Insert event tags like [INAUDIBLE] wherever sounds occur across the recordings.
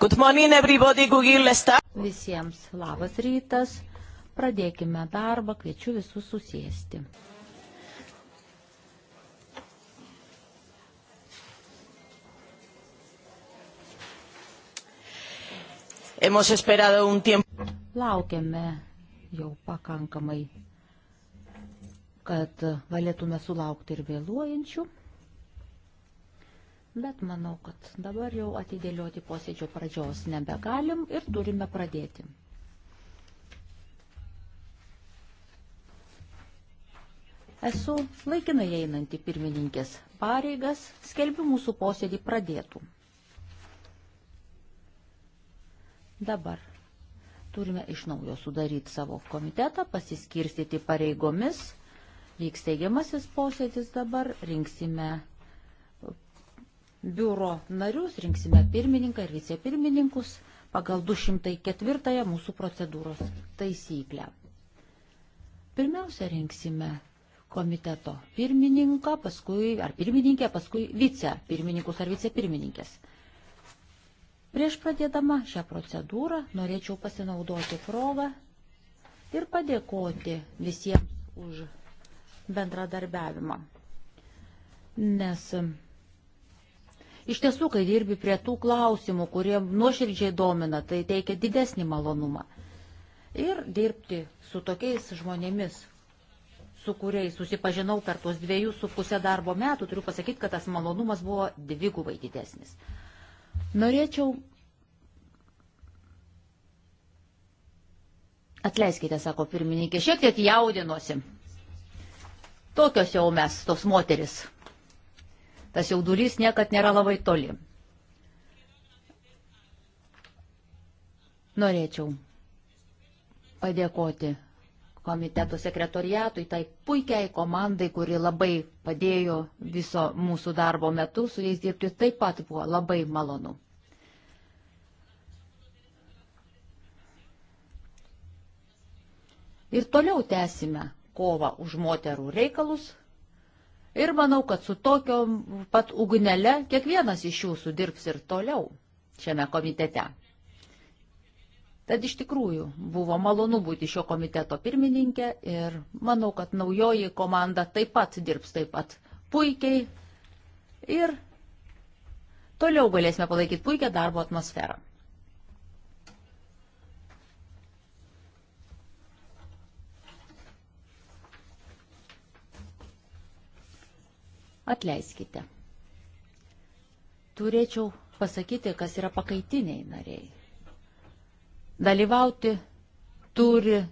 Good morning everybody, Google staff. Visiems labas rytas. Pradėkime darbą, kviečiu visus susėsti. Hemos esperado un tiempo. Laukiame jau pakankamai, kad galėtume sulaukti ir vėluojančių. Bet manau, kad dabar jau atidėlioti posėdžio pradžios nebegalim ir turime pradėti. Esu laikinai einanti pirmininkės pareigas, skelbiu mūsų posėdį pradėtų. Dabar turime iš naujo sudaryti savo komitetą, pasiskirstyti pareigomis, vyks teigiamasis posėdis dabar, rinksime biuro narius, rinksime pirmininką ir vicepirmininkus pagal 204 mūsų procedūros taisyklę. Pirmiausia, rinksime komiteto pirmininką, paskui, ar pirmininkę, paskui vicepirmininkus ar vicepirmininkės. Prieš pradėdama šią procedūrą norėčiau pasinaudoti progą ir padėkoti visiems už bendradarbiavimą. Nes Iš tiesų, kai dirbi prie tų klausimų, kurie nuoširdžiai domina, tai teikia didesnį malonumą. Ir dirbti su tokiais žmonėmis, su kuriais susipažinau per tuos dviejus su pusę darbo metų, turiu pasakyti, kad tas malonumas buvo dvigubai didesnis. Norėčiau. Atleiskite, sako pirmininkė, šiek tiek jaudinuosi. Tokios jau mes, tos moteris tas jaudulys niekad nėra labai toli. Norėčiau padėkoti komiteto sekretoriatui, tai puikiai komandai, kuri labai padėjo viso mūsų darbo metu, su jais dirbti taip pat buvo labai malonu. Ir toliau tęsime kovą už moterų reikalus, Ir manau, kad su tokio pat ugnele kiekvienas iš jūsų dirbs ir toliau šiame komitete. Tad iš tikrųjų buvo malonu būti šio komiteto pirmininkė ir manau, kad naujoji komanda taip pat dirbs taip pat puikiai ir toliau galėsime palaikyti puikią darbo atmosferą. Atleiskite. Turėčiau pasakyti, kas yra pakaitiniai nariai. Dalyvauti turi e,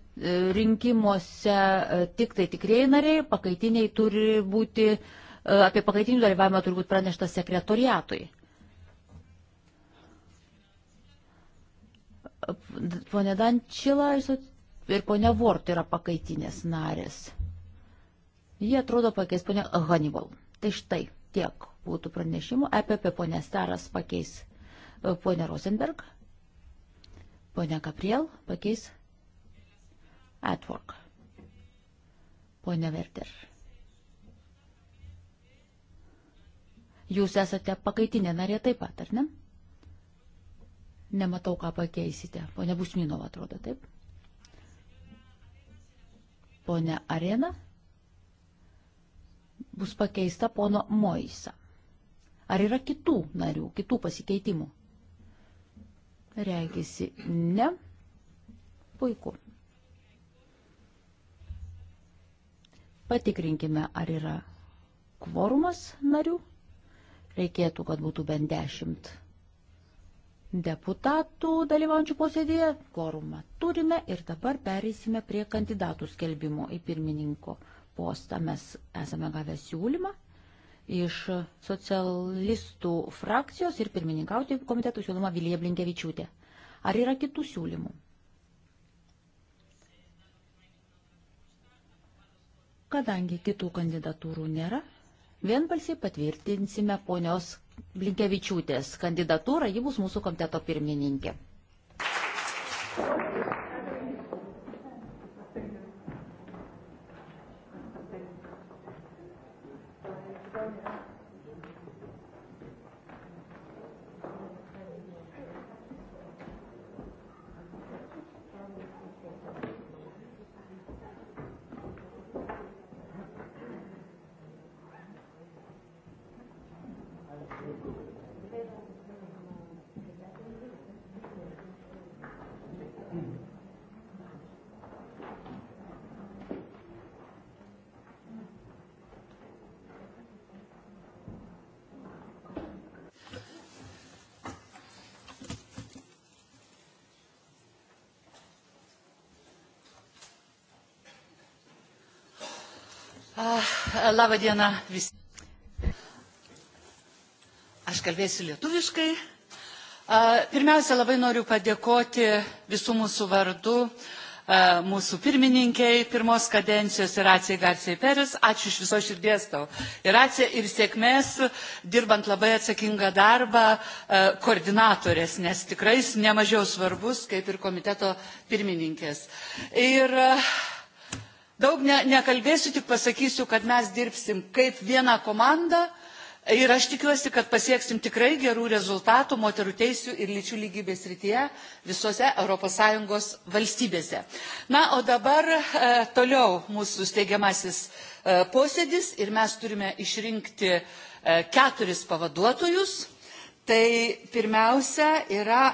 rinkimuose e, tik tai tikrieji nariai, pakaitiniai turi būti, e, apie pakaitinių dalyvavimą turi būti pranešta sekretoriatui. Pone Dančila ir pone Vort yra pakaitinės narės. Jie atrodo pakeis pone Hannibal. Tai štai tiek būtų pranešimų. EPP ponė Staras pakeis e, ponė Rosenberg, ponė Gabriel pakeis Atwork, ponė Verter. Jūs esate pakaitinė narė taip pat, ar ne? Nematau, ką pakeisite. Pone Busminova, atrodo, taip? Pone Arena? bus pakeista pono Moisa. Ar yra kitų narių, kitų pasikeitimų? Reikisi ne. Puiku. Patikrinkime, ar yra kvorumas narių. Reikėtų, kad būtų bent dešimt deputatų dalyvaujančių posėdėje. Kvorumą turime ir dabar pereisime prie kandidatų skelbimo į pirmininko posėdį postą. Mes esame gavę siūlymą iš socialistų frakcijos ir pirmininkauti komitetų siūloma Vilija Blinkevičiūtė. Ar yra kitų siūlymų? Kadangi kitų kandidatūrų nėra, vienbalsiai patvirtinsime ponios Blinkevičiūtės kandidatūrą, ji bus mūsų komiteto pirmininkė. Thank you. Labą dieną visi. Aš kalbėsiu lietuviškai. Pirmiausia, labai noriu padėkoti visų mūsų vardų, mūsų pirmininkiai pirmos kadencijos Iracijai Garcijai Peris. Ačiū iš viso širdies tau. Iracija ir sėkmės, dirbant labai atsakingą darbą, koordinatorės, nes tikrai nemažiau svarbus, kaip ir komiteto pirmininkės. Ir uh, Daug ne, nekalbėsiu, tik pasakysiu, kad mes dirbsim kaip viena komanda ir aš tikiuosi, kad pasieksim tikrai gerų rezultatų moterų teisų ir lyčių lygybės rytyje visose ES valstybėse. Na, o dabar e, toliau mūsų steigiamasis e, posėdis ir mes turime išrinkti e, keturis pavaduotojus. Tai pirmiausia yra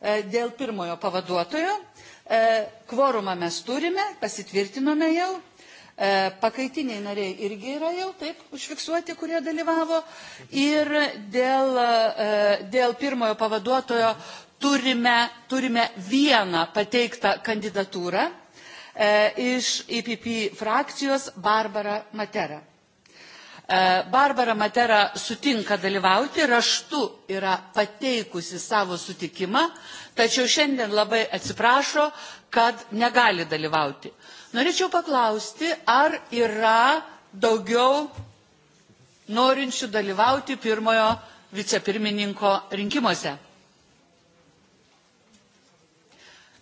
e, dėl pirmojo pavaduotojo E, kvorumą mes turime, pasitvirtinome jau, e, pakaitiniai nariai irgi yra jau taip užfiksuoti, kurie dalyvavo. Ir dėl, e, dėl pirmojo pavaduotojo turime, turime vieną pateiktą kandidatūrą e, iš IPP frakcijos Barbara Matera. E, Barbara Matera sutinka dalyvauti, raštu yra pateikusi savo sutikimą, tačiau šiandien labai atsiprašo, kad negali dalyvauti. Norėčiau paklausti, ar yra daugiau norinčių dalyvauti pirmojo vicepirmininko rinkimuose.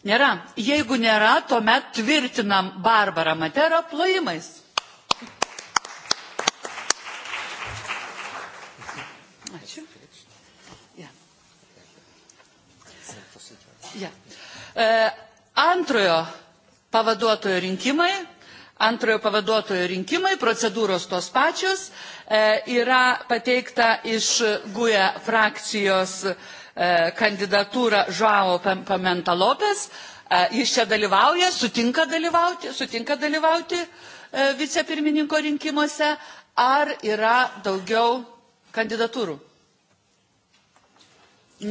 Nėra. Jeigu nėra, tuomet tvirtinam Barbarą Materą plojimais. Ja. E, antrojo pavaduotojo rinkimai, antrojo pavaduotojo rinkimai, procedūros tos pačios, e, yra pateikta iš GUE frakcijos e, kandidatūra Žuavo Pamenta Lopes. E, jis čia dalyvauja, sutinka dalyvauti, sutinka dalyvauti e, vicepirmininko rinkimuose, ar yra daugiau kandidatūrų?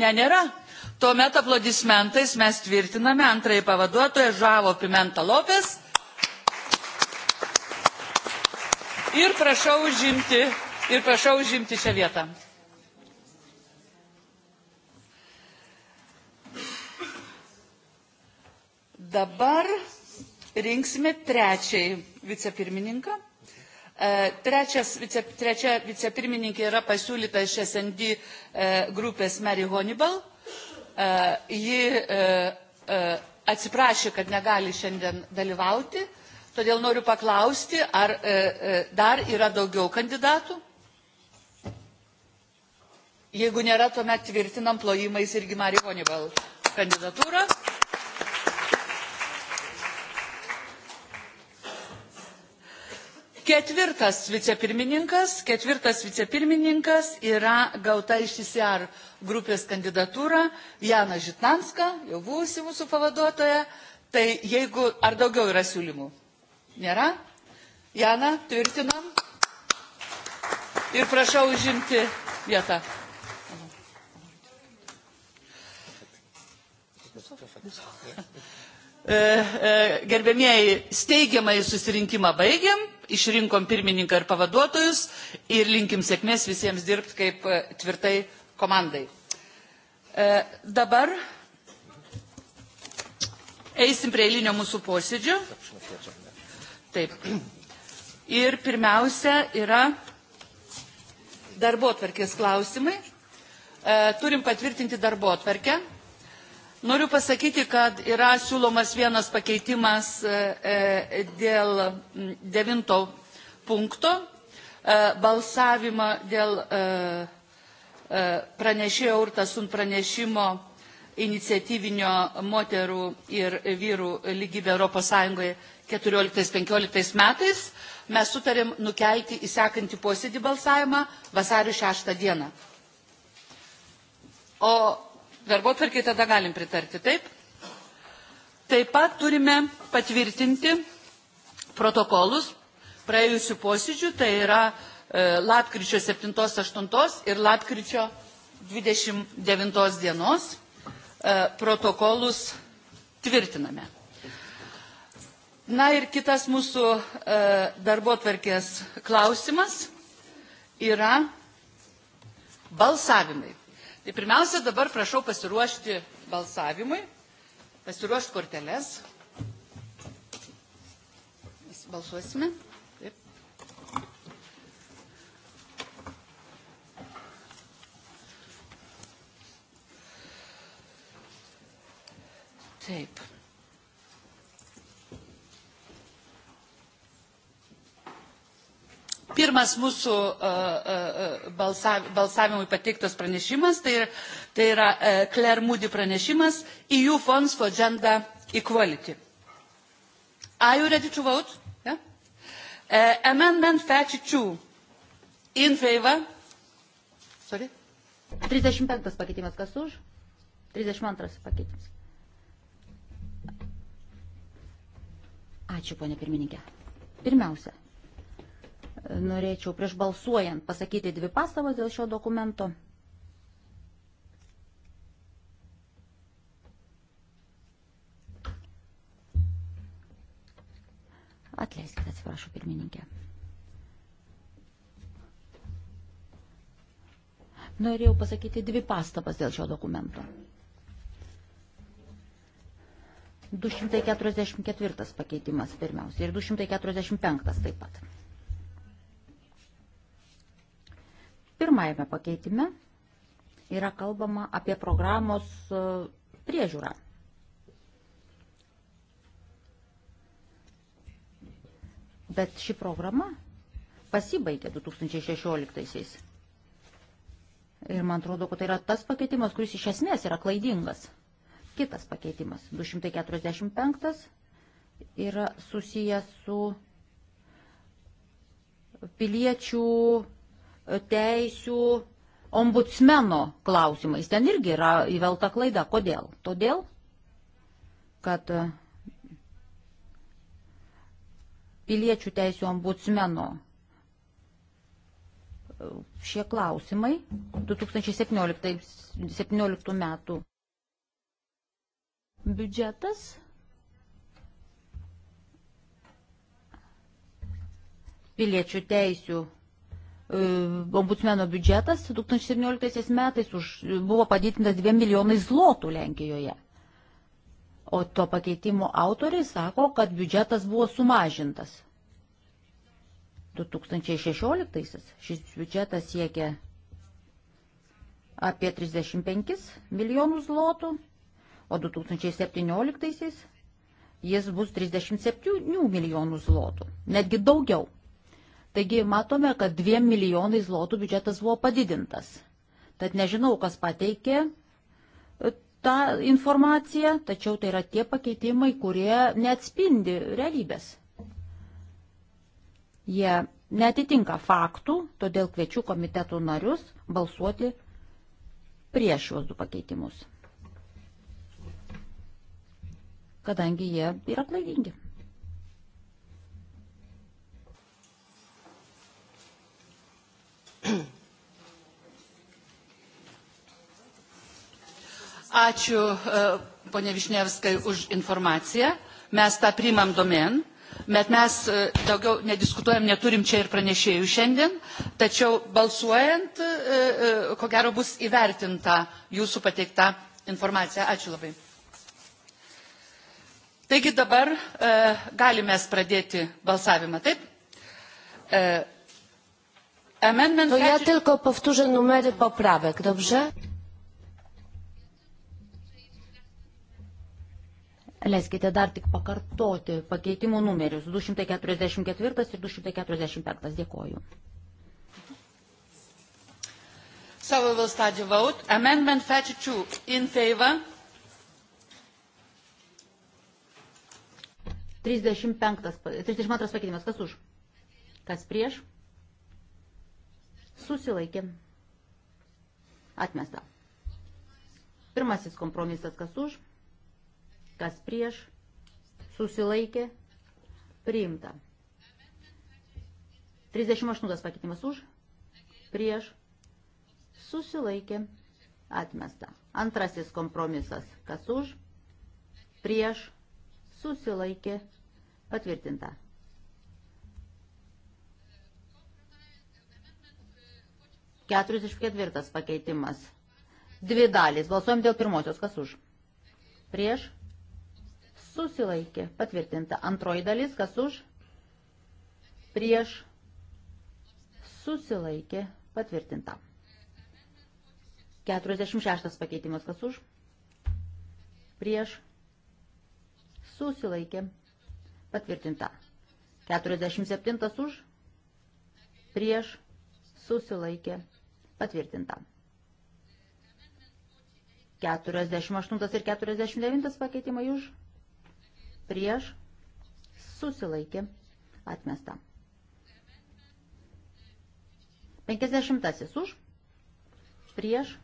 Ne, nėra. Tuomet aplodismentais mes tvirtiname antrąjį pavaduotoją Žavo Pimenta Lopes. Ir prašau užimti, ir prašau užimti šią vietą. Dabar rinksime trečiai vicepirmininką. E, trečias, vice, trečia vicepirmininkė yra pasiūlyta iš SND e, grupės Mary Honeyball E, ji e, e, atsiprašė, kad negali šiandien dalyvauti, todėl noriu paklausti, ar dar yra daugiau kandidatų? Jeigu nėra, tuomet tvirtinam plojimais irgi Marijonibal kandidatūrą. Ketvirtas vicepirmininkas, ketvirtas vicepirmininkas yra gauta iš ICR grupės kandidatūra Jana Žitnanska, jau buvusi mūsų pavaduotoja. Tai jeigu, ar daugiau yra siūlymų? Nėra? Jana, tvirtinam. Ir prašau užimti vietą. E, e, Gerbėmieji, steigiamai susirinkimą baigiam išrinkom pirmininką ir pavaduotojus ir linkim sėkmės visiems dirbti kaip e, tvirtai komandai. E, dabar eisim prie eilinio mūsų posėdžio. Taip. Ir pirmiausia yra darbo atvarkės klausimai. E, turim patvirtinti darbo atvarkę. Noriu pasakyti, kad yra siūlomas vienas pakeitimas e, e, dėl devinto punkto e, balsavimą dėl pranešėjo Urtasun pranešimo iniciatyvinio moterų ir vyrų lygybė Europos Sąjungoje 14-15 metais. Mes sutarėm nukelti į sekantį posėdį balsavimą vasario 6 dieną. O Darbo tvarkiai tada galim pritarti, taip? Taip pat turime patvirtinti protokolus praėjusių posėdžių, tai yra e, lapkričio 7-8 ir lapkričio 29 dienos e, protokolus tvirtiname. Na ir kitas mūsų e, darbo tvarkės klausimas yra balsavimai. Tai pirmiausia, dabar prašau pasiruošti balsavimui, pasiruošti korteles. Mes balsuosime. Taip. Taip. pirmas mūsų e, e, e, balsavimui pateiktas pranešimas, tai, tai yra Claire Moody pranešimas EU Funds for Gender Equality. Are you ready to vote? Yeah? Uh, amendment 32. In favor? Sorry? 35 pakeitimas kas už? 32 pakeitimas. Ačiū, ponė pirmininkė. Pirmiausia, norėčiau prieš balsuojant pasakyti dvi pastabas dėl šio dokumento. Atleiskite, atsiprašau, pirmininkė. Norėjau pasakyti dvi pastabas dėl šio dokumento. 244 pakeitimas pirmiausia ir 245 taip pat. Pirmajame pakeitime yra kalbama apie programos e, priežiūrą. Bet ši programa pasibaigė 2016-aisiais. Ir man atrodo, kad tai yra tas pakeitimas, kuris iš esmės yra klaidingas. Kitas pakeitimas, 245, yra susijęs su piliečių teisių ombudsmeno klausimais. Ten irgi yra įvelta klaida. Kodėl? Todėl, kad e, piliečių teisų ombudsmeno e, šie klausimai 2017 metų biudžetas piliečių teisių E, ombudsmeno biudžetas 2017 metais už, buvo padidintas 2 milijonai zlotų Lenkijoje. O to pakeitimo autoriai sako, kad biudžetas buvo sumažintas. 2016 šis biudžetas siekia apie 35 milijonus zlotų, o 2017 jis bus 37 milijonų zlotų, netgi daugiau. Taigi matome, kad dviem milijonai zlotų biudžetas buvo padidintas. Tad nežinau, kas pateikė e, tą informaciją, tačiau tai yra tie pakeitimai, kurie neatspindi realybės. Jie netitinka faktų, todėl kviečiu komitetų narius balsuoti prieš šios du pakeitimus, kadangi jie yra klaidingi. Ačiū, e, ponė Višnevskai, už informaciją. Mes tą primam domen, bet mes e, daugiau nediskutuojam, neturim čia ir pranešėjų šiandien, tačiau balsuojant, e, ko gero bus įvertinta jūsų pateikta informacija. Ačiū labai. Taigi dabar e, galime pradėti balsavimą, taip? E, Amendment to ja tylko powtórzę numery poprawek, dobrze? Leiskite dar tik pakartoti pakeitimų numerius 244 ir 245. Dėkoju. So we will start the vote. Amendment 32 in favor. 35, 32 pakeitimas. Kas už? Kas prieš? susilaikė, atmesta. Pirmasis kompromisas, kas už, kas prieš, susilaikė, priimta. 38 pakeitimas už, prieš, susilaikė, atmesta. Antrasis kompromisas, kas už, prieš, susilaikė, patvirtinta. 44 pakeitimas. Dvi dalys. Balsuojam dėl pirmosios. Kas už? Prieš. Susilaikė. Patvirtinta. Antroji dalis. Kas už? Prieš. Susilaikė. Patvirtinta. 46 pakeitimas. Kas už? Prieš. Susilaikė. Patvirtinta. 47 už. Prieš. Susilaikė. Patvirtinta. 48 ir 49 pakeitimai už, prieš, susilaikė, atmesta. 50 už, prieš,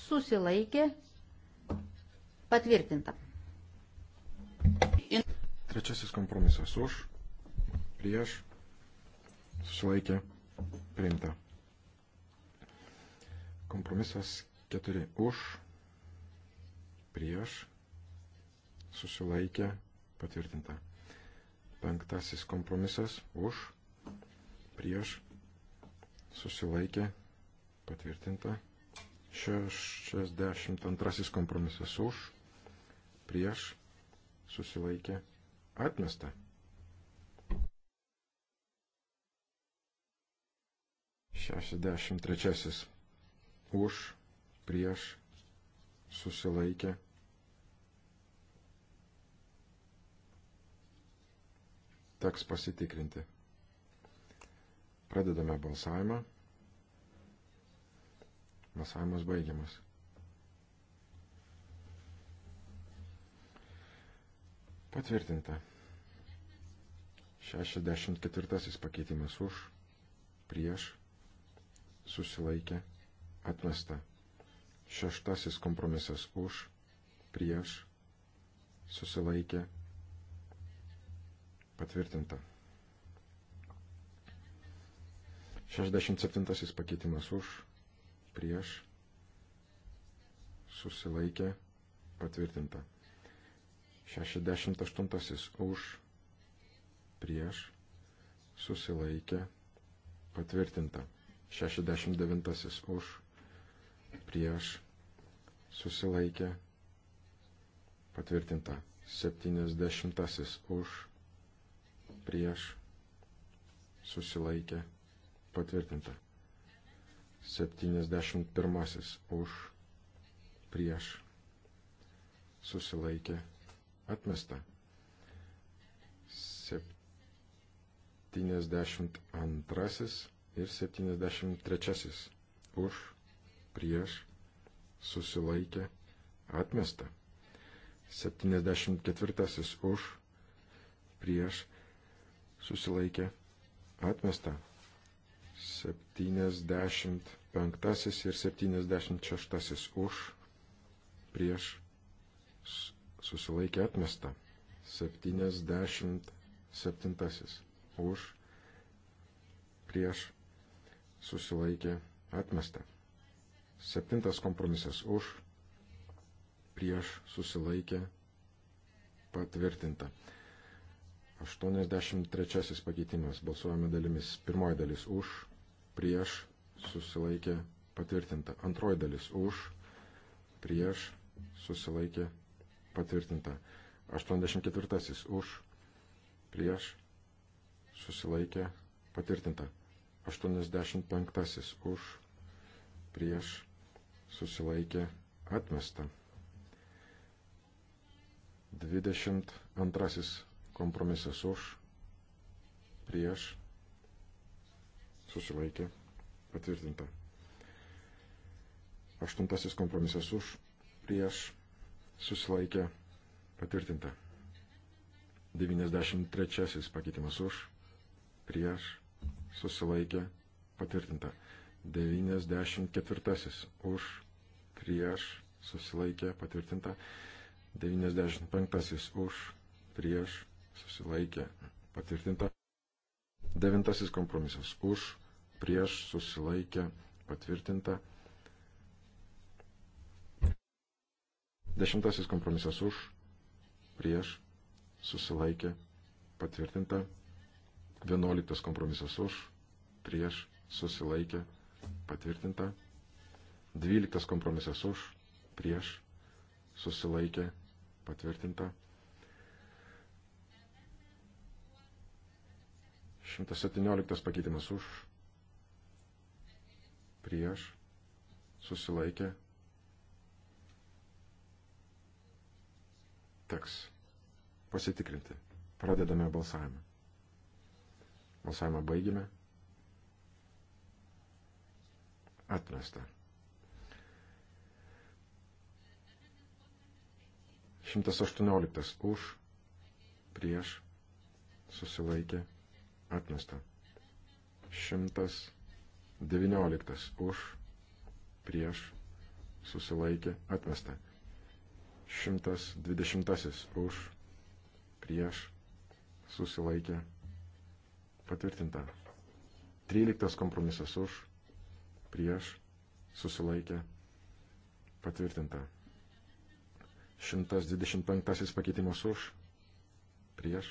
susilaikė, patvirtinta. Trečiasis kompromisas už, prieš, susilaikė, priimta. Kompromisas 4 už, prieš, susilaikė, patvirtinta. Penktasis kompromisas už, prieš, susilaikė, patvirtinta. 62 kompromisas už, prieš, susilaikė, atmesta. Šešiasdešimt trečiasis už, prieš, susilaikė. Teks pasitikrinti. Pradedame balsavimą. Balsavimas baigiamas. Patvirtinta. 64 pakeitimas už, prieš, susilaikė, atmesta. Šeštasis kompromisas už, prieš, susilaikė, patvirtinta. 67 pakeitimas už, prieš, susilaikė, patvirtinta. 68 už, prieš, susilaikė, patvirtinta. 69 už, prieš susilaikė patvirtinta. 70 už prieš susilaikė patvirtinta. 71 už prieš susilaikė atmesta. 72 ir 73 už prieš, susilaikė, atmesta. 74 už, prieš, susilaikė, atmesta. 75 ir 76 už, prieš, susilaikė, atmesta. 77 už, prieš, susilaikė, atmesta. Septintas kompromisas už, prieš susilaikė patvirtinta. 83 pakeitimas balsuojame dalimis. Pirmoji dalis už, prieš susilaikė patvirtinta. Antroji dalis už, prieš susilaikė patvirtinta. 84 už, prieš susilaikė patvirtinta. 85 už, prieš susilaikė atmesta. 22 kompromisas už prieš susilaikė patvirtinta. 8 kompromisas už prieš susilaikė patvirtinta. 93 pakeitimas už prieš susilaikė patvirtinta. 94 už, prieš, susilaikė, patvirtinta. 95 už, prieš, susilaikė, patvirtinta. 9 kompromisas už, prieš, susilaikė, patvirtinta. 10 kompromisas už, prieš, susilaikė, patvirtinta. 11 kompromisas už, prieš, susilaikė, patvirtinta. 12 kompromisas už, prieš, susilaikė, patvirtinta. 117 pakeitimas už, prieš, susilaikė, teks pasitikrinti. Pradedame balsavimą. Balsavimą baigime. atmesta. 118 už, prieš, susilaikė, atmesta. 119 už, prieš, susilaikė, atmesta. 120 už, prieš, susilaikė, patvirtinta. 13 kompromisas už, prieš, susilaikė, patvirtinta. 125 pakeitimas už, prieš,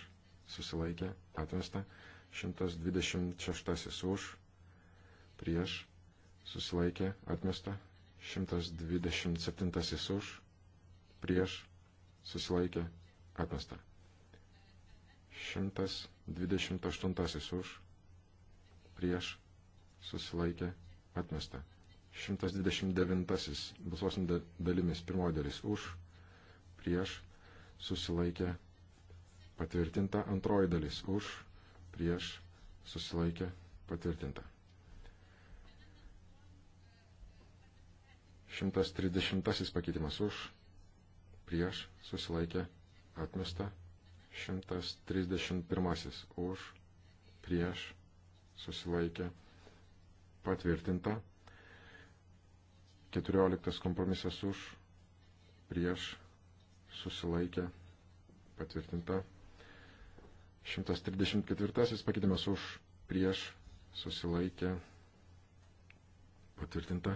susilaikė, atmesta. 126 už, prieš, susilaikė, atmesta. 127 už, prieš, susilaikė, atmesta. 128 už, prieš, susilaikė, atmesta. 129. Balsuosim dalimis. Pirmoji dalis už, prieš, susilaikė, patvirtinta. Antroji dalis už, prieš, susilaikė, patvirtinta. 130. pakeitimas už, prieš, susilaikė, atmesta. 131. už, prieš, susilaikė, atmesta patvirtinta. 14 kompromisas už, prieš, susilaikė, patvirtinta. 134 pakeitimas už, prieš, susilaikė, patvirtinta.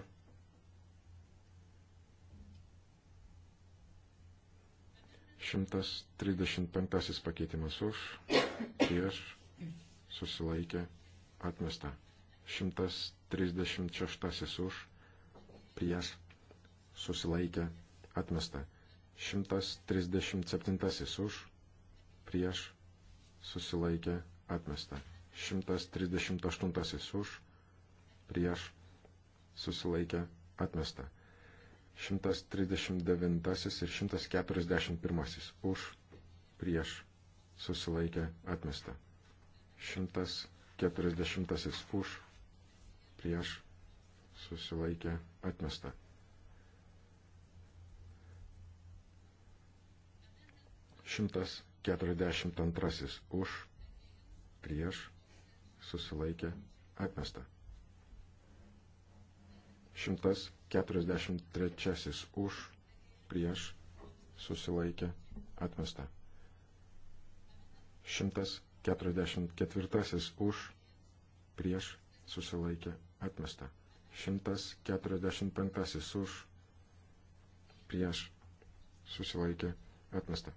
Šimtas trisdešimt penktasis pakeitimas už, prieš, susilaikė, atmesta. Šimtas 36 už, prieš, susilaikė, atmesta. 137 už, prieš, susilaikė, atmesta. 138 už, prieš, susilaikė, atmesta. 139 ir 141 už, prieš, susilaikė, atmesta. 140 už, prieš susilaikė atmesta. Šimtas keturiasdešimt antrasis už prieš susilaikė atmesta. Šimtas keturiasdešimt trečiasis už prieš susilaikė atmesta. Šimtas keturiasdešimt ketvirtasis už prieš susilaikė atmesta. 145 už, prieš, susilaikė, atmesta.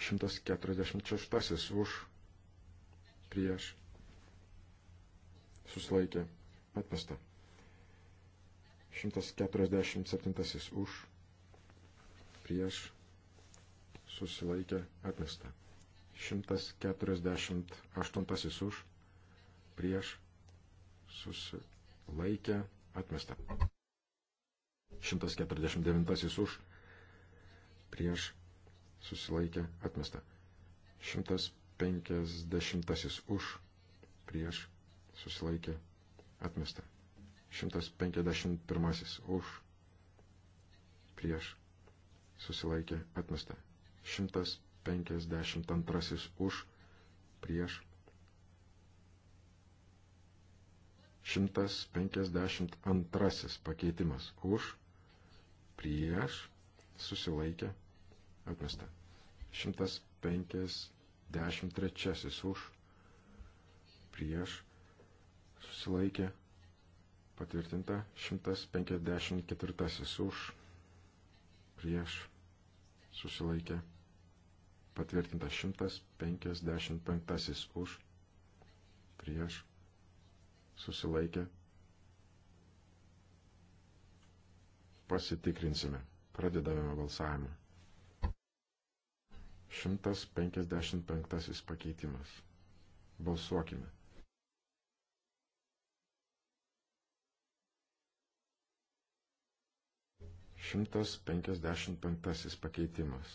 146 už, prieš, susilaikė, atmesta. 147 už, prieš, susilaikė, atmesta. 148 už, prieš, susilaikė, atmesta. 149 už, prieš, susilaikė, atmesta. 150 už, prieš, susilaikė, atmesta. 151 už, prieš, susilaikė, atmesta. 152 už, prieš, 152 pakeitimas už, prieš, susilaikė, atmesta. 153 už, prieš, susilaikė, patvirtinta. 154 už, prieš, susilaikė, patvirtinta. 155 už, prieš, susilaikė. Pasitikrinsime. Pradedame balsavimą. 155 pakeitimas. Balsuokime. Šimtas penkiasdešimt penktasis pakeitimas.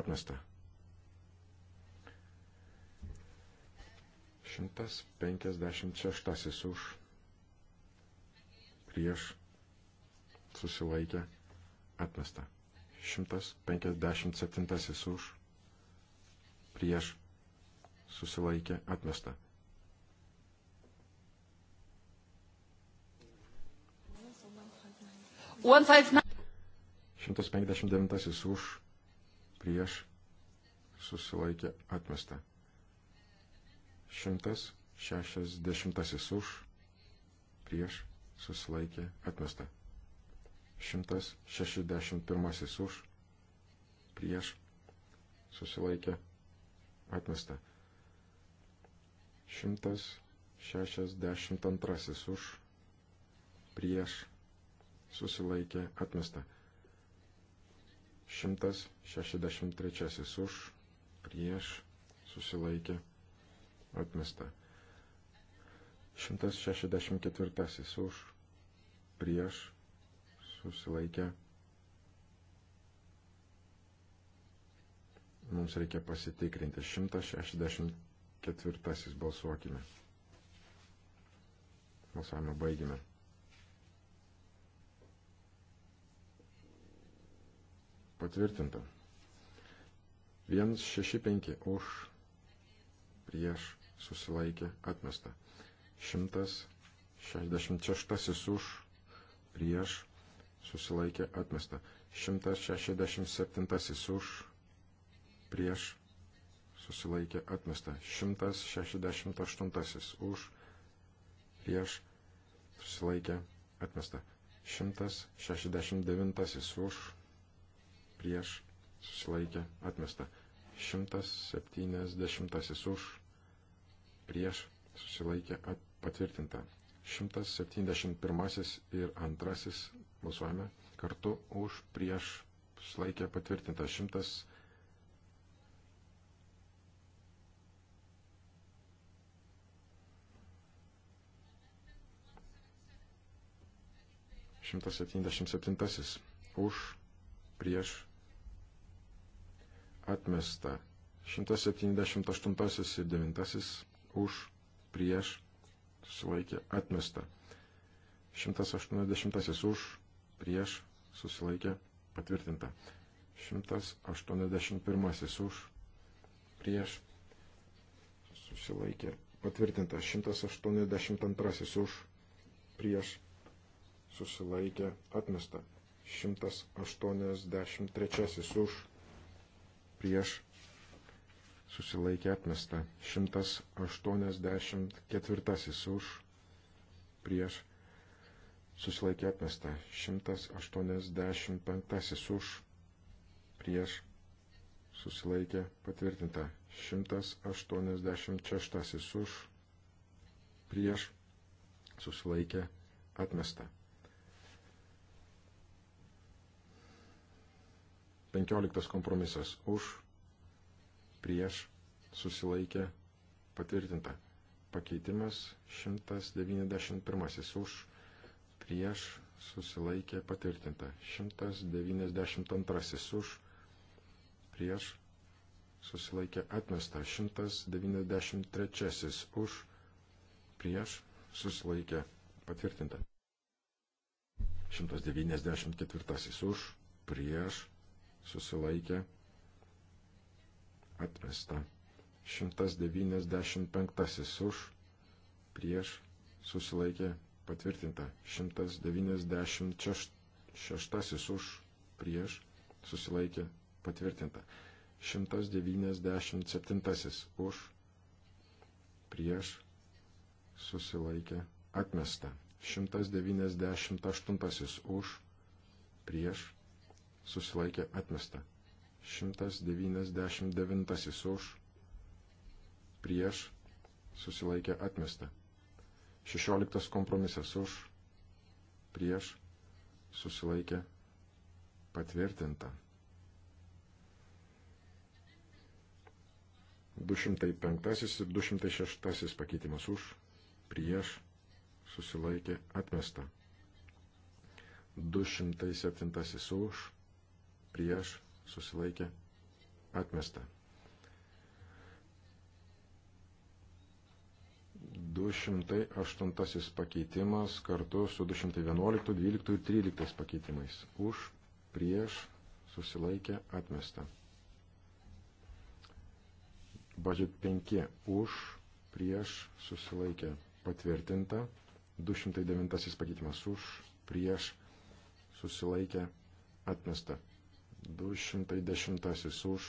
Atmesta. 156 už, prieš, susilaikė, atmesta. 157 už, prieš, susilaikė, atmesta. One five nine. 159 už, prieš, susilaikė, atmesta. 160 už, prieš, susilaikė, atmesta. 161 už, prieš, susilaikė, atmesta. 162 už, prieš, susilaikė, atmesta. 163 už, prieš, susilaikė, atmesta atmesta. 164 už, prieš, susilaikę. Mums reikia pasitikrinti. 164 balsuokime. Balsavimą baigime. Patvirtinta. 165 už, prieš, susilaikė atmesta. 166 už, prieš, susilaikė atmesta. 167 už, prieš, susilaikė atmesta. 168 už, prieš, susilaikė atmesta. 169 už, prieš, susilaikė atmesta. 170 už, prieš susilaikė patvirtinta. 171 ir 2 balsuojame kartu už prieš susilaikė patvirtinta. 100 177 už prieš atmesta. 178 ir 9 už, prieš, susilaikė, atmesta. 180 už, prieš, susilaikė, patvirtinta. 181 už, prieš, susilaikė, patvirtinta. 182 už, prieš, susilaikė, atmesta. 183 už, prieš, susilaikė atmesta. 184 už, prieš, susilaikė atmesta. 185 už, prieš, susilaikė patvirtinta. 186 už, prieš, susilaikė atmesta. 15 kompromisas už, prieš susilaikė patvirtinta. Pakeitimas 191 už prieš susilaikė patvirtinta. 192 už prieš susilaikė atmesta. 193 už prieš susilaikė patvirtinta. 194 už prieš susilaikė patvirtinta atmesta. 195 už, prieš, susilaikė, patvirtinta. 196 už, prieš, susilaikė, patvirtinta. 197 už, prieš, susilaikė, atmesta. 198 už, prieš, susilaikė, atmesta. 199 už, prieš, susilaikė atmesta. 16 kompromisas už, prieš, susilaikė patvirtinta. 205 ir 206 pakeitimas už, prieš, susilaikė atmesta. 207 už, prieš, susilaikė, atmesta. 208 pakeitimas kartu su 211, 12 ir 13 pakeitimais. Už, prieš, susilaikė, atmesta. Budget 5 už, prieš, susilaikė, patvirtinta. 209 pakeitimas už, prieš, susilaikė, atmesta. 210 už,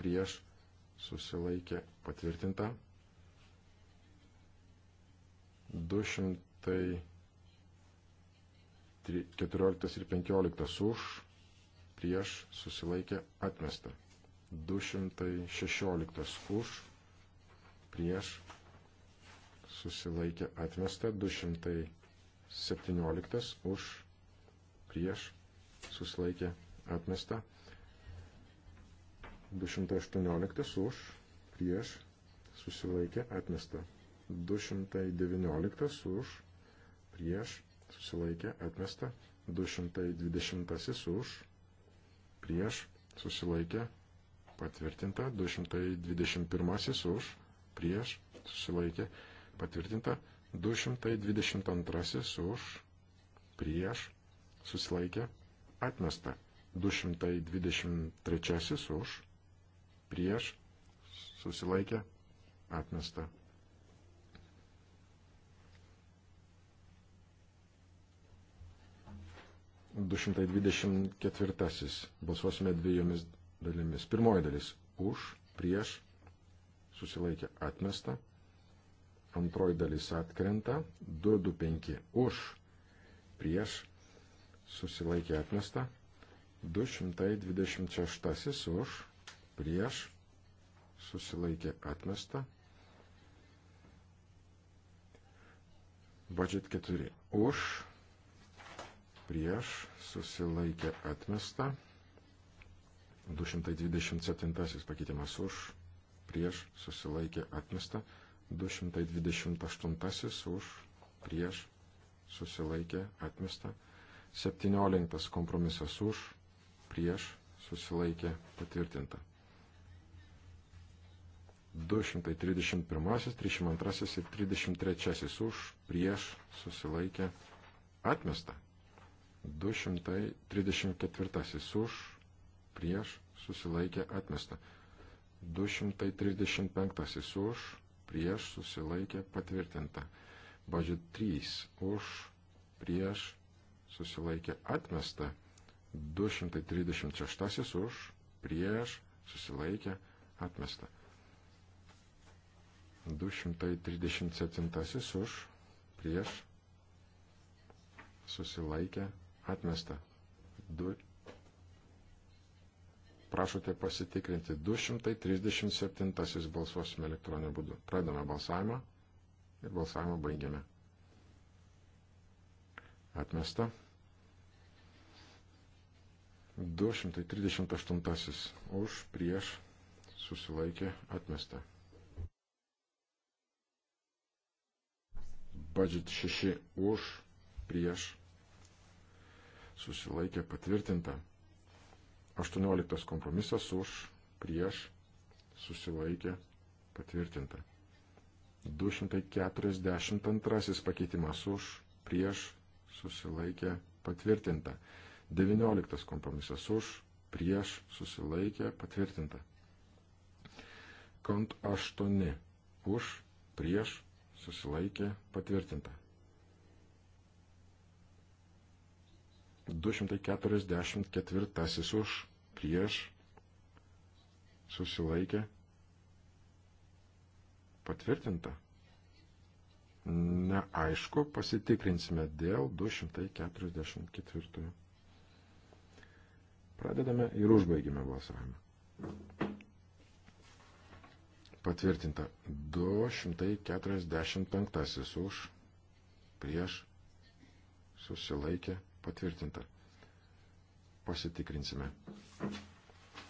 prieš, susilaikė patvirtinta. 214 ir 15 už, prieš, susilaikė atmesta. 216 už, prieš, susilaikė atmesta. 217 už, prieš, susilaikė atmesta atmesta. 218 už, prieš, susilaikė, atmesta. 219 už, prieš, susilaikė, atmesta. 220 už, prieš, susilaikė, patvirtinta. 221 už, prieš, susilaikė, patvirtinta. 222 už, prieš, susilaikė, atmesta. 223 už, prieš, susilaikė, atmesta. Du šimtai dvidešimt ketvirtasis. Balsuosime dviejomis dalimis. Pirmoji dalis - už, prieš, susilaikė atmesta. Antroji dalis atkrenta. 225 už, prieš, susilaikė atmesta. 226 už, prieš, susilaikė atmesta. Budget 4 už, prieš, susilaikė atmesta. 227 pakeitimas už, prieš, susilaikė atmesta. 228 už, prieš, susilaikė atmesta. 17 kompromisas už, prieš, susilaikė patvirtinta. 231, 32 ir 33 už, prieš, susilaikė atmesta. 234 už, prieš, susilaikė atmesta. 235 už, prieš, susilaikė patvirtinta. Bažiu 3 už, prieš, susilaikė atmesta. 236 už, prieš, susilaikė, atmesta. 237 už, prieš, susilaikė, atmesta. Du... Prašote pasitikrinti 237 balsuosime elektroniniu būdu. Pradame balsavimą ir balsavimą baigiame. Atmesta. 238 už prieš susilaikė atmesta. Budget 6 už prieš susilaikė patvirtinta. 18 kompromisas už prieš susilaikė patvirtinta. 242 pakeitimas už prieš susilaikė patvirtinta. 19 kompromisas už, prieš, susilaikė, patvirtinta. Kont 8 už, prieš, susilaikė, patvirtinta. 244 už, prieš, susilaikė, patvirtinta. Neaišku, pasitikrinsime dėl 244. Pradedame ir užbaigime balsavimą. Patvirtinta 245 už, prieš, susilaikė, patvirtinta. Pasitikrinsime.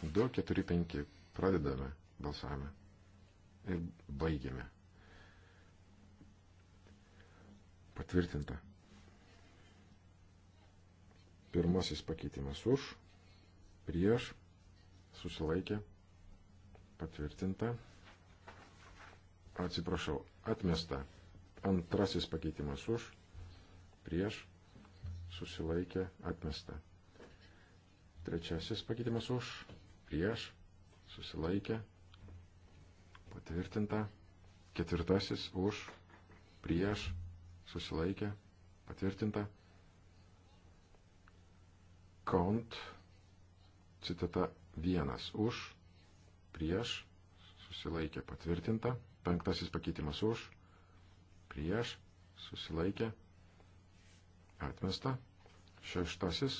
245 pradedame balsavimą ir baigiame. Patvirtinta. Pirmasis pakeitimas už, prieš, susilaikė, patvirtinta, atsiprašau, atmesta, antrasis pakeitimas už, prieš, susilaikė, atmesta, trečiasis pakeitimas už, prieš, susilaikė, patvirtinta, ketvirtasis už, prieš, susilaikė, patvirtinta, kont, citata 1 už, prieš, susilaikė patvirtinta, penktasis pakeitimas už, prieš, susilaikė atmesta, šeštasis,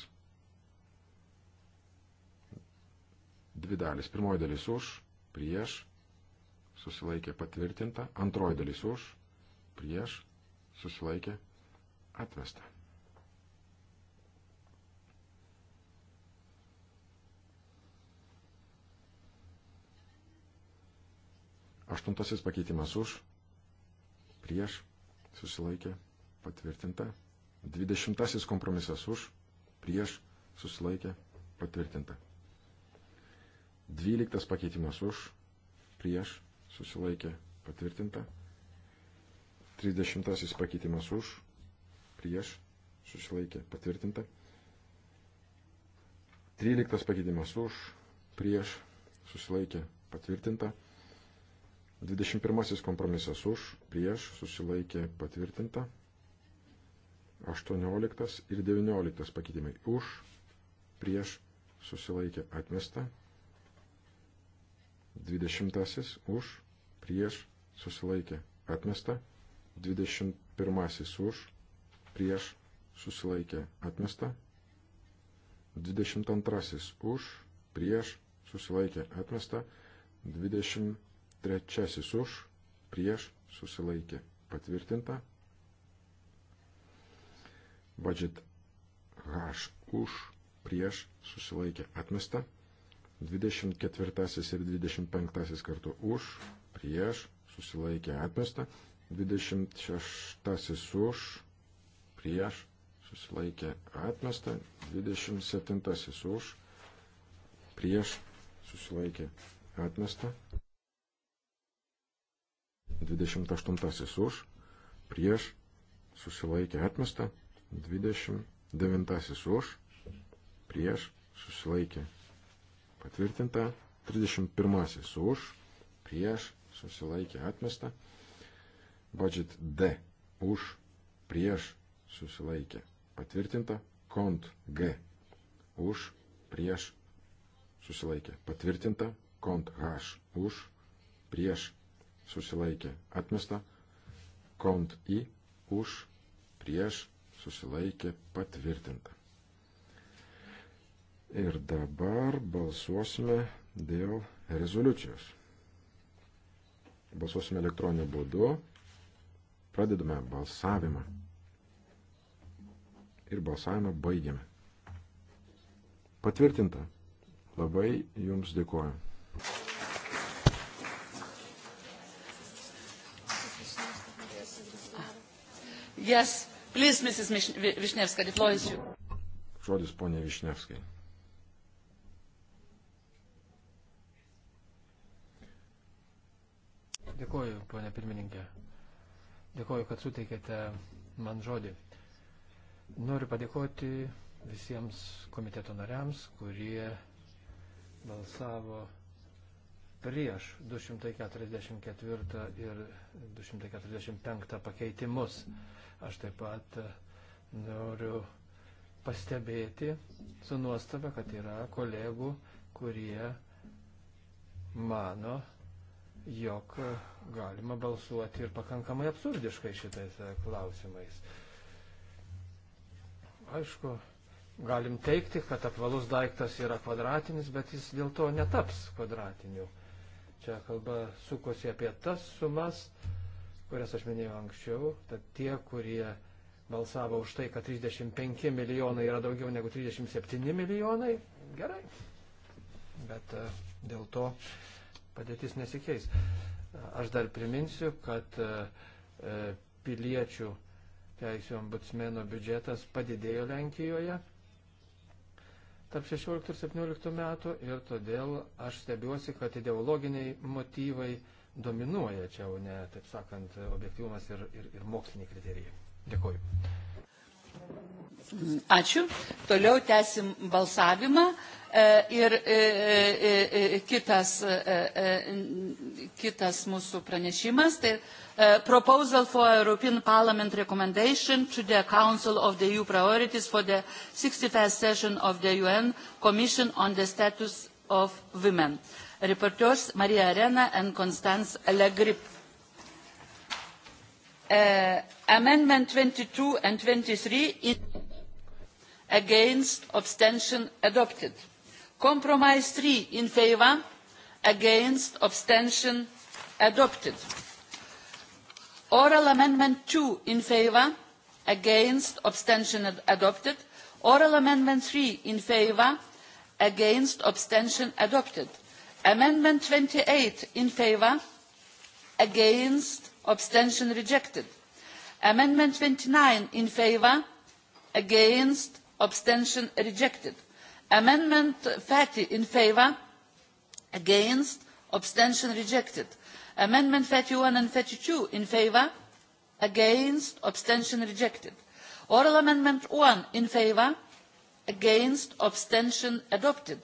dvi dalis, pirmoji dalis už, prieš, susilaikė patvirtinta, antroji dalis už, prieš, susilaikė atmesta. Aštuntasis pakeitimas už, prieš, susilaikė, patvirtinta. Dvidešimtasis kompromisas už, prieš, susilaikė, patvirtinta. Dvyliktas pakeitimas už, prieš, susilaikė, patvirtinta. Trisdešimtasis pakeitimas už, prieš, susilaikė, patvirtinta. Tryliktas pakeitimas už, prieš, susilaikė, patvirtinta. 21 kompromisas už, prieš, susilaikė patvirtinta. 18 ir 19 pakeitimai už, prieš, susilaikė atmesta. 20 už, prieš, susilaikė atmesta. 21 už, prieš, susilaikė atmesta. 22 už, prieš, susilaikė atmesta. 23 Trečiasis už, prieš, susilaikė patvirtinta. Budget H už, prieš, susilaikė atmesta. 24 ir 25 kartu už, prieš, susilaikė atmesta. 26 už, prieš, susilaikė atmesta. 27 už, prieš, susilaikė atmesta. 28 už, prieš, susilaikė atmesta, 29 už, prieš, susilaikė patvirtinta, 31 už, prieš, susilaikė atmesta, budget D už, prieš, susilaikė patvirtinta, kont G už, prieš, susilaikė patvirtinta, kont H už, prieš, susilaikė atmesta, kont į už prieš susilaikė patvirtinta. Ir dabar balsuosime dėl rezoliucijos. Balsuosime elektroniniu būdu. Pradedame balsavimą. Ir balsavimą baigiame. Patvirtinta. Labai Jums dėkuoju. Yes, please, Mrs. Višnevska, the floor is you. Žodis ponė Višnevskai. Dėkuoju, ponė pirmininkė. Dėkuoju, kad suteikėte man žodį. Noriu padėkoti visiems komiteto nariams, kurie balsavo prieš 244 ir 245 pakeitimus. Aš taip pat e, noriu pastebėti su nuostaba, kad yra kolegų, kurie mano, jog galima balsuoti ir pakankamai absurdiškai šitais e, klausimais. Aišku, galim teikti, kad apvalus daiktas yra kvadratinis, bet jis dėl to netaps kvadratiniu. Čia kalba sukosi apie tas sumas, kurias aš minėjau anksčiau. Tad tie, kurie balsavo už tai, kad 35 milijonai yra daugiau negu 37 milijonai, gerai. Bet e, dėl to padėtis nesikeis. Aš dar priminsiu, kad e, e, piliečių teisų ombudsmeno biudžetas padidėjo Lenkijoje tarp 16 ir 17 metų ir todėl aš stebiuosi, kad ideologiniai motyvai dominuoja čia, o ne, taip sakant, objektyvumas ir, ir, ir moksliniai kriterijai. Dėkuoju. Ačiū. Toliau tęsim balsavimą. E, ir e, e, kitas, kitas mūsų pranešimas, tai Proposal for European Parliament Recommendation to the Council of the EU Priorities for the 61st Session of the UN Commission on the Status of Women. Reporters Maria Arena and Constance Le Grip. Uh, amendment twenty two and twenty three in against abstention adopted compromise three in favour against abstention adopted oral amendment two in favour against abstention ad adopted oral amendment three in favour against abstention adopted amendment twenty eight in favour against abstention rejected amendment twenty nine in favour against abstention rejected amendment thirty in favour against abstention rejected amendment thirty one and thirty two in favour against abstention rejected oral amendment one in favour against abstention adopted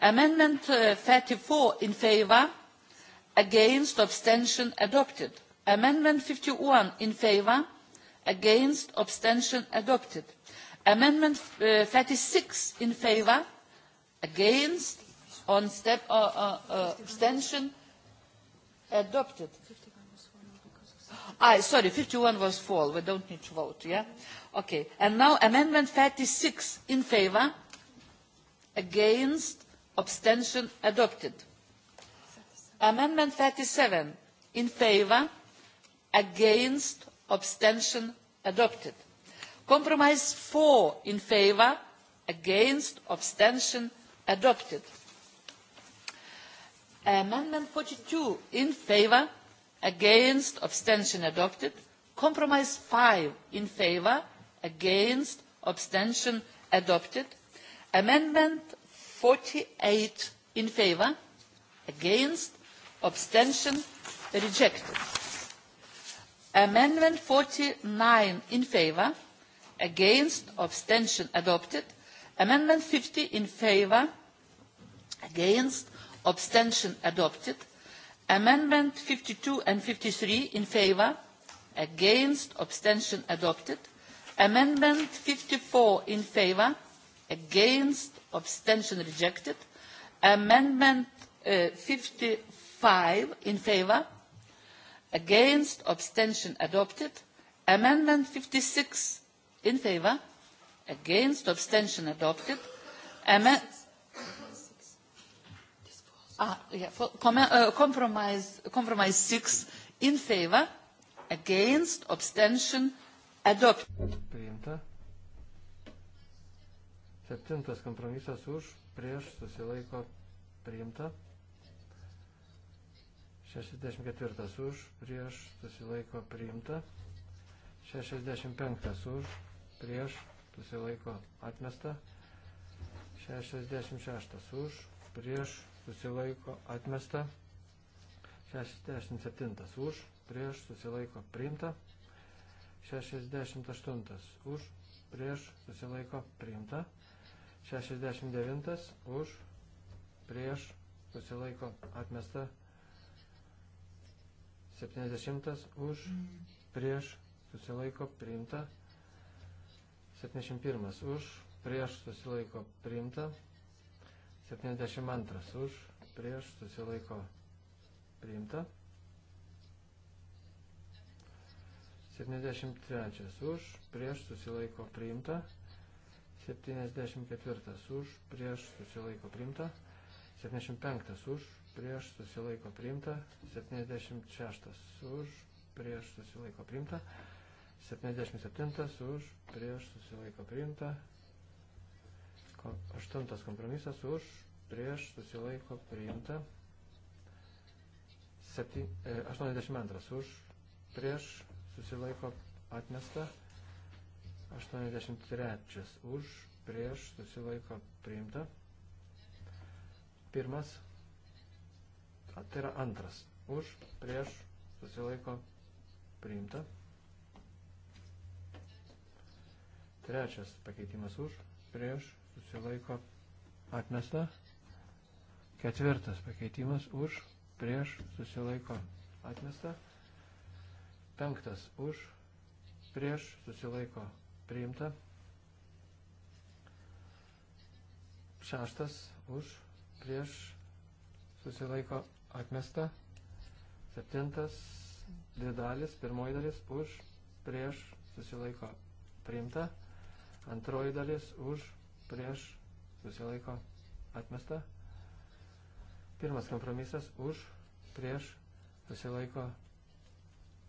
amendment uh, thirty four in favour against abstention adopted amendment fifty one in favour against abstention adopted amendment uh, thirty six in favour against on step uh, uh, uh, abstention adopted ah sorry fifty one was fall we don't need to vote yeah okay and now amendment thirty six in favour against abstention adopted amendment thirty seven in favour against abstention adopted compromise four in favour against abstention adopted amendment forty two in favour against abstention adopted compromise five in favour against abstention adopted amendment forty eight in favour against abstention rejected amendment forty nine in favour against abstention adopted amendment fifty in favour against abstention adopted amendment fifty two and fifty three in favour against abstention adopted amendment fifty four in favour against abstention rejected amendment fifty uh, five in favour against abstention adopted amendment fifty six in favour against abstention adopted Ama ah, yeah, for com uh, compromise, compromise six in favour against abstention adopted priimta septintas kompromisas už prieš susilaiko priimta 64 už, prieš, susilaiko priimta. 65 už, prieš, susilaiko atmesta. 66 už, prieš, susilaiko atmesta. 67 už, prieš, susilaiko priimta. 68 už, prieš, susilaiko priimta. 69 už, prieš, susilaiko atmesta. 70 už, prieš, susilaiko, priimta. 71 už, prieš, susilaiko, priimta. 72 už, prieš, susilaiko, priimta. 73 už, prieš, susilaiko, priimta. 74 už, prieš, susilaiko, priimta. 75 už, prieš susilaiko priimta, 76 už, prieš susilaiko priimta, 77 už, prieš susilaiko priimta, 8 kompromisas už, prieš susilaiko priimta, 82 e, už, prieš susilaiko atmesta, 83 už, prieš susilaiko priimta, pirmas tai yra antras. Už, prieš, susilaiko, priimta. Trečias pakeitimas už, prieš, susilaiko, atmesta. Ketvirtas pakeitimas už, prieš, susilaiko, atmesta. Penktas už, prieš, susilaiko, priimta. Šeštas už, prieš, susilaiko, atmesta. Septintas, dvi dalis, pirmoji dalis už, prieš, susilaiko priimta. Antroji dalis už, prieš, susilaiko atmesta. Pirmas kompromisas už, prieš, susilaiko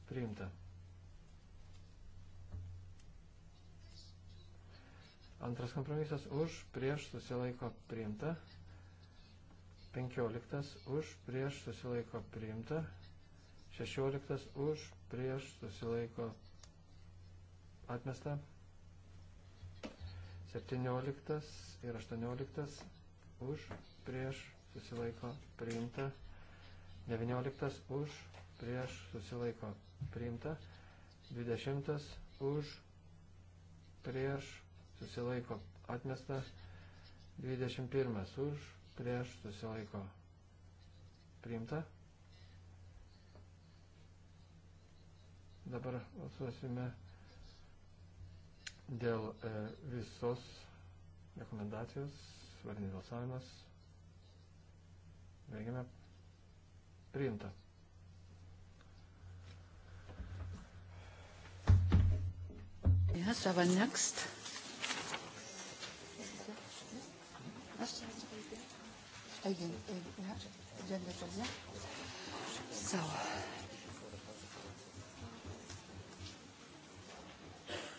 priimta. Antras kompromisas už, prieš, susilaiko priimta. 15 už prieš susilaiko priimta, 16 už prieš susilaiko atmesta, 17 ir 18 už prieš susilaiko priimta, 19 už prieš susilaiko priimta, 20 už prieš susilaiko atmesta, 21 už prieš susilaiko priimta. Dabar balsuosime dėl e, visos rekomendacijos, vardinis balsavimas. Vėgiame priimta. Yes, our next. Yes, sir. Again, agenda problem. So.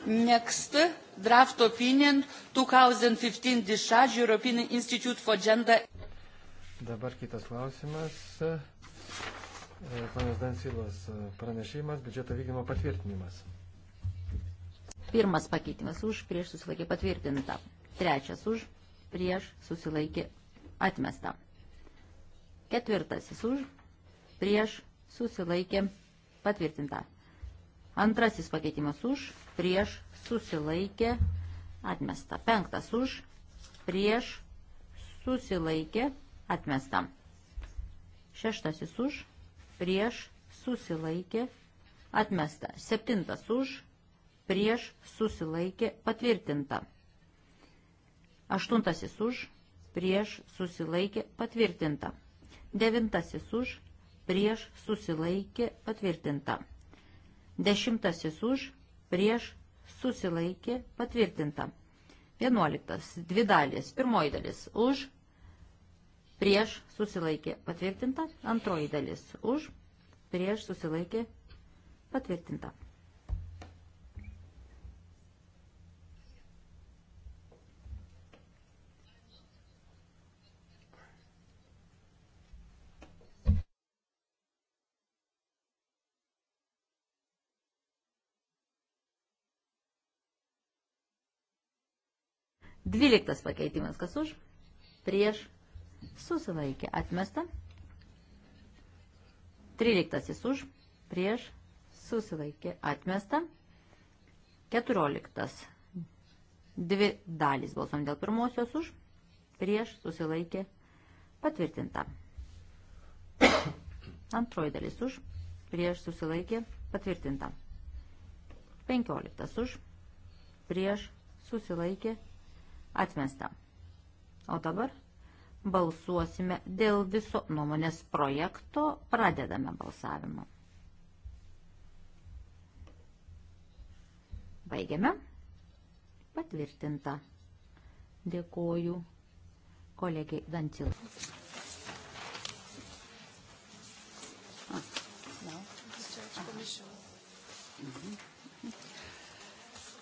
Next, draft opinion 2015 discharge European Institute for Gender. Dabar kitas klausimas. E, Panas Dansilas e, pranešimas, biudžeto vykdymo patvirtinimas. Pirmas pakeitimas už, prieš susilaikė patvirtinta. Trečias už, prieš susilaikė atmesta. Ketvirtasis už, prieš, susilaikė, patvirtinta. Antrasis pakeitimas už, prieš, susilaikė, atmesta. Penktas už, prieš, susilaikė, atmesta. Šeštasis už, prieš, susilaikė, atmesta. Septintas už, prieš, susilaikė, patvirtinta. Aštuntasis už, prieš susilaikė patvirtinta. Devintasis už, prieš susilaikė patvirtinta. Dešimtasis už, prieš susilaikė patvirtinta. Vienuoliktas, dvi dalis, pirmoji dalis už, prieš susilaikė patvirtinta, antroji dalis už, prieš susilaikė patvirtinta. Dvyliktas pakeitimas, kas už, prieš, susilaikė, atmesta. Tryliktasis už, prieš, susilaikė, atmesta. Keturioliktas, dvi dalys balsom dėl pirmosios už, prieš, susilaikė, patvirtinta. [COUGHS] Antroji dalis už, prieš susilaikė, patvirtinta. 15 už, prieš susilaikė, Atmesta. O dabar balsuosime dėl viso nuomonės projekto. Pradedame balsavimą. Baigiame. Patvirtinta. Dėkoju kolegiai Dantil. Ah. No. Discharge Commission. Mm-hmm.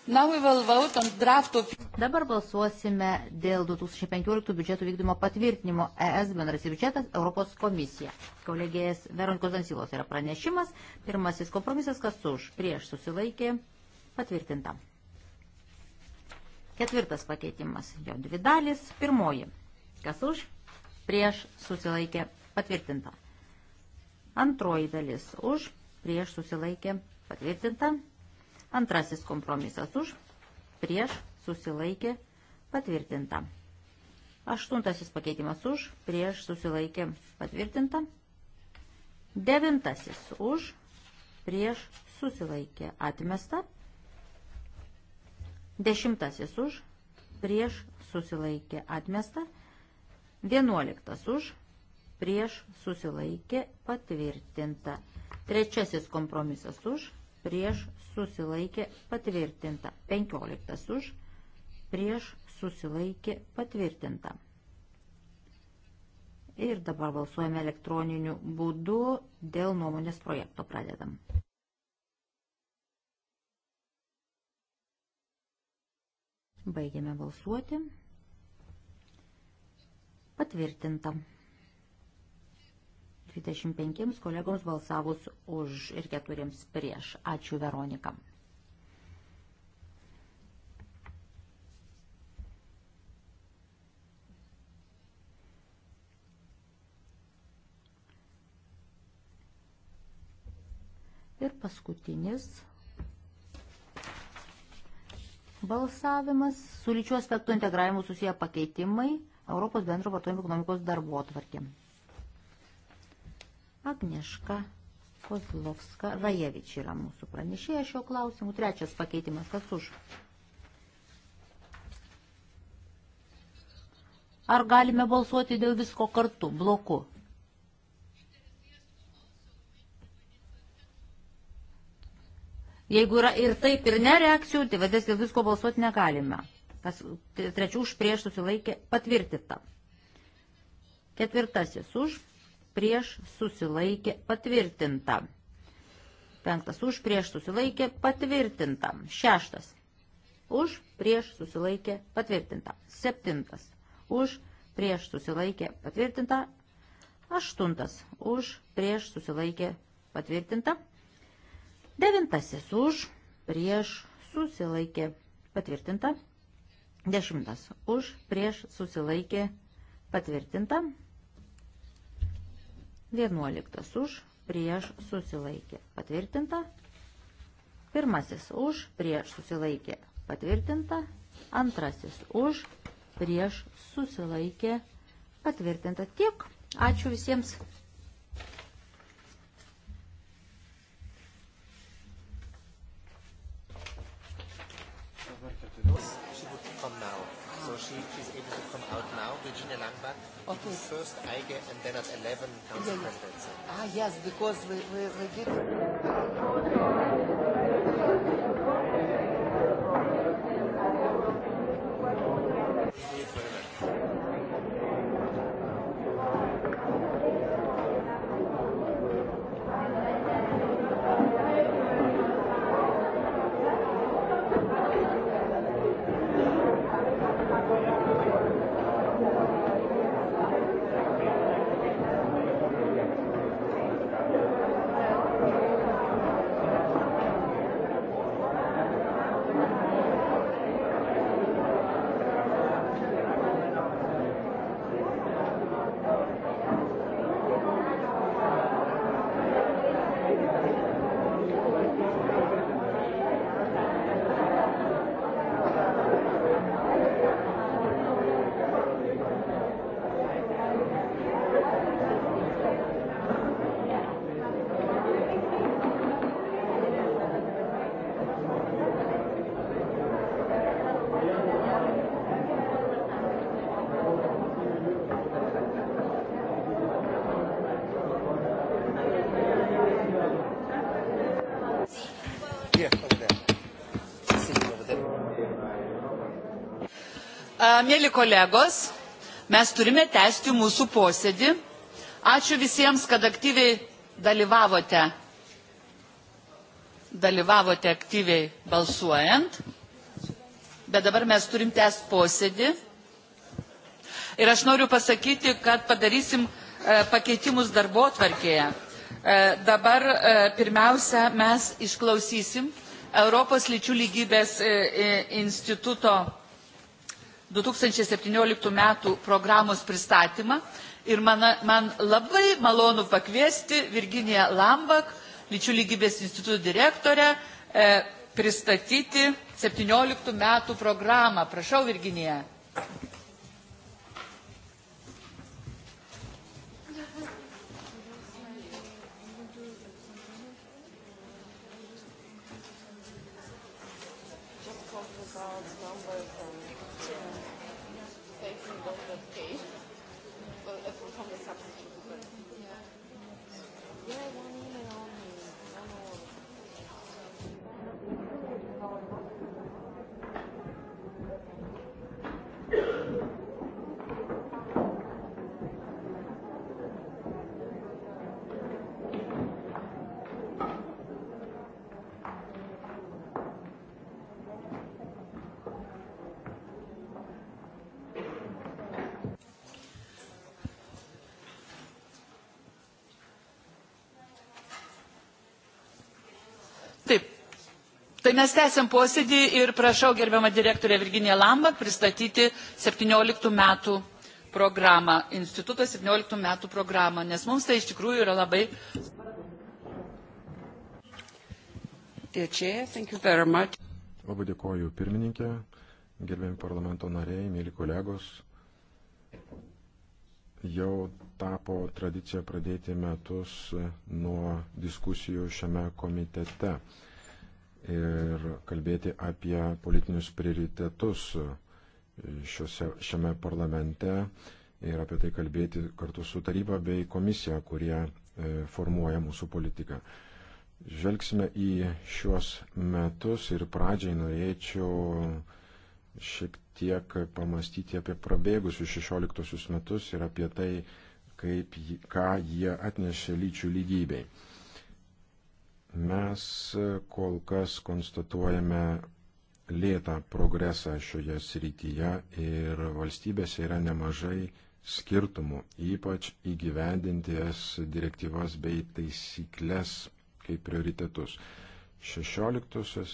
Of... Dabar balsuosime dėl 2015 biudžeto vykdymo patvirtinimo ES bendras biudžetas Europos komisija. Kolegės Veronikos Dansilos yra pranešimas. Pirmasis kompromisas, kas už, prieš susilaikė, patvirtinta. Ketvirtas pakeitimas, jo dvi dalis, pirmoji, kas už, prieš susilaikė, patvirtinta. Antroji dalis, už, prieš susilaikė, patvirtinta. Antrasis kompromisas už, prieš, susilaikė, patvirtinta. Aštuntasis pakeitimas už, prieš, susilaikė, patvirtinta. Devintasis už, prieš, susilaikė, atmesta. Dešimtasis už, prieš, susilaikė, atmesta. Vienuoliktas už, prieš, susilaikė, patvirtinta. Trečiasis kompromisas už, prieš susilaikė patvirtinta. 15 už, prieš susilaikė patvirtinta. Ir dabar balsuojame elektroniniu būdu dėl nuomonės projekto pradedam. Baigiame balsuoti. Patvirtinta. 25 kolegoms balsavus už ir keturiems prieš. Ačiū Veronika. Ir paskutinis balsavimas su lyčių aspektų integravimu susiję pakeitimai Europos bendro vartojimo ekonomikos darbo atvarkė. Agnieška Kozlovska Rajevič yra mūsų pranešėja šio klausimu. Trečias pakeitimas, kas už? Ar galime balsuoti dėl visko kartu, bloku? Jeigu yra ir taip, ir ne reakcijų, tai vadės dėl visko balsuoti negalime. Kas trečių už prieš susilaikė patvirtinta. Ketvirtasis už prieš susilaikė patvirtinta. Penktas už prieš susilaikė patvirtinta. Šeštas už prieš susilaikė patvirtinta. Septintas už prieš susilaikė patvirtinta. Aštuntas už prieš susilaikė patvirtinta. Devintasis už prieš susilaikė patvirtinta. Dešimtas už prieš susilaikė patvirtinta. 11 už, prieš susilaikė patvirtinta. Pirmasis už, prieš susilaikė patvirtinta. Antrasis už, prieš susilaikė patvirtinta. Tiek. Ačiū visiems. me first Eige and then at 11 comes yeah, the presidency. Yeah. Ah, yes, because we, we, we give... Mėly kolegos, mes turime tęsti mūsų posėdį. Ačiū visiems, kad aktyviai dalyvavote, dalyvavote aktyviai balsuojant. Bet dabar mes turim tęsti posėdį. Ir aš noriu pasakyti, kad padarysim e, pakeitimus darbo tvarkėje. E, dabar e, pirmiausia, mes išklausysim Europos lyčių lygybės instituto 2017 metų programos pristatymą ir man, man labai malonu pakviesti Virginiją Lambak, lyčių lygybės institutų direktorę, e, pristatyti 17 metų programą. Prašau, Virginija. Tai mes tęsiam posėdį ir prašau gerbiamą direktorę Virginiją Lambą pristatyti 17 metų programą, instituto 17 metų programą, nes mums tai iš tikrųjų yra labai. Labai dėkoju pirmininkė, gerbėjim parlamento nariai, mėly kolegos. Jau tapo tradicija pradėti metus nuo diskusijų šiame komitete ir kalbėti apie politinius prioritetus šiuose, šiame parlamente ir apie tai kalbėti kartu su taryba bei komisija, kurie e, formuoja mūsų politiką. Žvelgsime į šiuos metus ir pradžiai norėčiau šiek tiek pamastyti apie prabėgusius 16 metus ir apie tai, kaip, ką jie atnešė lyčių lygybei. Mes e, kol kas konstatuojame lėtą progresą šioje srityje ir valstybėse yra nemažai skirtumų, ypač įgyvendinties direktyvas bei taisyklės kaip prioritetus. 16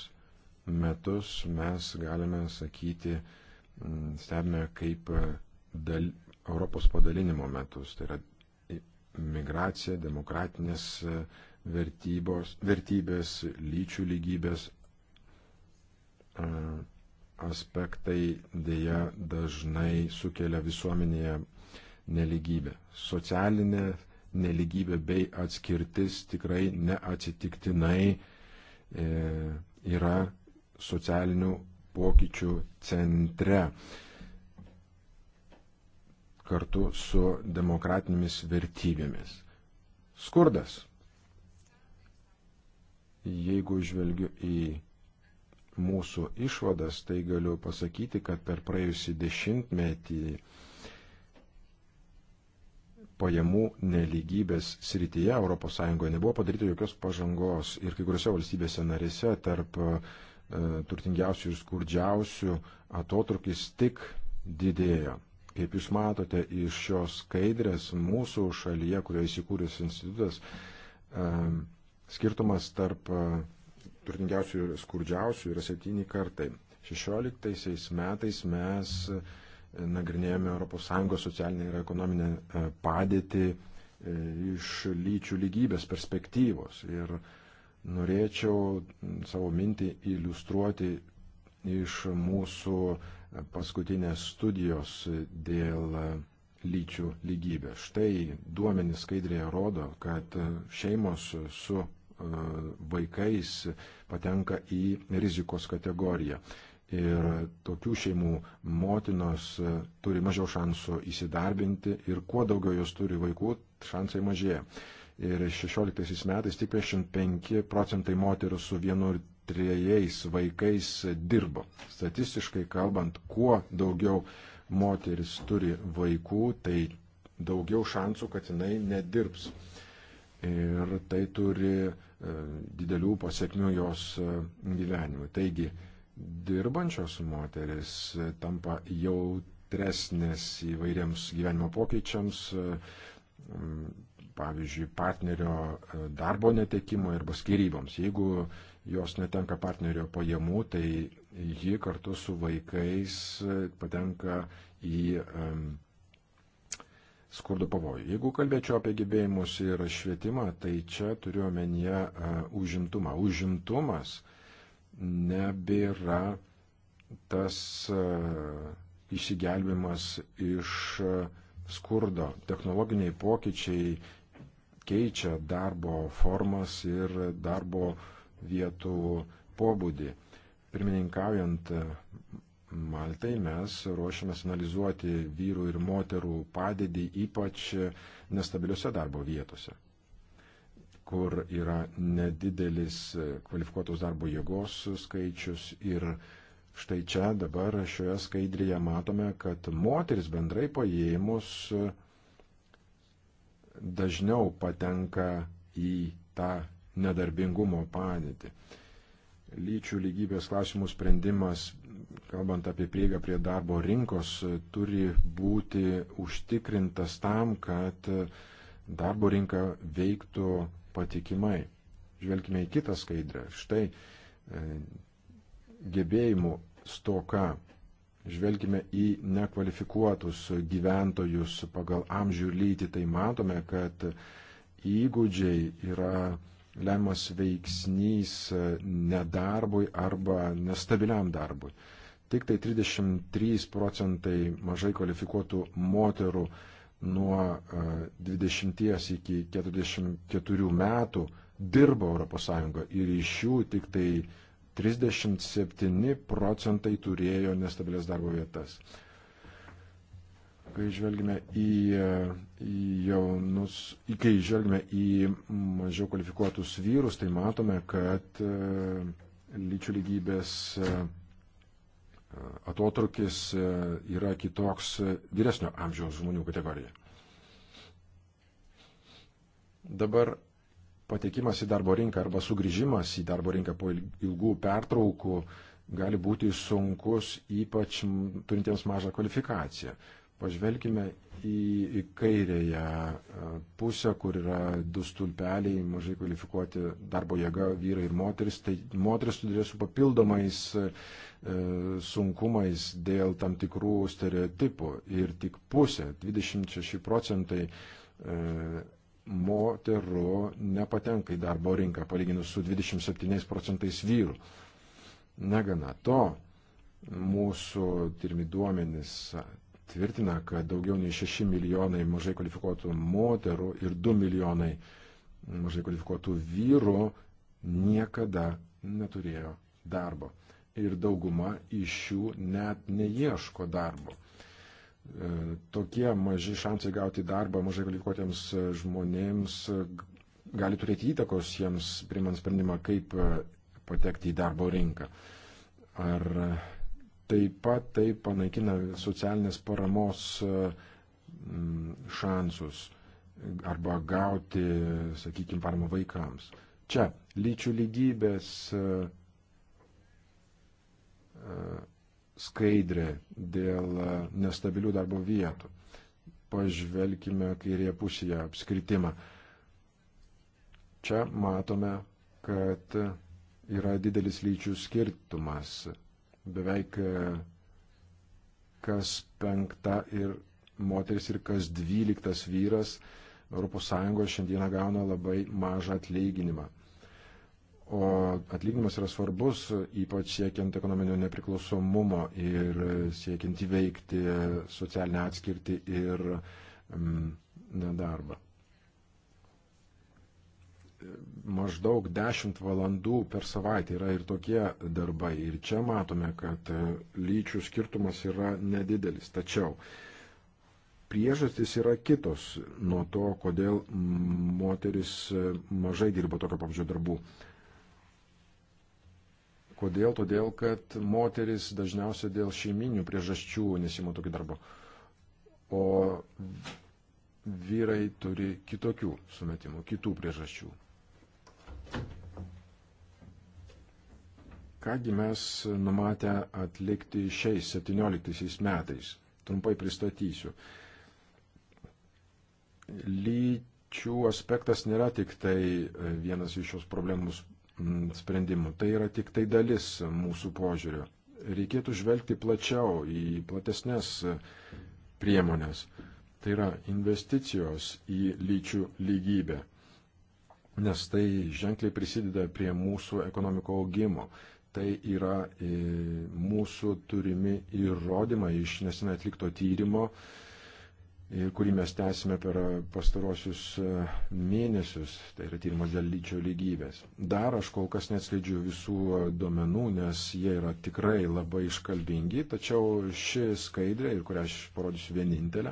metus mes galime sakyti, stebime kaip dal, Europos padalinimo metus, tai yra migracija, demokratinės vertybos, vertybės, lyčių lygybės e, aspektai dėja dažnai sukelia visuomenėje neligybę. Socialinė neligybė bei atskirtis tikrai neatsitiktinai e, yra socialinių pokyčių centre kartu su demokratinėmis vertybėmis. Skurdas Jeigu žvelgiu į mūsų išvadas, tai galiu pasakyti, kad per praėjusį dešimtmetį pajamų neligybės srityje ES nebuvo padaryta jokios pažangos ir kai kuriuose valstybėse narėse tarp e, turtingiausių ir skurdžiausių atotrukis tik didėjo. Kaip jūs matote iš šios skaidrės, mūsų šalyje, kurioje įsikūręs institutas, e, skirtumas tarp e, turtingiausių ir skurdžiausių yra septyni kartai. 16 metais mes e, nagrinėjome ES socialinę ir ekonominę e, padėtį iš lyčių lygybės perspektyvos. Ir norėčiau savo mintį iliustruoti iš mūsų paskutinės studijos dėl lyčių lygybę. Štai duomenys skaidrėje rodo, kad šeimos su e, vaikais patenka į rizikos kategoriją. Ir tokių šeimų motinos e, turi mažiau šansų įsidarbinti ir kuo daugiau jos turi vaikų, šansai mažėja. Ir 16 metais tik 55 procentai moterų su vienu ir trejais vaikais dirbo. Statistiškai kalbant, kuo daugiau moteris turi vaikų, tai daugiau šansų, kad jinai nedirbs. Ir tai turi e, didelių pasiekmių jos e, gyvenimui. Taigi, dirbančios moteris e, tampa jautresnės įvairiems gyvenimo pokyčiams, pavyzdžiui, partnerio darbo netekimo arba skyryboms. Jeigu jos netenka partnerio pajamų, tai ji kartu su vaikais e, patenka į skurdo pavojų. Jeigu kalbėčiau apie gebėjimus ir švietimą, tai čia turiu omenyje e, užimtumą. Užimtumas nebėra tas e, išsigelbimas iš skurdo. Technologiniai pokyčiai keičia darbo formas ir darbo vietų pobūdį. Pirmininkaujant e, Maltai mes ruošiamės analizuoti vyrų ir moterų padėdį ypač nestabiliuose darbo vietose, kur yra nedidelis e, kvalifikuotos darbo jėgos skaičius ir štai čia dabar šioje skaidrėje matome, kad moteris bendrai paėmus e, dažniau patenka į tą nedarbingumo padėtį lyčių lygybės klausimų sprendimas, kalbant apie prieigą prie darbo rinkos, turi būti užtikrintas tam, kad darbo rinka veiktų patikimai. Žvelgime į kitą skaidrę. Štai e, gebėjimų stoka. Žvelgime į nekvalifikuotus gyventojus pagal amžių lytį, tai matome, kad įgūdžiai yra lemiamas veiksnys nedarbui arba nestabiliam darbui. Tik tai 33 procentai mažai kvalifikuotų moterų nuo 20 e, iki 44 metų dirba ES ir iš jų tik tai 37 procentai turėjo nestabilias darbo vietas kai žvelgime į jaunus, kai žvelgime į mažiau kvalifikuotus vyrus, tai matome, kad e, lyčių lygybės e, atotrukis e, yra kitoks vyresnio amžiaus žmonių kategorija. Dabar patekimas į darbo rinką arba sugrįžimas į darbo rinką po ilgų pertraukų gali būti sunkus, ypač turintiems mažą kvalifikaciją. Pažvelkime į kairėją e, pusę, kur yra du stulpeliai, mažai kvalifikuoti darbo jėga, vyrai ir moteris. Tai moteris turės su papildomais e, sunkumais dėl tam tikrų stereotipų. Ir tik pusė, 26 procentai e, moterų nepatenka į darbo rinką, palyginus su 27 procentais vyrų. Negana to, mūsų tyrimi duomenys tvirtina, kad daugiau nei 6 milijonai mažai kvalifikuotų moterų ir 2 milijonai mažai kvalifikuotų vyrų niekada neturėjo darbo. Ir dauguma iš jų net neieško darbo. E, tokie maži šansai gauti darbą mažai kvalifikuotiems žmonėms gali turėti įtakos jiems primant sprendimą, kaip patekti į darbo rinką. Ar Taip pat tai panaikina socialinės paramos e, šansus arba gauti, sakykime, paramą vaikams. Čia lyčių lygybės e, e, skaidrė dėl nestabilių darbo vietų. Pažvelkime kairėje pusėje apskritimą. Čia matome, kad yra didelis lyčių skirtumas beveik e, kas penkta ir moteris ir kas dvyliktas vyras ES šiandieną gauna labai mažą atlyginimą. O atlyginimas yra svarbus, ypač siekiant ekonominio nepriklausomumo ir siekiant įveikti socialinę atskirtį ir mm, nedarbą maždaug 10 valandų per savaitę yra ir tokie darbai. Ir čia matome, kad e, lyčių skirtumas yra nedidelis. Tačiau priežastys yra kitos nuo to, kodėl moteris e, mažai dirba tokio pabudžio darbų. Kodėl? Todėl, kad moteris dažniausiai dėl šeiminių priežasčių nesima tokio darbo. O vyrai turi kitokių sumetimų, kitų priežasčių. Kągi mes numatę atlikti šiais 17 metais. Trumpai pristatysiu. Lyčių aspektas nėra tik tai e, vienas iš šios problemos sprendimų. Tai yra tik tai dalis mūsų požiūrio. Reikėtų žvelgti plačiau į platesnės e, priemonės. Tai yra investicijos į lyčių lygybę. Nes tai ženkliai prisideda prie mūsų ekonomiko augimo Tai yra e, mūsų turimi įrodymai iš nesenai atlikto tyrimo, e, kurį mes tęsime per e, pastarosius mėnesius, tai yra tyrimas dėl lyčio lygybės. Dar aš kol kas neatskleidžiu visų duomenų, nes jie yra tikrai labai iškalbingi, tačiau ši skaidrė, ir kurią aš parodysiu vienintelę,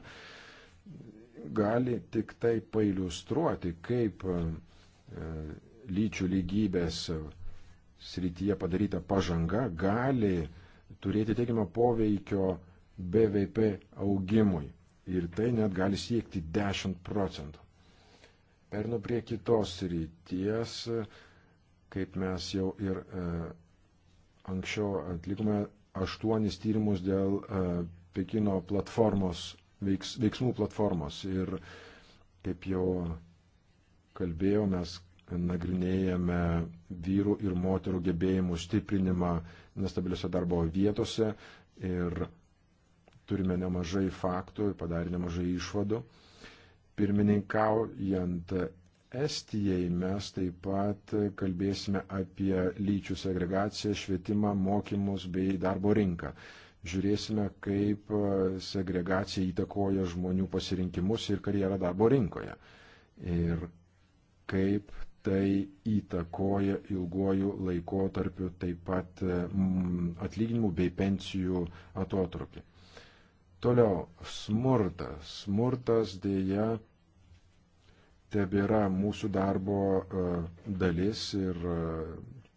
gali tik tai pailustruoti, kaip lyčių lygybės srityje padaryta pažanga gali turėti teigiamą poveikio BVP augimui ir tai net gali siekti 10 procentų. Pernu prie kitos ryties, kaip mes jau ir e, anksčiau atlikome aštuonis tyrimus dėl e, Pekino platformos, veiks, veiksmų platformos. Ir kaip jau kalbėjau, mes nagrinėjame vyrų ir moterų gebėjimų stiprinimą nestabiliose darbo vietose ir turime nemažai faktų ir padarė nemažai išvadų. Pirmininkaujant Estijai mes taip pat kalbėsime apie lyčių segregaciją, švietimą, mokymus bei darbo rinką. Žiūrėsime, kaip segregacija įtakoja žmonių pasirinkimus ir karjerą darbo rinkoje. Ir kaip tai įtakoja ilguoju laikotarpiu taip pat mm, atlyginimų bei pensijų atotrukį. Toliau, smurtas. Smurtas dėja tebėra mūsų darbo e, dalis ir e,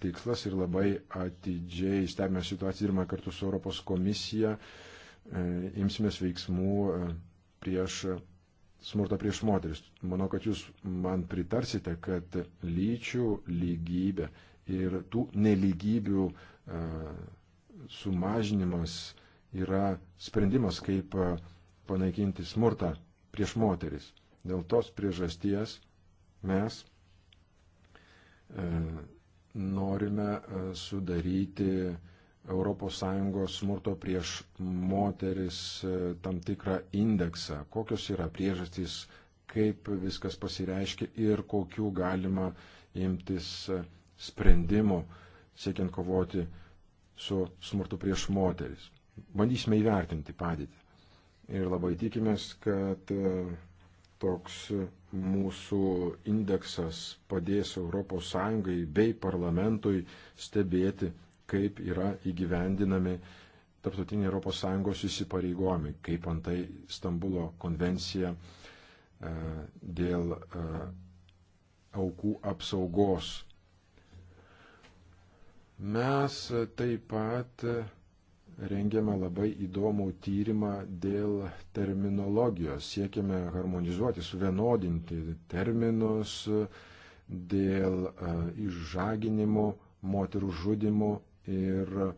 tikslas ir labai atidžiai stebime situaciją ir kartu su Europos komisija e, imsimės veiksmų prieš smurtą prieš moteris. Manau, kad jūs man pritarsite, kad lyčių lygybė ir tų neligybių e, sumažinimas yra sprendimas, kaip e, panaikinti smurtą prieš moteris. Dėl tos priežasties mes e, norime sudaryti ES smurto prieš moteris e, tam tikrą indeksą, kokios yra priežastys, kaip viskas pasireiškia ir kokiu galima imtis e, sprendimų siekiant kovoti su smurtu prieš moteris. Bandysime įvertinti padėtį. Ir labai tikimės, kad e, toks mūsų indeksas padės ES bei parlamentui stebėti kaip yra įgyvendinami tarptautiniai ES įsipareigojimai, kaip antai Stambulo konvencija e, dėl e, aukų apsaugos. Mes taip pat rengiame labai įdomų tyrimą dėl terminologijos. Siekiame harmonizuoti, suvienodinti terminus dėl e, išžaginimų, moterų žudimų ir e,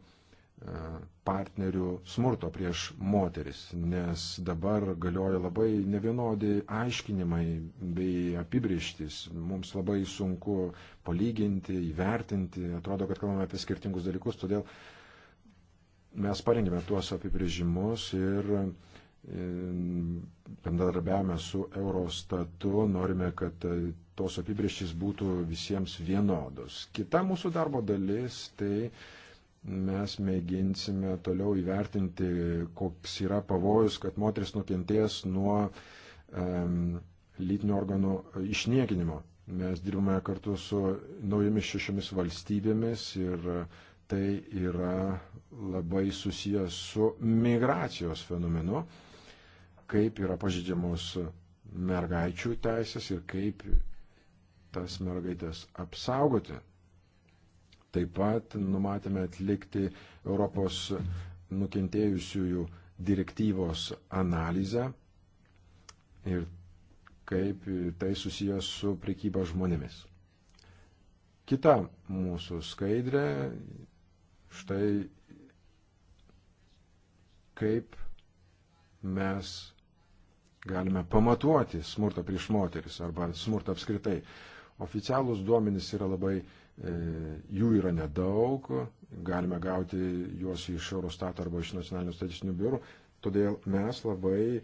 partnerių smurto prieš moteris, nes dabar galioja labai nevienodi aiškinimai bei apibrieštis. Mums labai sunku palyginti, įvertinti, atrodo, kad kalbame apie skirtingus dalykus, todėl mes parengėme tuos apibrėžimus ir e, bendradarbiavame su Eurostatu, norime, kad e, tos apibrieštis būtų visiems vienodos. Kita mūsų darbo dalis tai mes mėginsime toliau įvertinti, koks yra pavojus, kad moteris nukentės nuo um, lytinių organų išniekinimo. Mes dirbame kartu su naujomis šešiomis valstybėmis ir tai yra labai susijęs su migracijos fenomenu, kaip yra pažydžiamos mergaičių teisės ir kaip tas mergaitės apsaugoti. Taip pat numatėme atlikti Europos nukentėjusiųjų direktyvos analizę ir kaip tai susijęs su prekyba žmonėmis. Kita mūsų skaidrė, štai kaip mes galime pamatuoti smurtą prieš moteris arba smurtą apskritai. Oficialūs duomenys yra labai uh, E, jų yra nedaug, galime gauti juos iš Eurostato arba iš nacionalinių statistinių biurų, todėl mes labai e,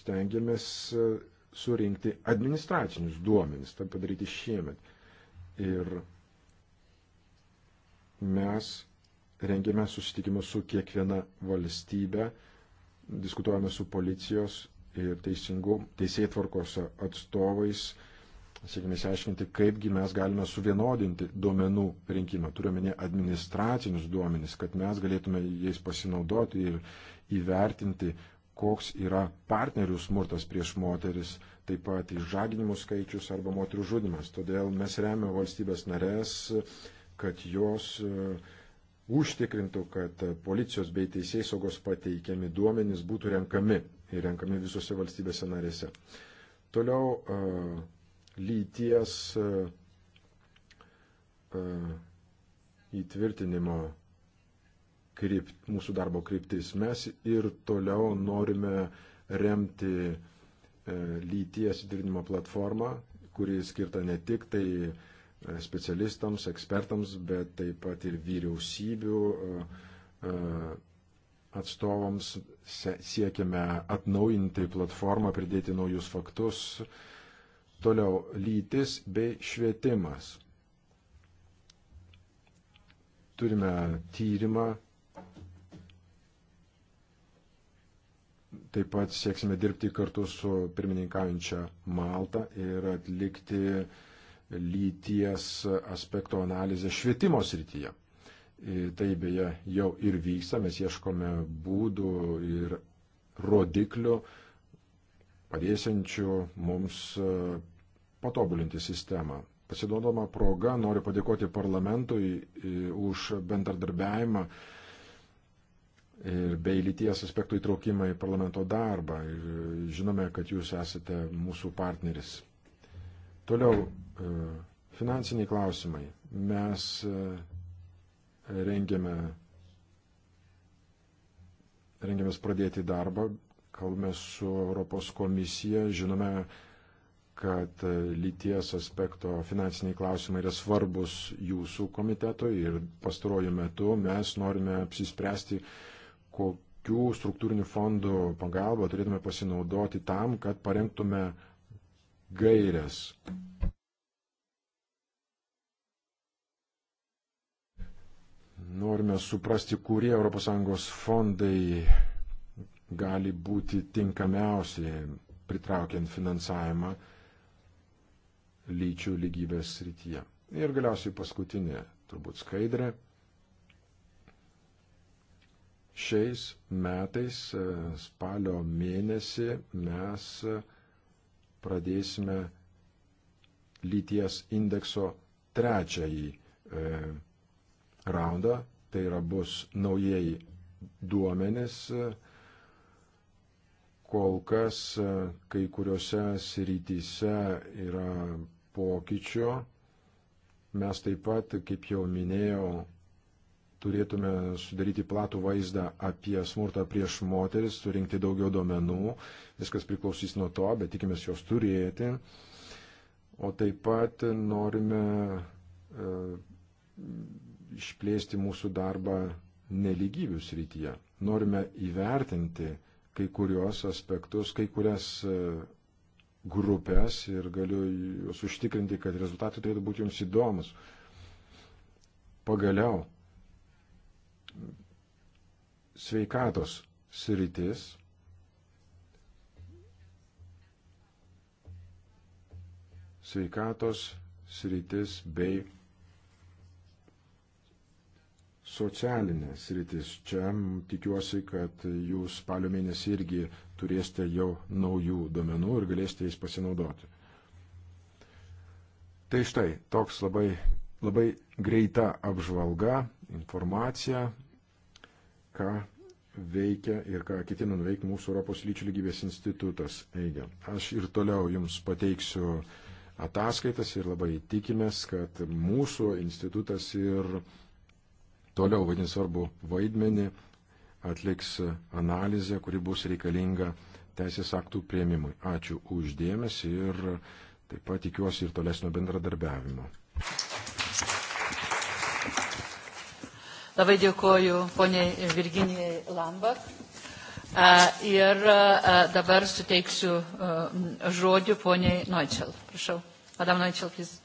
stengiamės surinkti administracinius duomenis, tai padaryti šiemet. Ir mes rengėme susitikimus su kiekviena valstybė, diskutuojame su policijos ir teisėjai tvarkos atstovais, siekime išsiaiškinti, kaipgi mes galime suvienodinti duomenų rinkimą, turiuomenė administracinius duomenys, kad mes galėtume jais pasinaudoti ir įvertinti, koks yra partnerių smurtas prieš moteris, taip pat išžaginimų skaičius arba moterų žudimas. Todėl mes remia valstybės narės, kad jos e, užtikrintų, kad policijos bei teisės saugos pateikiami duomenys būtų renkami ir renkami visose valstybėse narėse. Toliau e, lyties e, e, įtvirtinimo krypt, mūsų darbo kryptis. Mes ir toliau norime remti e, lyties įtvirtinimo platformą, kuri skirta ne tik tai specialistams, ekspertams, bet taip pat ir vyriausybių atstovams siekiame atnaujinti platformą, pridėti naujus faktus, Toliau lytis bei švietimas. Turime tyrimą. Taip pat sieksime dirbti kartu su pirmininkaujančia Malta ir atlikti lyties aspekto analizę švietimo srityje. E, tai beje jau ir vyksta, mes ieškome būdų ir rodiklių, padėsiančių mums e, patobulinti sistemą. Pasidodama proga noriu padėkoti parlamentui e, už bendradarbiavimą ir bei lyties aspektų įtraukimą į parlamento darbą. Ir e, žinome, kad jūs esate mūsų partneris. Toliau, finansiniai klausimai. Mes rengiame, rengiamės pradėti darbą kalbame su Europos komisija, žinome, kad lyties aspekto finansiniai klausimai yra svarbus jūsų komitetui ir pastaruoju metu mes norime apsispręsti, kokių struktūrinių fondų pagalba turėtume pasinaudoti tam, kad parengtume gairias. Norime suprasti, kurie ES fondai gali būti tinkamiausi pritraukiant finansavimą lyčių lygybės srityje. Ir galiausiai paskutinė, turbūt skaidrė. Šiais metais e, spalio mėnesį mes pradėsime lyties indekso trečiąjį e, raundą. Tai yra bus naujieji duomenis. E, kol kas e, kai kuriuose srityse yra pokyčio. Mes taip pat, kaip jau minėjau, turėtume sudaryti platų vaizdą apie smurtą prieš moteris, surinkti daugiau duomenų. Viskas priklausys nuo to, bet tikimės juos turėti. O taip pat norime e, išplėsti mūsų darbą neligybių srityje. Norime įvertinti, kai kurios aspektus, kai kurias e, grupės ir galiu jūs užtikrinti, kad rezultatai turėtų būti jums įdomus. Pagaliau, sveikatos sritis sveikatos sritis bei socialinės rytis. Čia tikiuosi, kad jūs spalio mėnesį irgi turėsite jau naujų duomenų ir galėsite jais pasinaudoti. Tai štai toks labai, labai greita apžvalga, informacija, ką veikia ir ką ketina nuveikti mūsų Europos lyčių lygybės institutas. Eigia. Aš ir toliau jums pateiksiu ataskaitas ir labai tikimės, kad mūsų institutas ir toliau vaidins svarbu vaidmenį, atliks analizę, kuri bus reikalinga teisės aktų prieimimui. Ačiū uždėmesi ir taip pat tikiuosi ir tolesnio bendradarbiavimo. Labai dėkoju poniai Virginijai Lambak. Ir dabar suteiksiu žodį poniai Noičel. Prašau. Madam Noičel, please.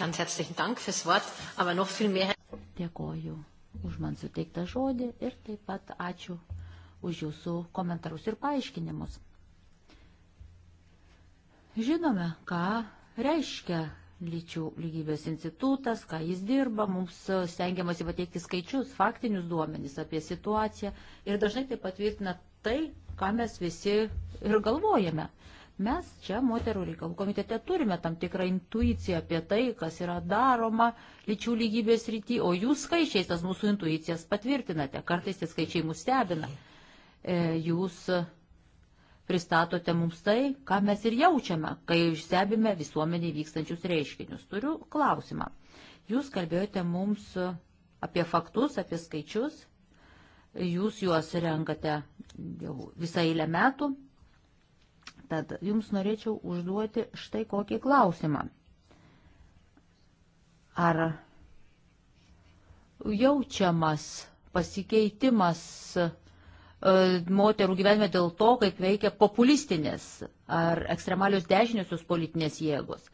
Ganz herzlichen Dank fürs Wort, aber noch viel mehr. Dėkoju už man suteiktą žodį ir taip pat ačiū už jūsų komentarus ir paaiškinimus. Žinome, ką reiškia lyčių lygybės institutas, ką jis dirba, mums stengiamasi pateikti skaičius, faktinius duomenys apie situaciją ir dažnai tai patvirtina tai, ką mes visi ir galvojame. Mes čia moterų reikalų komitete turime tam tikrą intuiciją apie tai, kas yra daroma lyčių lygybės rytį, o jūs skaičiais tas mūsų intuicijas patvirtinate. Kartais tie skaičiai mus stebina. E, jūs pristatote mums tai, ką mes ir jaučiame, kai stebime visuomeniai vykstančius reiškinius. Turiu klausimą. Jūs kalbėjote mums apie faktus, apie skaičius, jūs juos renkate jau visą eilę metų, Tad jums norėčiau užduoti štai kokį klausimą. Ar jaučiamas pasikeitimas e, moterų gyvenime dėl to, kaip veikia populistinės ar ekstremalius dešiniusius politinės jėgos.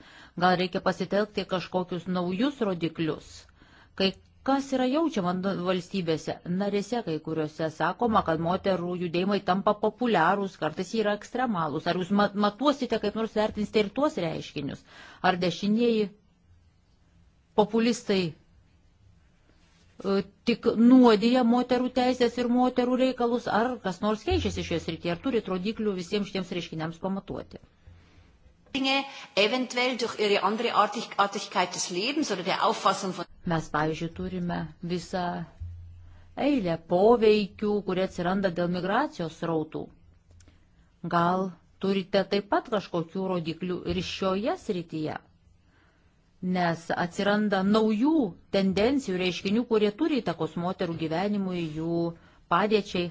Gal reikia pasitelkti kažkokius naujus rodiklius, kai Kas yra jaučiama valstybėse? Narėse kai kuriuose sakoma, kad moterų judėjimai tampa populiarūs, kartais yra ekstremalūs. Ar jūs matuosite, kaip nors vertinsite ir tuos reiškinius? Ar dešinieji populistai e, tik nuodija moterų teisės ir moterų reikalus, ar kas nors keičiasi šioje srityje, ar turi rodiklių visiems šitiems reiškiniams pamatuoti? eventuell durch ihre andere Artigkeit des Lebens oder der Auffassung von. Mes, pavyzdžiui, turime visą eilę poveikių, kurie atsiranda dėl migracijos rautų. Gal turite taip pat kažkokių rodiklių ir šioje srityje? Nes atsiranda naujų tendencijų, reiškinių, kurie turi įtakos moterų gyvenimui, jų padėčiai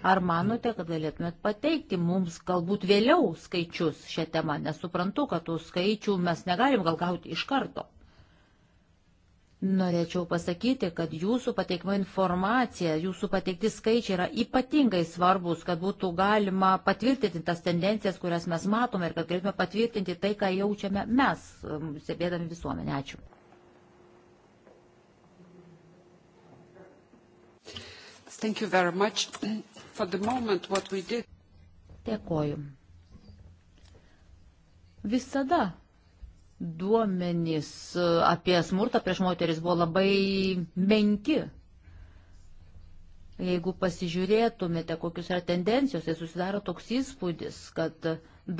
Ar manote, kad galėtumėt pateikti mums galbūt vėliau skaičius šią temą, nes suprantu, kad tų skaičių mes negalim gal gauti iš karto. Norėčiau pasakyti, kad jūsų pateikima informacija, jūsų pateikti skaičiai yra ypatingai svarbus, kad būtų galima patvirtinti tas tendencijas, kurias mes matome ir kad galėtume patvirtinti tai, ką jaučiame mes, um, stebėdami visuomenę. Ačiū. Thank you very much. Dėkoju. Visada duomenys e, apie smurtą prieš moteris buvo labai menki. Jeigu pasižiūrėtumėte, kokius yra tendencijos, tai susidaro toks įspūdis, kad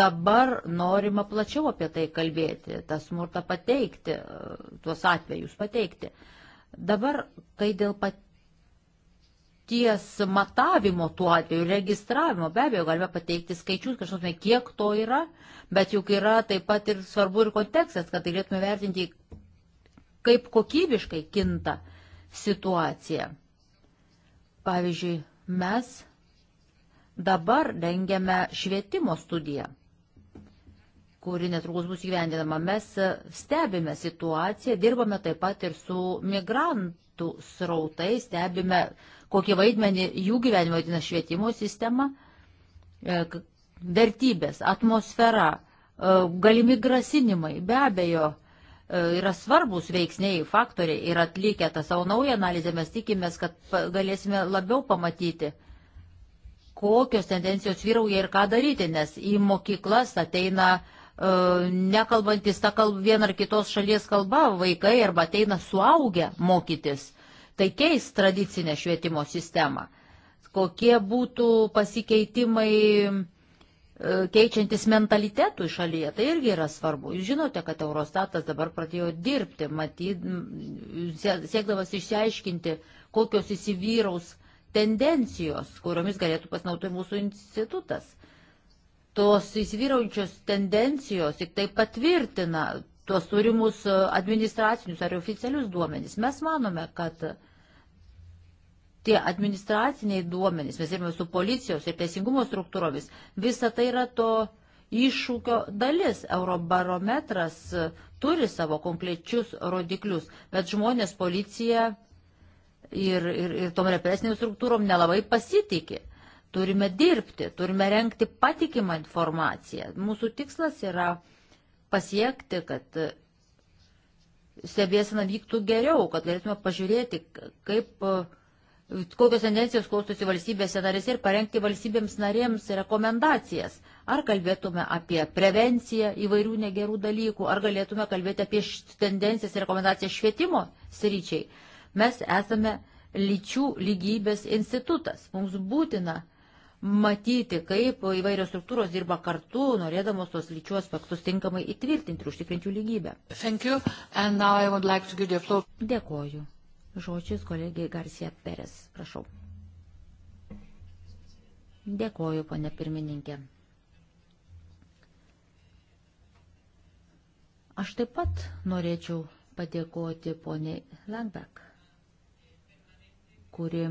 dabar norima plačiau apie tai kalbėti, tą smurtą pateikti, e, tuos atvejus pateikti. Dabar, kai dėl pat ties matavimo tuo atveju, registravimo, be abejo, galime pateikti skaičius, kažkokie, kiek to yra, bet juk yra taip pat ir svarbu ir kontekstas, kad galėtume vertinti, kaip kokybiškai kinta situacija. Pavyzdžiui, mes dabar rengiame švietimo studiją kuri netrukus bus gyvendinama. Mes stebime situaciją, dirbame taip pat ir su migrantų srautai, stebime uh, kokį vaidmenį jų gyvenimo atina švietimo sistema, e, vertybės, atmosfera, e, galimi grasinimai, be abejo, e, yra svarbus veiksniai, faktoriai ir atlikę tą savo naują analizę mes tikimės, kad galėsime labiau pamatyti, kokios tendencijos vyrauja ir ką daryti, nes į mokyklas ateina nekalbantis tą kalbą, vieną ar kitos šalies kalbą, vaikai arba ateina suaugę mokytis tai keis tradicinę švietimo sistemą. Kokie būtų pasikeitimai e, keičiantis mentalitetų šalyje, tai irgi yra svarbu. Jūs žinote, kad Eurostatas dabar pradėjo dirbti, matyt, siekdamas išsiaiškinti, kokios įsivyraus tendencijos, kuriomis galėtų pasinaudoti mūsų institutas. Tos įsivyraujančios tendencijos tik tai patvirtina tuos turimus e, administracinius ar oficialius duomenys. Mes manome, kad uh, tie administraciniai duomenys, mes dirbame su policijos ir teisingumo struktūromis, visa tai yra to iššūkio dalis. Eurobarometras e, turi savo konkrečius rodiklius, bet žmonės policija ir, ir, ir tom represiniam struktūrom nelabai pasitikė. Turime dirbti, turime renkti patikimą informaciją. Mūsų tikslas yra pasiekti, kad e, stebėsena vyktų geriau, kad galėtume pažiūrėti, kaip uh, kokios tendencijos klausosi valstybėse narėse ir parengti valstybėms narėms rekomendacijas. Ar kalbėtume apie prevenciją įvairių negerų dalykų, ar galėtume kalbėti apie tendencijas ir rekomendacijas švietimo sryčiai. Mes esame lyčių lygybės institutas. Mums būtina matyti, kaip įvairios struktūros dirba kartu, norėdamos tos lyčių aspektus tinkamai įtvirtinti ir užtikrinti jų lygybę. Like Dėkoju žodžius kolegijai Garcia Peres. Prašau. Dėkoju, ponė pirmininkė. Aš taip pat norėčiau padėkoti poniai Langbek, kuri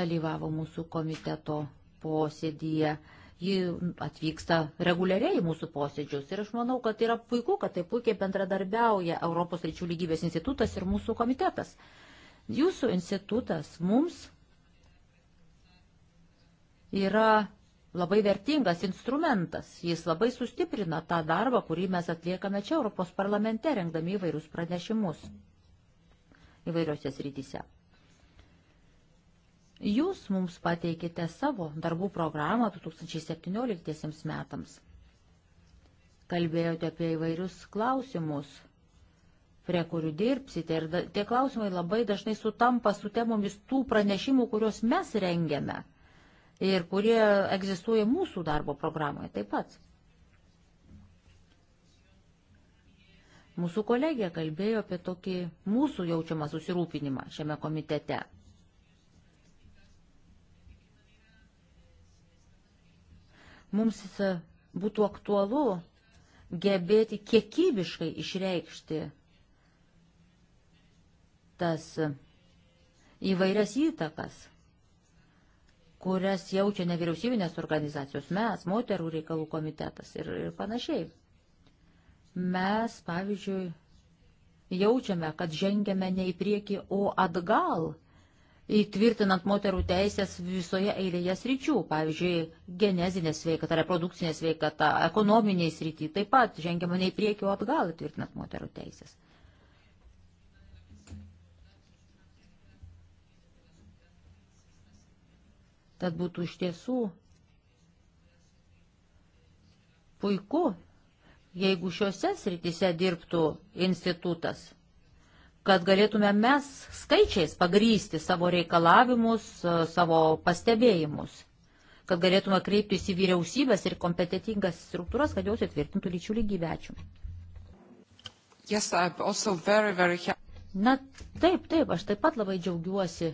dalyvavo mūsų komiteto posėdyje Ji atvyksta reguliariai į mūsų posėdžius ir aš manau, kad yra puiku, kad tai puikiai bendradarbiauja Europos lyčių lygybės institutas ir mūsų komitetas. Jūsų institutas mums yra labai vertingas instrumentas. Jis labai sustiprina tą darbą, kurį mes atliekame čia Europos parlamente, rengdami įvairius pranešimus įvairiose srityse. Jūs mums pateikite savo darbų programą 2017 metams. Kalbėjote apie įvairius klausimus, prie kurių dirbsite. Ir da, tie klausimai labai dažnai sutampa su temomis tų pranešimų, kuriuos mes rengiame ir kurie egzistuoja mūsų darbo programoje taip pat. Mūsų kolegė kalbėjo apie tokį mūsų jaučiamą susirūpinimą šiame komitete – Mums e, būtų aktualu gebėti kiekybiškai išreikšti tas e, įvairias įtakas, kurias jaučia nevyriausybinės organizacijos, mes, moterų reikalų komitetas ir, ir panašiai. Mes, pavyzdžiui, jaučiame, kad žengėme ne į priekį, o atgal įtvirtinant moterų teisės visoje eilėje sričių, pavyzdžiui, genezinė sveikata, reprodukcinė sveikata, ekonominiai srity, taip pat žengiama nei priekiu atgal įtvirtinant moterų teisės. Tad būtų iš tiesų puiku, jeigu šiuose srityse dirbtų institutas kad galėtume mes skaičiais pagrysti savo reikalavimus, e, savo pastebėjimus, kad galėtume kreiptis į vyriausybės ir kompetitingas struktūras, kad jos įtvirtintų lyčių lygybę. Ačiū. Yes, very, very... Na taip, taip, aš taip pat labai džiaugiuosi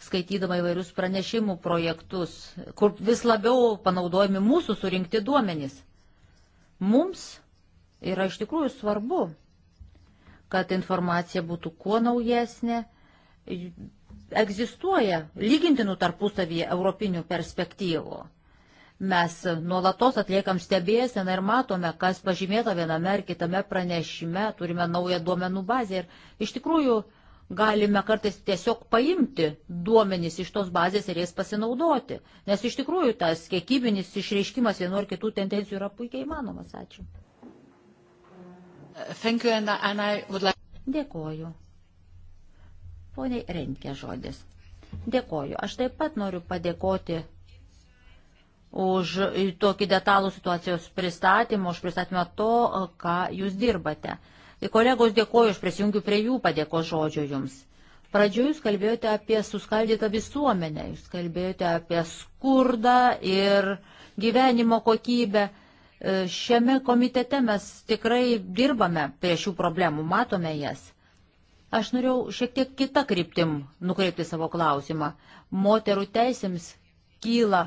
skaitydama įvairius pranešimų projektus, kur vis labiau panaudojami mūsų surinkti duomenys. Mums yra iš tikrųjų svarbu kad informacija būtų kuo naujesnė. Egzistuoja lygintinų tarpusavyje europinių perspektyvų. Mes nuolatos atliekam stebėseną ir matome, kas pažymėta viename ar kitame pranešime, turime naują duomenų bazę ir iš tikrųjų galime kartais tiesiog paimti duomenys iš tos bazės ir jas pasinaudoti, nes iš tikrųjų tas kiekybinis išreiškimas vienu ar kitų tendencijų yra puikiai įmanomas. Ačiū. Thank you and, and I would like... Dėkoju. Poniai Renkė žodis. Dėkoju. Aš taip pat noriu padėkoti už tokį detalų situacijos pristatymą, už pristatymą to, ką jūs dirbate. Ir kolegos dėkoju, aš prisijungiu prie jų padėko žodžio jums. Pradžioje jūs kalbėjote apie suskaldytą visuomenę, jūs kalbėjote apie skurdą ir gyvenimo kokybę. E, šiame komitete mes tikrai dirbame prie šių problemų, matome jas. Aš norėjau šiek tiek kitą kryptim nukreipti savo klausimą. Moterų teisėms kyla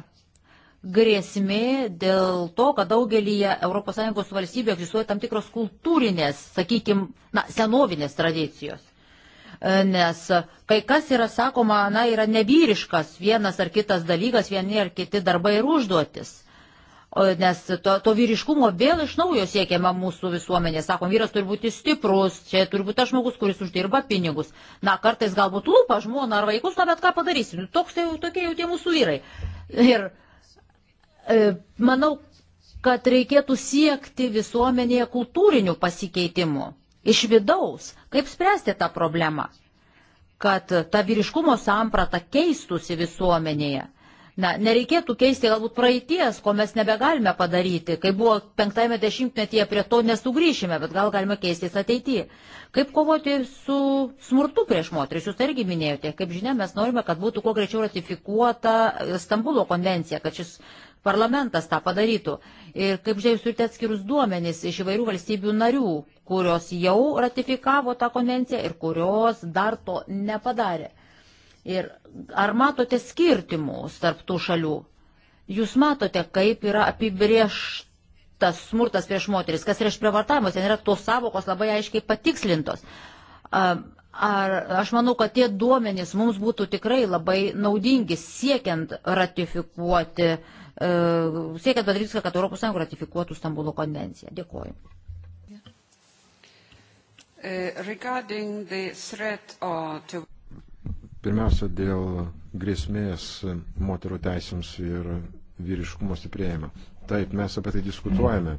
grėsmė dėl to, kad daugelį ES valstybių egzistuoja tam tikros kultūrinės, sakykime, na, senovinės tradicijos. E, nes kai kas yra sakoma, na, yra nevyriškas vienas ar kitas dalykas, vieni ar kiti darbai ir užduotis nes to, to vyriškumo vėl iš naujo siekiama mūsų visuomenė. Sakom, vyras turi būti stiprus, čia turi būti tas žmogus, kuris uždirba pinigus. Na, kartais galbūt lūpa žmona ar vaikus, na, bet ką padarysi. Nu, toks tai jau tokie jau tie mūsų vyrai. Ir e, manau, kad reikėtų siekti visuomenėje kultūrinių pasikeitimų. Iš vidaus, kaip spręsti tą problemą, kad ta vyriškumo samprata keistųsi visuomenėje Na, nereikėtų keisti galbūt praeities, ko mes nebegalime padaryti, kai buvo penktame dešimtmetyje prie to nesugrįšime, bet gal galime keistis ateityje. Kaip kovoti su smurtu prieš moteris, jūs tai irgi minėjote, kaip žinia, mes norime, kad būtų kuo greičiau ratifikuota Stambulo konvencija, kad šis parlamentas tą padarytų. Ir kaip žinia, jūs turite atskirus duomenys iš įvairių valstybių narių, kurios jau ratifikavo tą konvenciją ir kurios dar to nepadarė. Ir ar matote skirtimus tarp tų šalių? Jūs matote, kaip yra apibrieštas smurtas prieš moteris, kas prieš prievartavimus, ten yra tos savokos labai aiškiai patikslintos. Ar aš manau, kad tie duomenys mums būtų tikrai labai naudingi siekiant ratifikuoti, e, siekiant padaryti viską, kad ES ratifikuotų Stambulo konvenciją. Dėkuoju. Yeah. Uh, Pirmiausia, dėl grėsmės moterų teisėms ir vyriškumo stiprėjimo. Taip, mes apie tai diskutuojame.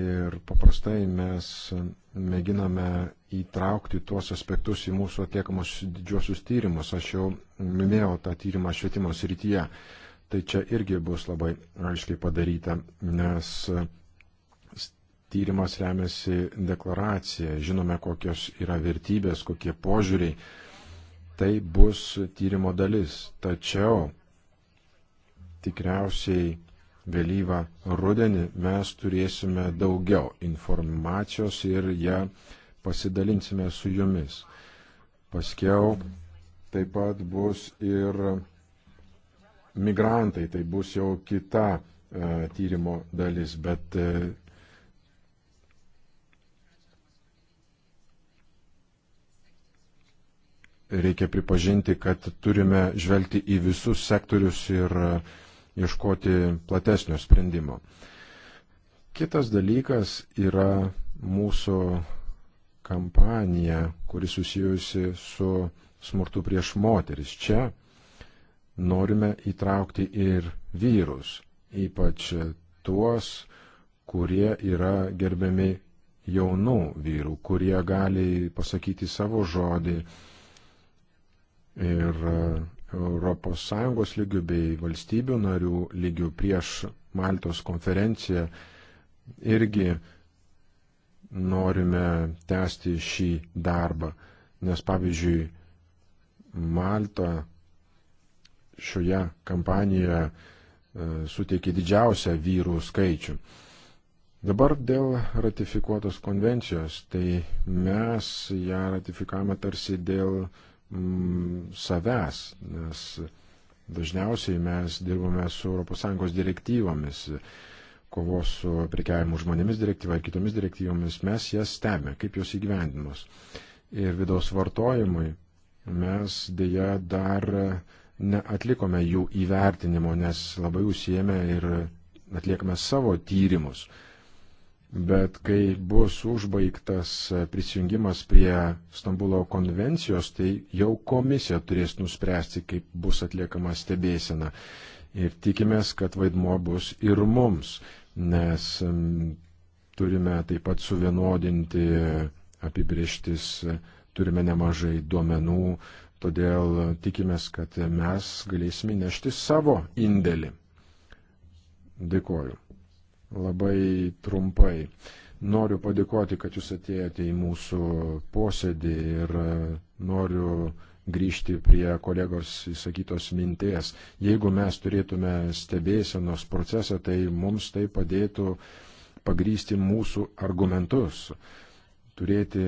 Ir paprastai mes mėginame įtraukti tuos aspektus į mūsų atliekamus didžiosius tyrimus. Aš jau minėjau tą tyrimą švietimo srityje. Tai čia irgi bus labai aiškiai padaryta, nes tyrimas remiasi deklaracija. Žinome, kokios yra vertybės, kokie požiūriai tai bus tyrimo dalis. Tačiau tikriausiai vėlyvą rudenį mes turėsime daugiau informacijos ir ją pasidalinsime su jumis. Paskiau taip pat bus ir migrantai, tai bus jau kita e, tyrimo dalis, bet e, reikia pripažinti, kad turime žvelgti į visus sektorius ir e, ieškoti platesnio sprendimo. Kitas dalykas yra mūsų kampanija, kuri susijusi su smurtu prieš moteris. Čia norime įtraukti ir vyrus, ypač tuos, kurie yra gerbiami jaunų vyrų, kurie gali pasakyti savo žodį, ir ES lygių bei valstybių narių lygių prieš Maltos konferenciją irgi norime tęsti šį darbą, nes pavyzdžiui, Malta šioje kampanijoje e, suteikė didžiausią vyrų skaičių. Dabar dėl ratifikuotos konvencijos, tai mes ją ratifikavome tarsi dėl uh, mm, savęs, nes dažniausiai mes dirbame su ES direktyvomis, kovos su prekiavimu žmonėmis direktyva ir kitomis direktyvomis, mes jas stebime, kaip jos įgyvendinos. Ir vidaus vartojimui mes dėja dar neatlikome jų įvertinimo, nes labai užsiemė ir atliekame savo tyrimus. Bet kai bus užbaigtas prisijungimas prie Stambulo konvencijos, tai jau komisija turės nuspręsti, kaip bus atliekama stebėsena. Ir tikimės, kad vaidmo bus ir mums, nes turime taip pat suvienodinti apibrieštis, turime nemažai duomenų, todėl tikimės, kad mes galėsime nešti savo indėlį. Dėkoju labai trumpai. Noriu padėkoti, kad jūs atėjote į mūsų posėdį ir e, noriu grįžti prie kolegos įsakytos minties. Jeigu mes turėtume stebėsenos procesą, tai mums tai padėtų pagrysti mūsų argumentus, turėti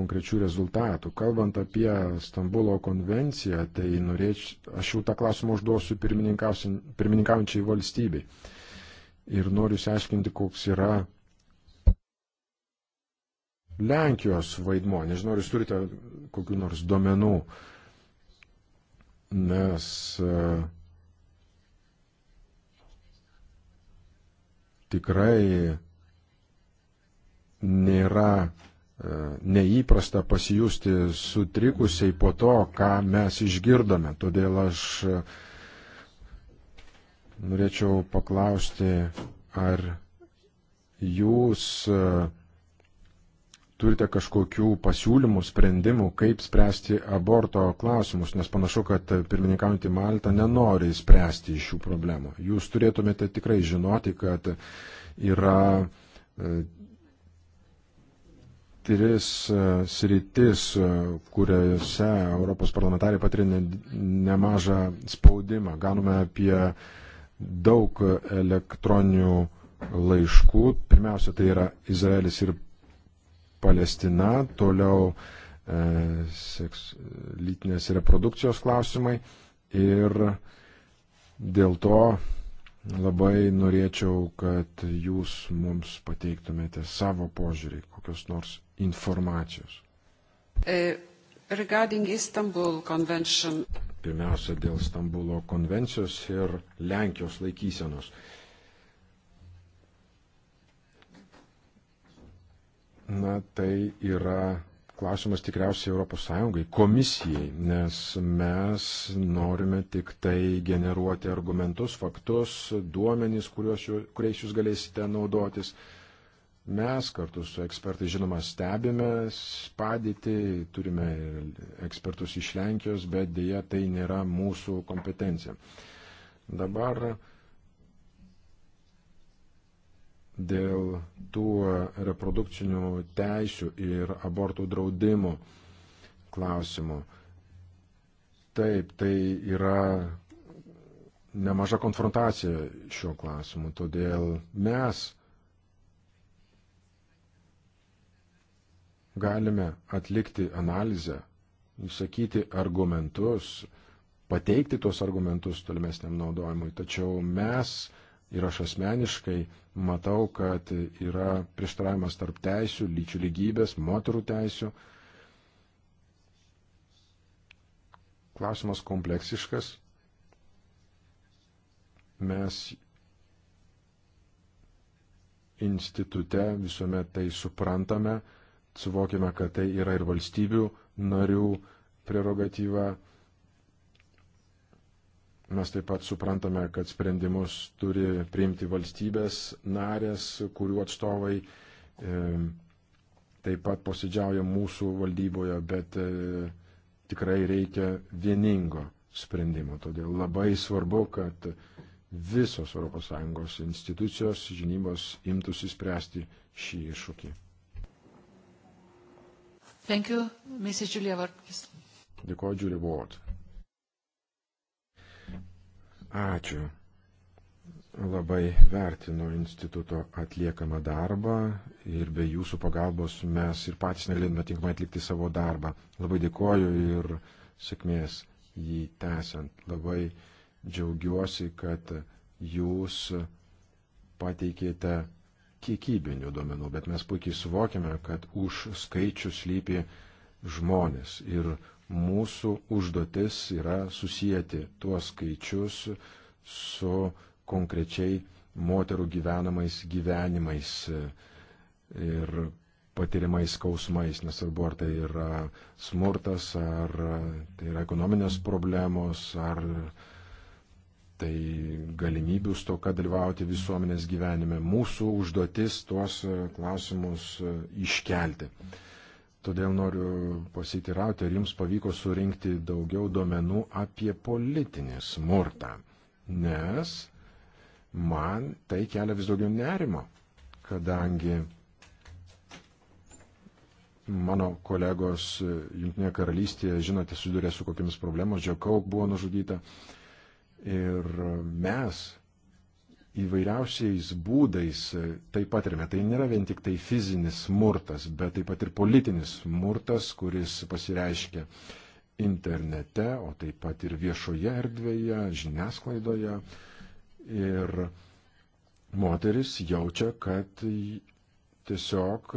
konkrečių rezultatų. Kalbant apie Stambulo konvenciją, tai norėčiau, aš jau tą klausimą užduosiu pirmininkaujančiai valstybei ir noriu išsiaiškinti, koks yra Lenkijos vaidmo. Nežinau, ar jūs turite kokiu nors duomenų, nes e, tikrai nėra e, neįprasta pasijusti sutrikusiai po to, ką mes išgirdome. Todėl aš uh, Norėčiau paklausti, ar jūs e, turite kažkokių pasiūlymų, sprendimų, kaip spręsti aborto klausimus, nes panašu, kad pirmininkaujantį Maltą nenori spręsti šių problemų. Jūs turėtumėte tikrai žinoti, kad yra e, tris e, sritis, kuriuose Europos parlamentarai patiria nemažą spaudimą. Gauname apie daug elektroninių laiškų. Pirmiausia, tai yra Izraelis ir Palestina, toliau e, seks, lytinės reprodukcijos klausimai ir dėl to labai norėčiau, kad jūs mums pateiktumėte savo požiūrį, kokios nors informacijos. E Regarding Istanbul Convention. Pirmiausia, dėl Stambulo konvencijos ir Lenkijos laikysenos. Na, tai yra klausimas tikriausiai ES komisijai, nes mes norime tik tai generuoti argumentus, faktus, duomenys, kuriuos, kuriais jūs galėsite naudotis. Uh, Mes kartu su ekspertai, žinoma, stebime padėtį, turime ekspertus iš Lenkijos, bet dėja tai nėra mūsų kompetencija. Dabar dėl tų reprodukcinių teisių ir abortų draudimų klausimų. Taip, tai yra nemaža konfrontacija šiuo klausimu, todėl mes galime atlikti analizę, išsakyti argumentus, pateikti tuos argumentus tolimesniam naudojimui. Tačiau mes ir aš asmeniškai matau, kad yra prieštaravimas tarp teisių, lyčių lygybės, moterų teisių. Klausimas kompleksiškas. Mes institute visuomet tai suprantame, Suvokime, kad tai yra ir valstybių narių prerogatyva. Mes taip pat suprantame, kad sprendimus turi priimti valstybės narės, kurių atstovai e, taip pat posėdžiauja mūsų valdyboje, bet e, tikrai reikia vieningo sprendimo. Todėl labai svarbu, kad visos ES institucijos žinybos imtųsi spręsti šį iššūkį. Thank you, Mrs. Julia Varkis. Dėkuoju, Julia Ward. Ačiū. Labai vertinu instituto atliekamą darbą ir be jūsų pagalbos mes ir patys negalėtume tinkamai atlikti savo darbą. Labai dėkoju ir sėkmės jį tęsiant. Labai džiaugiuosi, kad jūs pateikėte kiekybinių duomenų, bet mes puikiai suvokiame, kad už skaičių slypi žmonės ir mūsų užduotis yra susijęti tuos skaičius su konkrečiai moterų gyvenamais gyvenimais ir patiriamais skausmais, nesvarbu ar tai yra smurtas, ar tai yra ekonominės problemos, ar tai galimybių stoka dalyvauti visuomenės gyvenime. Mūsų užduotis tuos e, klausimus e, iškelti. Todėl noriu pasitirauti, ar jums pavyko surinkti daugiau duomenų apie politinį smurtą. Nes man tai kelia vis daugiau nerimo, kadangi mano kolegos e, Junktinėje karalystėje, žinote, sudurė su kokiamis problemos, Džiokau buvo nužudyta. Uh, Ir mes įvairiausiais būdais tai patirime. Tai nėra vien tik tai fizinis smurtas, bet taip pat ir politinis smurtas, kuris pasireiškia internete, o taip pat ir viešoje erdvėje, žiniasklaidoje. Ir moteris jaučia, kad tiesiog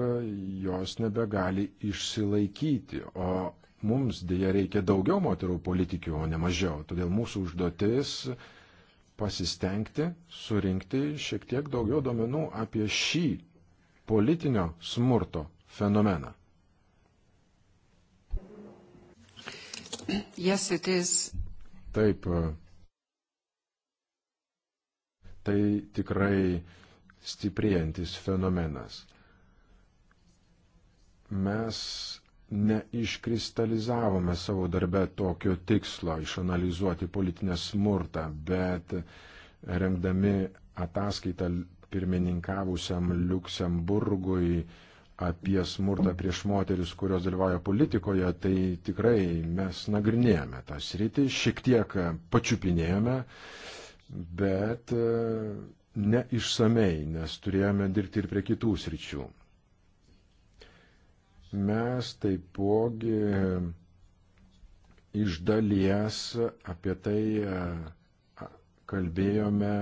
jos nebegali išsilaikyti, o mums dėja reikia daugiau moterų politikių, o ne mažiau. Todėl mūsų užduotis pasistengti surinkti šiek tiek daugiau duomenų apie šį politinio smurto fenomeną. Yes, it is. Taip. Tai tikrai stiprėjantis fenomenas. Mes neiškristalizavome savo darbę tokio tikslo išanalizuoti politinę smurtą, bet rengdami ataskaitą pirmininkavusiam Luksemburgui apie smurtą prieš moteris, kurios dalyvauja politikoje, tai tikrai mes nagrinėjame tą sritį, šiek tiek pačiupinėjome, bet neišsamei, nes turėjome dirbti ir prie kitų sričių mes taipogi e, iš dalies apie tai e, kalbėjome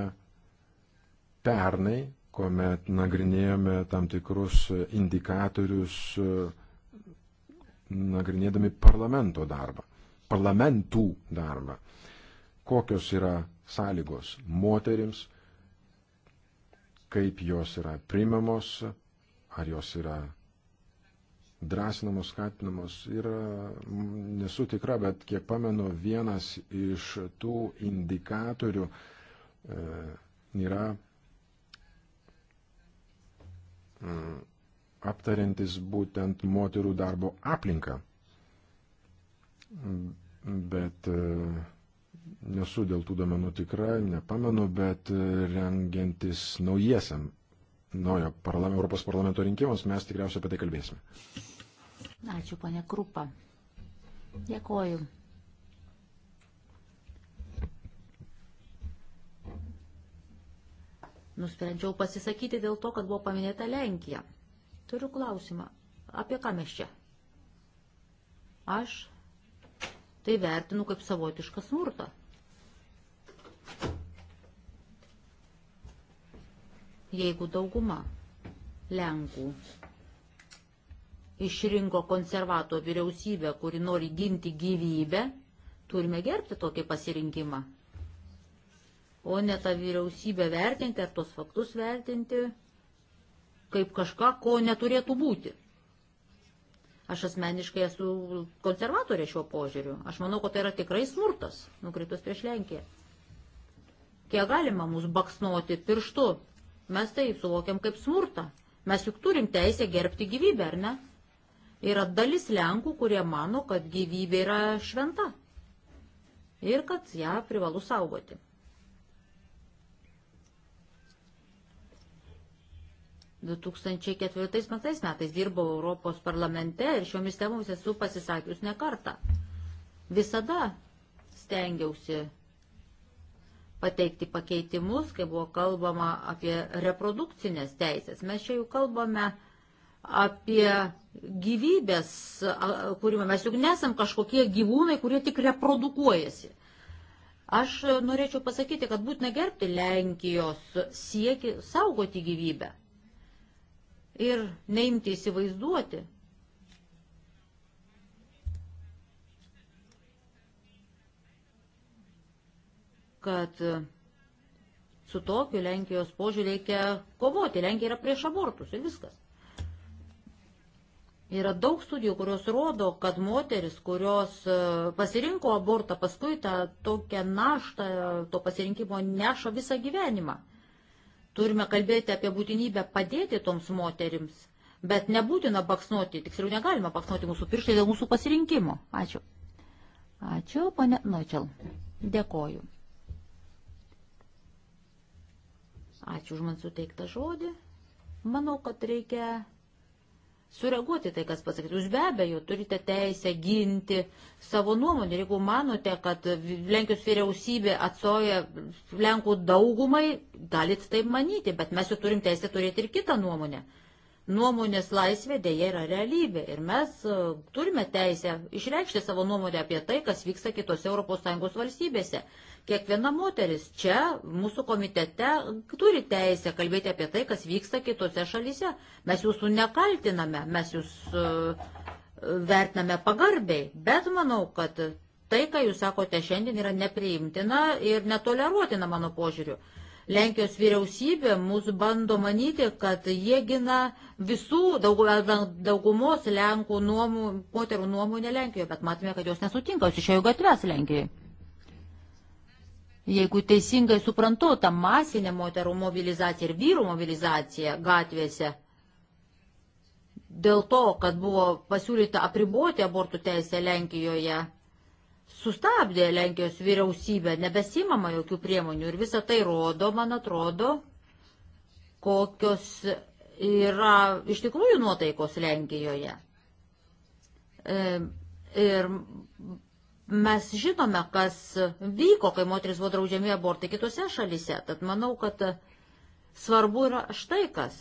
pernai, kuomet nagrinėjome tam tikrus indikatorius, e, nagrinėdami parlamento darbą, parlamentų darbą. Kokios yra sąlygos moterims, kaip jos yra primamos, ar jos yra drąsinamos, skatinamos. Ir nesu tikra, bet kiek pamenu, vienas iš tų indikatorių e, yra e, aptariantis būtent moterų darbo aplinką. Bet e, nesu dėl tų domenų tikra, nepamenu, bet rengiantis naujiesiam naujo parlament, Europos parlamento rinkimus, mes tikriausiai apie tai kalbėsime. Ačiū, ponė Krupa. Dėkoju. Nusprendžiau pasisakyti dėl to, kad buvo paminėta Lenkija. Turiu klausimą. Apie ką mes čia? Aš tai vertinu kaip savotišką smurtą. jeigu dauguma Lenkų išrinko konservato vyriausybę, kuri nori ginti gyvybę, turime gerbti tokį pasirinkimą. O ne tą vyriausybę vertinti ar tos faktus vertinti kaip kažką, ko neturėtų būti. Aš asmeniškai esu konservatorė šiuo požiūriu. Aš manau, kad tai yra tikrai smurtas nukritus prieš Lenkiją. Kiek galima mus baksnuoti pirštu Mes tai suvokiam kaip smurtą. Mes juk turim teisę gerbti gyvybę, ar ne? Yra dalis Lenkų, kurie mano, kad gyvybė yra šventa ir kad ją privalu saugoti. Du 2004 metais, metais dirbau Europos parlamente ir šiomis temomis esu pasisakius ne kartą. Visada stengiausi pateikti pakeitimus, kai buvo kalbama apie reprodukcinės teisės. Mes čia jau kalbame apie gyvybės kūrimą. Mes juk nesam kažkokie gyvūnai, kurie tik reprodukuojasi. Aš norėčiau pasakyti, kad būtina gerbti Lenkijos sieki saugoti gyvybę ir neimti įsivaizduoti, kad su tokiu Lenkijos požiūrį reikia kovoti. Lenkija yra prieš abortus ir viskas. Yra daug studijų, kurios rodo, kad moteris, kurios e, pasirinko abortą, paskui tą tokią naštą to pasirinkimo neša visą gyvenimą. Turime kalbėti apie būtinybę padėti toms moterims, bet nebūtina baksnuoti, tiksliau negalima baksnuoti mūsų pirštai dėl mūsų pasirinkimo. Ačiū. Ačiū, ponė Nočel. Dėkoju. Ačiū už man suteiktą žodį. Manau, kad reikia sureaguoti tai, kas pasakyti. Jūs be abejo turite teisę ginti savo nuomonę. Jeigu manote, kad Lenkijos vyriausybė atsoja Lenkų daugumai, galit taip manyti, bet mes jau turim teisę turėti ir kitą nuomonę nuomonės laisvė dėja yra realybė ir mes e, turime teisę išreikšti savo nuomonę apie tai, kas vyksta kitose ES valstybėse. Kiekviena moteris čia, mūsų komitete, turi teisę kalbėti apie tai, kas vyksta kitose šalyse. Mes jūsų nekaltiname, mes jūs e, vertiname pagarbiai, bet manau, kad tai, ką jūs sakote šiandien, yra nepriimtina ir netoleruotina mano požiūriu. Lenkijos vyriausybė mūsų bando manyti, kad jie gina visų daugumos Lenkų nuomų, moterų nuomonę Lenkijoje, bet matome, kad jos nesutinka, jos išėjo gatves Lenkijoje. Jeigu teisingai suprantu, ta masinė moterų mobilizacija ir vyrų mobilizacija gatvėse dėl to, kad buvo pasiūlyta apriboti abortų teisę Lenkijoje sustabdė Lenkijos vyriausybę, nebesimama jokių priemonių ir visa tai rodo, man atrodo, kokios yra iš tikrųjų nuotaikos Lenkijoje. E, ir mes žinome, kas vyko, kai moteris buvo draudžiami abortai kitose šalise. Tad manau, kad svarbu yra štai kas.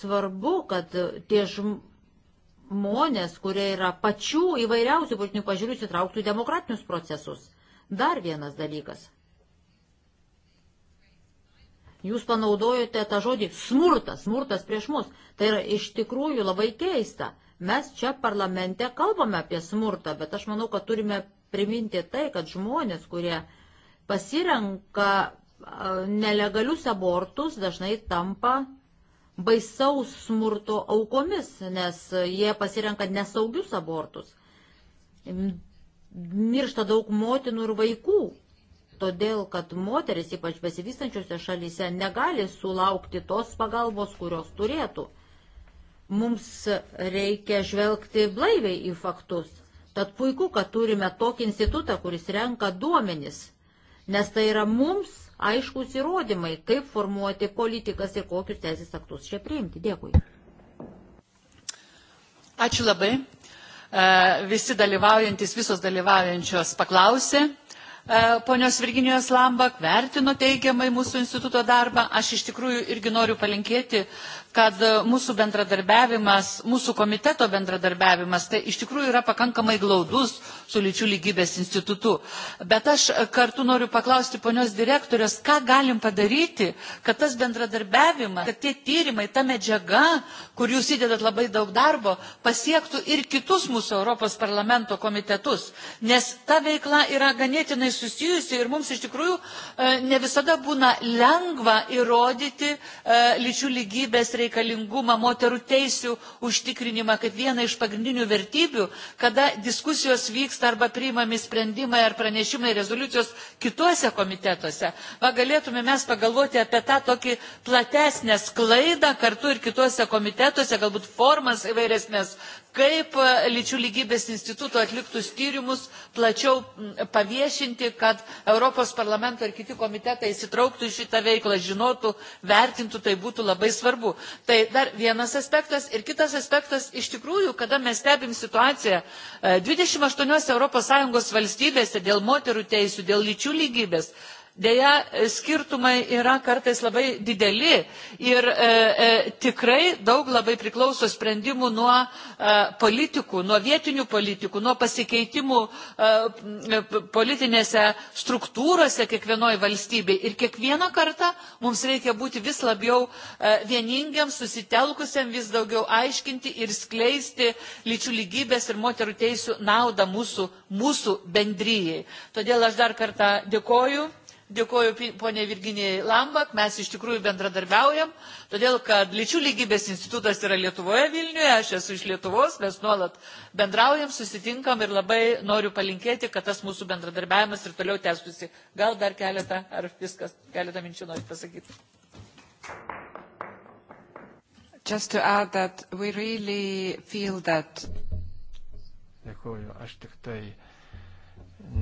Svarbu, kad tie žmonės žmonės, kurie yra pačių įvairiausių politinių pažiūrių įsitrauktų į demokratinius procesus. Dar vienas dalykas. Jūs panaudojote tą žodį smurtas, smurtas prieš mus. Tai yra iš tikrųjų labai keista. Mes čia parlamente kalbame apie smurtą, bet aš manau, kad turime priminti tai, kad žmonės, kurie pasirenka nelegalius abortus, dažnai tampa baisaus smurto aukomis, nes jie pasirenka nesaugius abortus. Miršta daug motinų ir vaikų, todėl kad moteris, ypač besivystančiose šalyse, negali sulaukti tos pagalbos, kurios turėtų. Mums reikia žvelgti blaiviai į faktus. Tad puiku, kad turime tokį institutą, kuris renka duomenis, nes tai yra mums aiškus įrodymai, kaip formuoti politikas ir kokius teisės aktus čia priimti. Dėkui. Ačiū labai. E, visi dalyvaujantis, visos dalyvaujančios paklausė. E, ponios Virginijos Lambak vertino teigiamai mūsų instituto darbą. Aš iš tikrųjų irgi noriu palinkėti kad e, mūsų bendradarbiavimas, mūsų komiteto bendradarbiavimas, tai iš tikrųjų yra pakankamai glaudus su lyčių lygybės institutu. Bet aš kartu noriu paklausti ponios direktorės, ką galim padaryti, kad tas bendradarbiavimas, kad tie tyrimai, ta medžiaga, kur jūs įdedat labai daug darbo, pasiektų ir kitus mūsų Europos parlamento komitetus. Nes ta veikla yra ganėtinai susijusi ir mums iš tikrųjų e, ne visada būna lengva įrodyti e, lyčių lygybės reikalų reikalingumą, moterų teisių užtikrinimą kaip vieną iš pagrindinių vertybių, kada diskusijos vyksta arba priimami sprendimai ar pranešimai rezoliucijos kituose komitetuose. Va galėtume mes pagalvoti apie tą tokį platesnę sklaidą kartu ir kituose komitetuose, galbūt formas įvairesnės, kaip e, lyčių lygybės instituto atliktus tyrimus plačiau paviešinti, kad Europos parlamento ir kiti komitetai įsitrauktų į šitą veiklą, žinotų, vertintų, tai būtų labai svarbu. Tai dar vienas aspektas. Ir kitas aspektas, iš tikrųjų, kada mes stebim situaciją 28 e, ES valstybėse dėl moterų teisų, dėl lyčių lygybės, Deja, e, skirtumai yra kartais labai dideli ir e, e, tikrai daug labai priklauso sprendimų nuo e, politikų, nuo vietinių politikų, nuo pasikeitimų e, e politinėse struktūrose kiekvienoje valstybėje. Ir kiekvieną kartą mums reikia būti vis labiau e, vieningiam, susitelkusiam, vis daugiau aiškinti ir skleisti lyčių lygybės ir moterų teisų naudą mūsų, mūsų bendryjei. Todėl aš dar kartą dėkoju. Dėkuoju ponė Virginijai Lambak, mes iš tikrųjų bendradarbiaujam, todėl kad lyčių lygybės institutas yra Lietuvoje Vilniuje, aš esu iš Lietuvos, mes nuolat bendraujam, susitinkam ir labai noriu palinkėti, kad tas mūsų bendradarbiavimas ir toliau tęstųsi. Gal dar keletą ar viskas, keletą minčių noriu pasakyti. Just to add that we really feel that. Dėkuoju, aš tik tai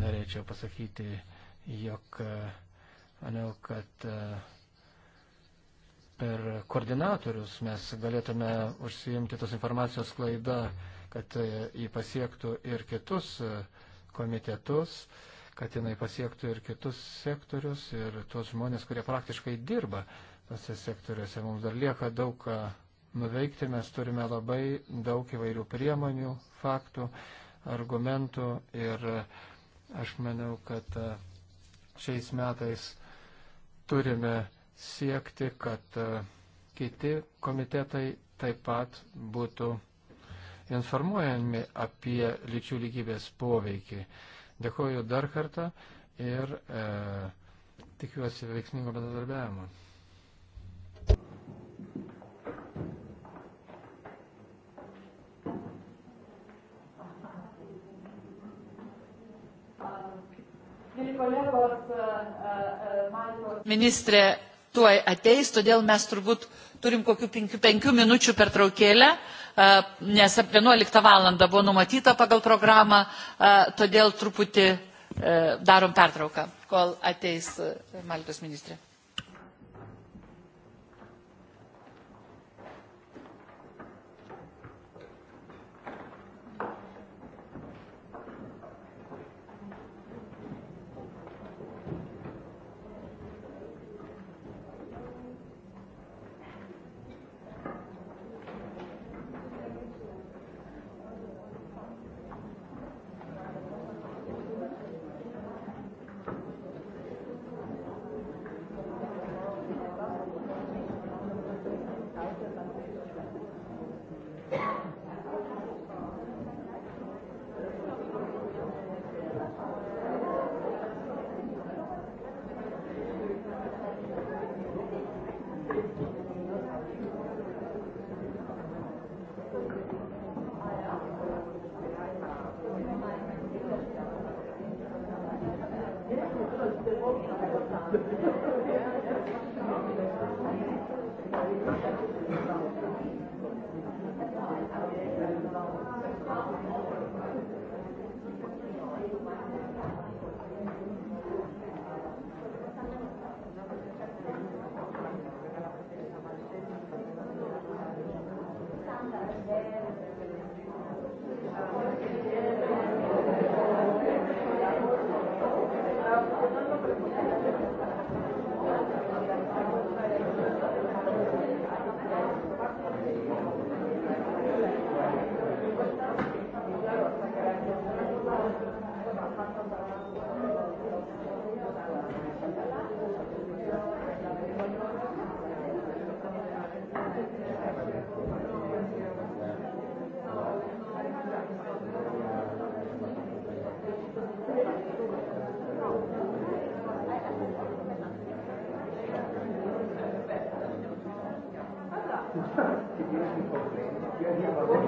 norėčiau pasakyti jog e, maniau, kad e, per koordinatorius mes galėtume užsiimti tos informacijos klaidą, kad e, jį pasiektų ir kitus komitetus, kad jinai pasiektų ir kitus sektorius ir tuos žmonės, kurie praktiškai dirba tose sektoriuose. Mums dar lieka daug ką nuveikti, mes turime labai daug įvairių priemonių, faktų, argumentų ir aš manau, kad šiais metais turime siekti, kad e, kiti komitetai taip pat būtų informuojami apie lyčių lygybės poveikį. Dėkuoju dar kartą ir e, tikiuosi veiksmingo bendradarbiavimo. E, e, e, ministrė tuoj ateis, todėl mes turbūt turim kokių penkių, penkių minučių pertraukėlę, nes 11 valandą buvo numatyta pagal programą, todėl truputį darom pertrauką, kol ateis Maltos ministrė.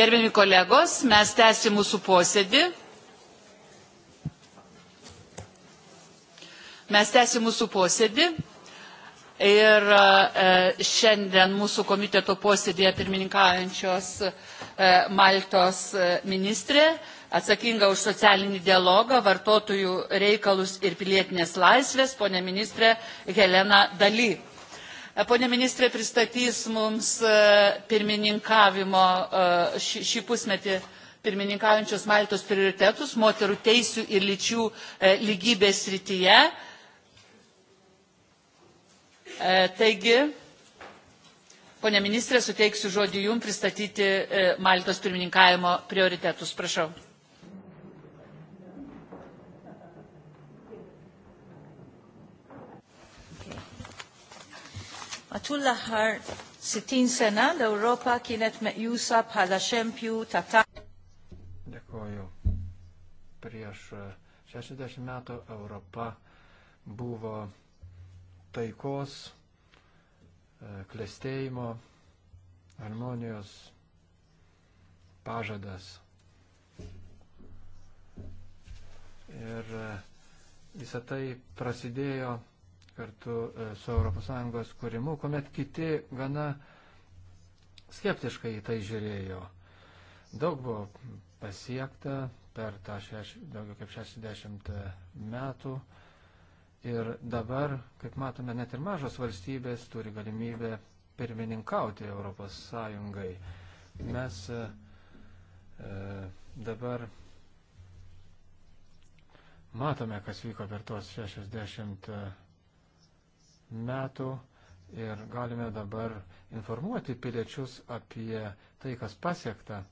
Gerbiami kolegos, mes tęsime mūsų posėdį. Mes tęsime mūsų posėdį. Ir e, šiandien mūsų komiteto posėdėje pirmininkaujančios e, Maltos e, ministrė atsakinga už socialinį dialogą, vartotojų reikalus ir pilietinės laisvės, ponė ministrė Helena Daly. Pone ministrė pristatys mums e, pirmininkavimo e, šį pusmetį pirmininkaujančios Maltos prioritetus moterų teisų ir lyčių e, lygybės rytyje. Taigi, ponė ministrė, suteiksiu žodį Jums pristatyti Maltos pirmininkavimo prioritetus. Prašau. Għatullah 60 sena l-Europa kienet meqjusa bħala xempju ta' ta' Dėkoju. Prieš 60 e, metų Europa buvo taikos, e, klestėjimo, harmonijos pažadas. Ir e, visą tai prasidėjo kartu e, su ES kūrimu, kuomet kiti gana skeptiškai į tai žiūrėjo. Daug buvo pasiekta per tą šeš, daugiau kaip 60 e, metų ir dabar, kaip matome, net ir mažos valstybės turi galimybę pirmininkauti Europos Sąjungai. Mes e, e dabar matome, kas vyko per tuos 60 metų ir galime dabar informuoti piliečius apie tai, kas pasiekta.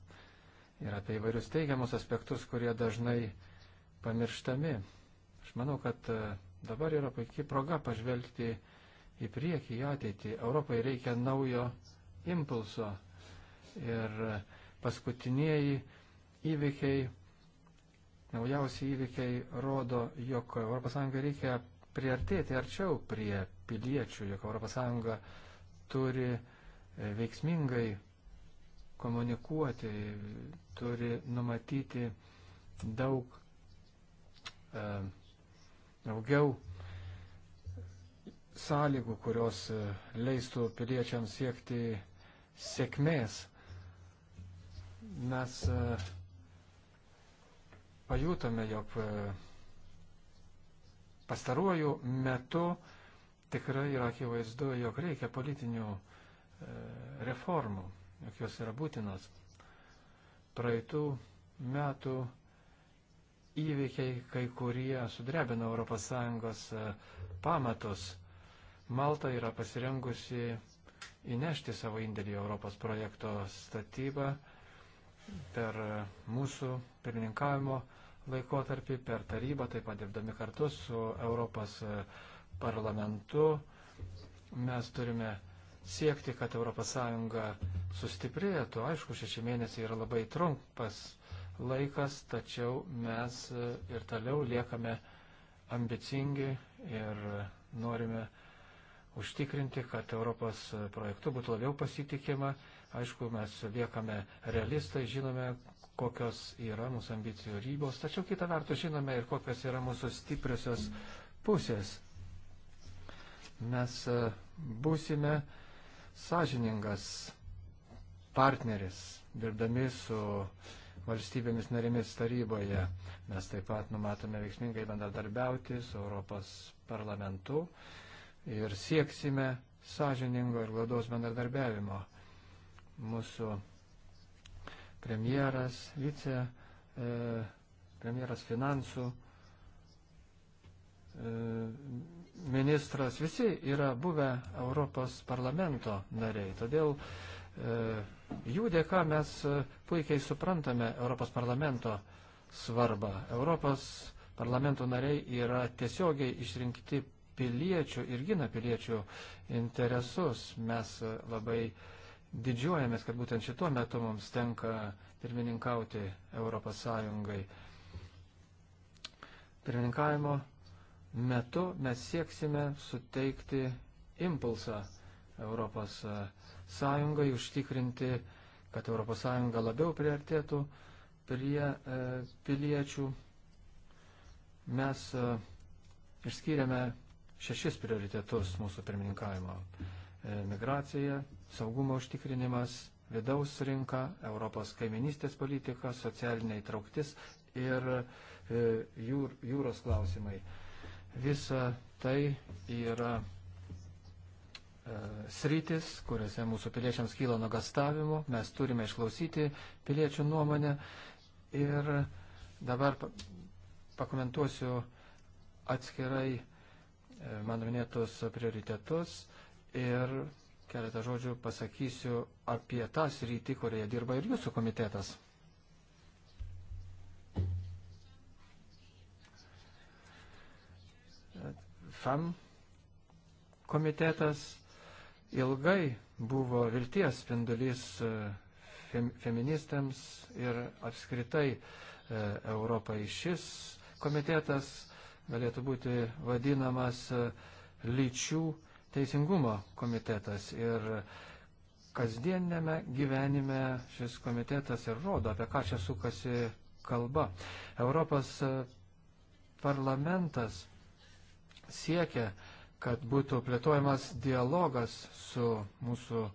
Yra tai įvairius teigiamus aspektus, kurie dažnai pamirštami. Aš manau, kad e, dabar yra puikiai proga pažvelgti į priekį, į ateitį. Europai reikia naujo impulso. Ir e, paskutinieji įvykiai, naujausi įvykiai rodo, jog ES reikia priartėti arčiau prie piliečių, jog ES turi e, veiksmingai komunikuoti, turi numatyti daug e, daugiau sąlygų, kurios e, leistų piliečiams siekti sėkmės. Mes e, pajutome, jog pastaruoju metu tikrai yra akivaizdu, jog reikia politinių e, reformų, jog jos yra būtinos. Praeitų metų įvykiai kai kurie sudrebino ES e, pamatus. Malta yra pasirengusi įnešti savo indėlį į Europos projekto statybą per e, mūsų pirmininkavimo laikotarpį per tarybą, taip pat dirbdami kartu su Europos e, parlamentu. Mes turime siekti, kad ES sustiprėtų. Aišku, šeši mėnesiai yra labai trumpas laikas, tačiau mes e, ir toliau liekame ambicingi ir norime užtikrinti, kad Europos projektu būtų labiau pasitikima. Aišku, mes liekame realistai, žinome, kokios yra mūsų ambicijų rybos, tačiau kitą vertus žinome ir kokios yra mūsų stipriosios pusės. Mes e, būsime sąžiningas partneris, dirbdami su valstybėmis narėmis taryboje. Mes taip pat numatome veiksmingai bendradarbiauti su Europos parlamentu ir sieksime sąžiningo ir glaudaus bendradarbiavimo. Mūsų premjeras, vice e, premjeras finansų e, ministras, visi yra buvę Europos parlamento nariai. Todėl e, jų dėka mes puikiai suprantame Europos parlamento svarbą. Europos parlamento nariai yra tiesiogiai išrinkti piliečių ir gina piliečių interesus. Mes labai e, didžiuojamės, kad būtent šituo metu mums tenka pirmininkauti Europos Sąjungai. Pirmininkavimo metu mes sieksime suteikti impulsą Europos Sąjungai, užtikrinti, kad Europos Sąjunga labiau priartėtų prie e, piliečių. Mes e, išskyrėme šešis prioritetus mūsų pirmininkavimo. E, migracija, saugumo užtikrinimas, vidaus rinka, Europos kaiminystės politika, socialinė įtrauktis ir e, jūr, jūros klausimai. Visa tai yra e, sritis, kuriuose mūsų piliečiams kyla nugastavimų, mes turime išklausyti piliečių nuomonę ir dabar pakomentuosiu atskirai e, mano minėtus prioritetus ir keletą žodžių pasakysiu apie tą sritį, kurioje dirba ir jūsų komitetas. FAM komitetas ilgai buvo vilties spindulys e, fem, feministams ir apskritai e, Europai. Šis komitetas galėtų būti vadinamas e, lyčių teisingumo komitetas. Ir kasdienėme gyvenime šis komitetas ir rodo, apie ką čia sukasi kalba. Europos parlamentas siekia, kad būtų plėtojamas dialogas su mūsų e,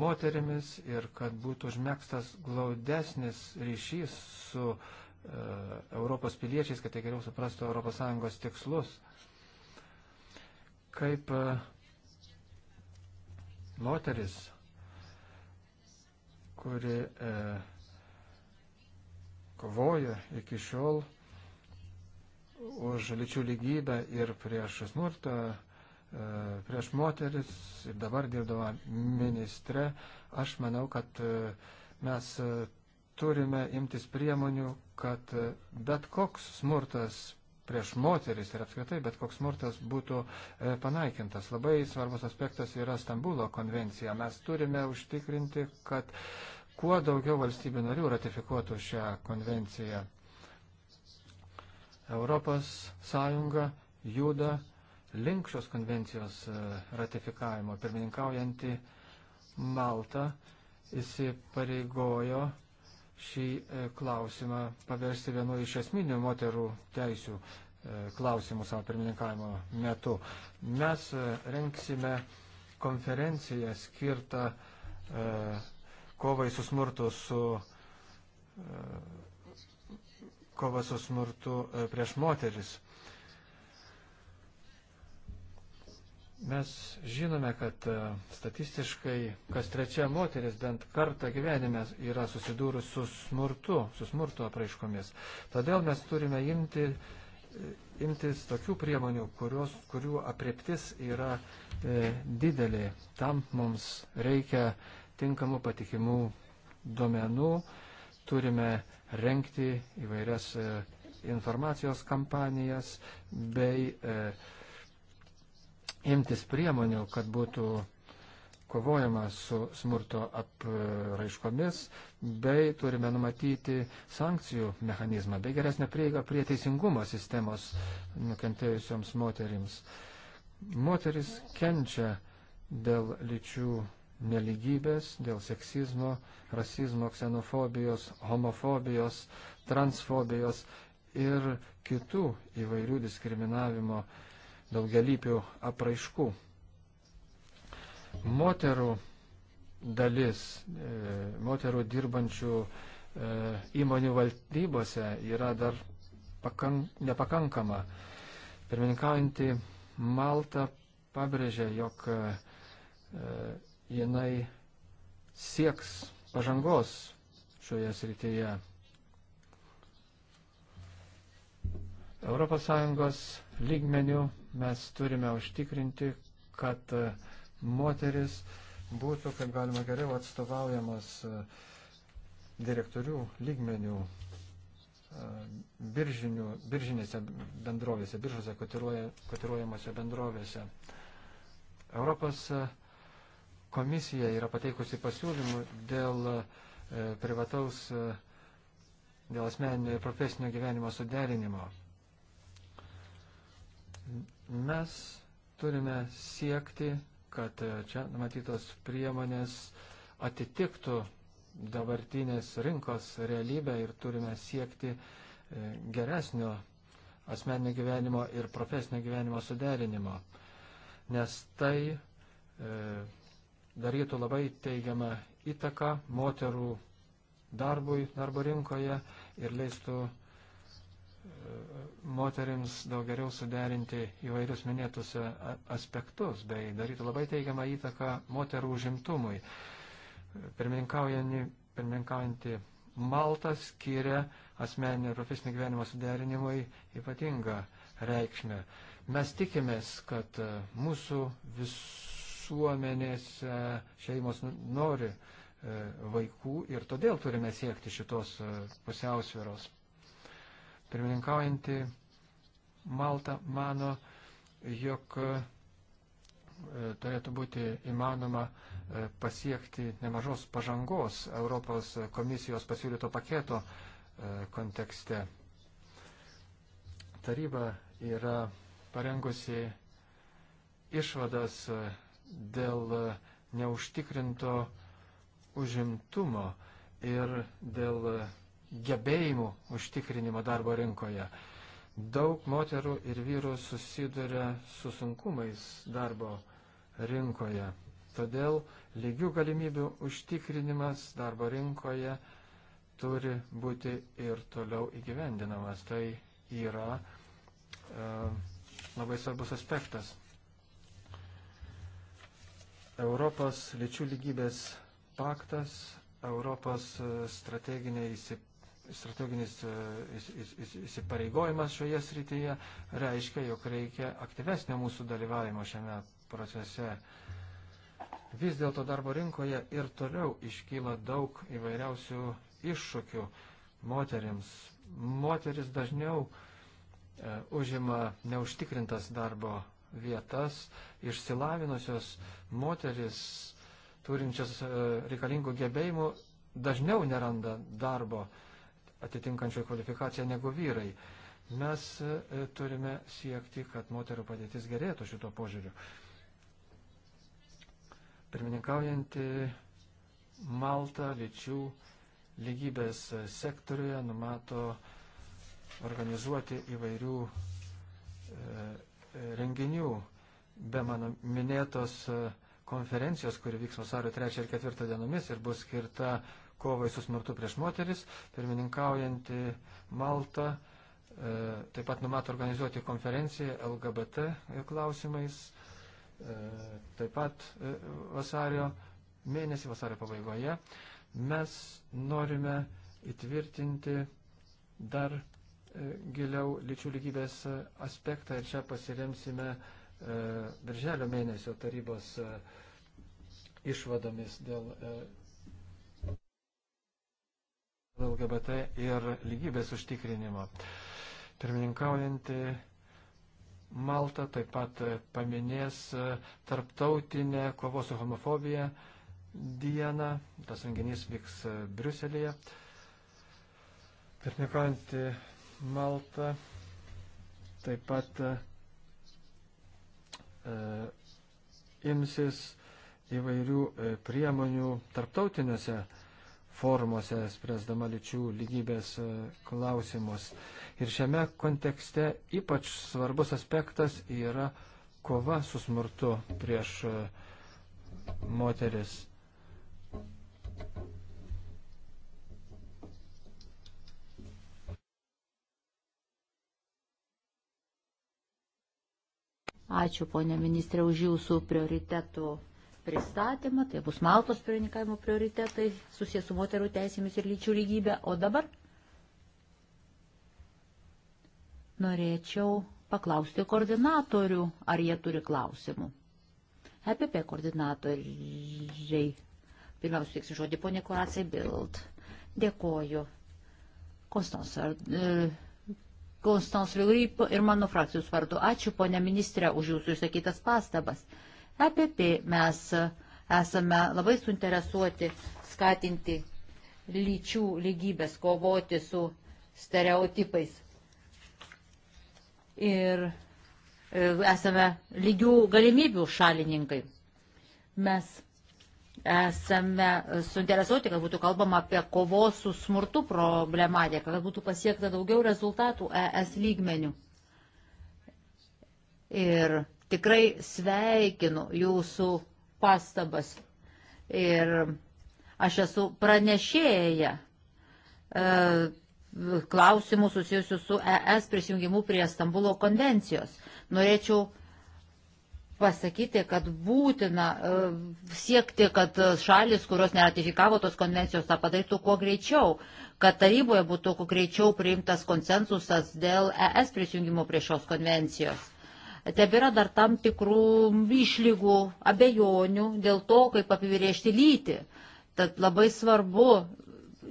moterimis ir kad būtų užmėgstas glaudesnis ryšys su e, Europos piliečiais, kad jie tai geriau suprastų ES tikslus kaip e, moteris, kuri e, kovoja iki šiol už lyčių lygybę ir prieš smurtą, e, prieš moteris ir dabar dirbdama ministre, aš manau, kad e, mes e, turime imtis priemonių, kad e, bet koks smurtas prieš moteris ir apskritai bet koks smurtas būtų e, panaikintas. Labai svarbus aspektas yra Stambulo konvencija. Mes turime užtikrinti, kad kuo daugiau valstybių narių ratifikuotų šią konvenciją. Europos Sąjunga juda link šios konvencijos e, ratifikavimo. Pirmininkaujanti Malta įsipareigojo šį e, klausimą paversti vienu iš esminių moterų teisių e, klausimų savo pirmininkavimo metu. Mes e, renksime konferenciją skirtą kovai su smurtu su kova su smurtu prieš moteris. Mes žinome, kad e, statistiškai kas trečia moteris bent kartą gyvenime yra susidūrus su smurtu, su smurto apraiškomis. Todėl mes turime imti, e, imtis tokių priemonių, kurios, kurių apriptis yra e, didelė. Tam mums reikia tinkamų patikimų duomenų, turime renkti įvairias e, informacijos kampanijas bei e, imtis priemonių, kad būtų kovojama su smurto apraiškomis, bei turime numatyti sankcijų mechanizmą, bei geresnę prieigą prie teisingumo sistemos nukentėjusioms moterims. Moteris kenčia dėl lyčių neligybės, dėl seksizmo, rasizmo, ksenofobijos, homofobijos, transfobijos ir kitų įvairių diskriminavimo uh, daugelypių apraiškų. Moterų dalis, e, moterų dirbančių e, įmonių valdybose yra dar pakank, nepakankama. Pirmininkaujantį Maltą pabrėžė, jog e, jinai sieks pažangos šioje srityje. ES lygmenių Mes turime užtikrinti, kad e, moteris būtų, kaip galima geriau, atstovaujamas e, direktorių lygmenių e, biržinių, biržinėse bendrovėse, biržose kotiruojamose bendrovėse. Europos komisija yra pateikusi pasiūlymų dėl privataus, dėl asmeninio ir profesinio gyvenimo suderinimo. Mes turime siekti, kad čia numatytos priemonės atitiktų dabartinės rinkos realybę ir turime siekti e, geresnio asmeninio gyvenimo ir profesinio gyvenimo suderinimo, nes tai e, darytų labai teigiamą įtaką moterų darbui darbo rinkoje ir leistų e, moterims daug geriau suderinti įvairius minėtus e, aspektus, bei darytų labai teigiamą įtaką moterų užimtumui. Pirmininkaujanti Malta skiria asmeninį ir profesinį gyvenimą suderinimui ypatingą reikšmę. Mes tikimės, kad e, mūsų visuomenės e, šeimos nori vaikų ir todėl turime siekti šitos pusiausviros. Pirmininkaujanti Malta mano, jog e, turėtų būti įmanoma e, pasiekti nemažos pažangos Europos komisijos pasiūlyto paketo e, kontekste. Taryba yra parengusi išvadas dėl neužtikrinto užimtumo ir dėl gebėjimų užtikrinimo darbo rinkoje. Daug moterų ir vyrų susiduria su sunkumais darbo rinkoje. Todėl lygių galimybių užtikrinimas darbo rinkoje turi būti ir toliau įgyvendinamas. Tai yra e, labai svarbus aspektas. Europos lyčių lygybės paktas, Europos e, strateginiai įsipareigojimai strateginis e, įsipareigojimas šioje srityje reiškia, jog reikia aktyvesnio mūsų dalyvavimo šiame procese. Vis dėlto darbo rinkoje ir toliau iškyla daug įvairiausių iššūkių moteriams. Moteris dažniau e, užima neužtikrintas darbo vietas, išsilavinusios moteris turinčias e, reikalingų gebėjimų dažniau neranda darbo. E, atitinkančią kvalifikaciją negu vyrai. Mes e, turime siekti, kad moterų padėtis gerėtų šito požiūriu. Pirmininkaujanti Malta lyčių lygybės sektoriuje numato organizuoti įvairių e, renginių be mano minėtos e, konferencijos, kuri vyks vasario 3 ir 4 dienomis ir bus skirta kovai su smurtu prieš moteris, pirmininkaujanti Malta e, taip pat numato organizuoti konferenciją LGBT klausimais, e, taip pat e, vasario mėnesį, vasario pabaigoje. Mes norime įtvirtinti dar giliau lyčių lygybės aspektą ir čia pasiremsime Birželio mėnesio tarybos išvadomis dėl LGBT ir lygybės užtikrinimo. Pirmininkaujanti Malta taip pat paminės tarptautinę kovos su homofobija dieną. Tas renginys vyks Briuselėje. Pirmininkaujanti Malta taip pat e, imsis įvairių e, priemonių tarptautiniuose formuose, spręsdama lyčių lygybės e, klausimus. Ir šiame kontekste ypač svarbus aspektas yra kova su smurtu prieš e, moteris. Ačiū, ponė ministrė, už jūsų prioritetų pristatymą, tai bus Maltos pirmininkavimo prioritetai susijęs su moterų teisėmis ir lyčių lygybė. O dabar norėčiau paklausti koordinatorių, ar jie turi klausimų. EPP koordinatoriai. Pirmiausia, teiksiu žodį ponė Koracija Bild. Dėkoju. Konstans, ar, e, Konstans Liugrip ir mano frakcijos vardu. Ačiū, ponė ministrė, už jūsų išsakytas pastabas. E, EPP mes esame labai suinteresuoti skatinti lyčių lygybės, kovoti su stereotipais. Ir e, esame lygių galimybių šalininkai. Mes esame suinteresuoti, kad būtų kalbama apie kovos su smurtu problematiką, kad būtų pasiekta daugiau rezultatų ES lygmenių. Ir tikrai sveikinu jūsų pastabas. Ir aš esu pranešėja e, klausimų susijusių su ES prisijungimu prie Stambulo konvencijos. Norėčiau pasakyti, kad būtina e, siekti, kad šalis, kurios neratifikavo tos konvencijos, tą padarytų kuo greičiau, kad taryboje būtų kuo greičiau priimtas konsensusas dėl ES prisijungimo prie šios konvencijos tebėra dar tam tikrų išlygų, abejonių dėl to, kaip apibriežti lytį. Tad labai svarbu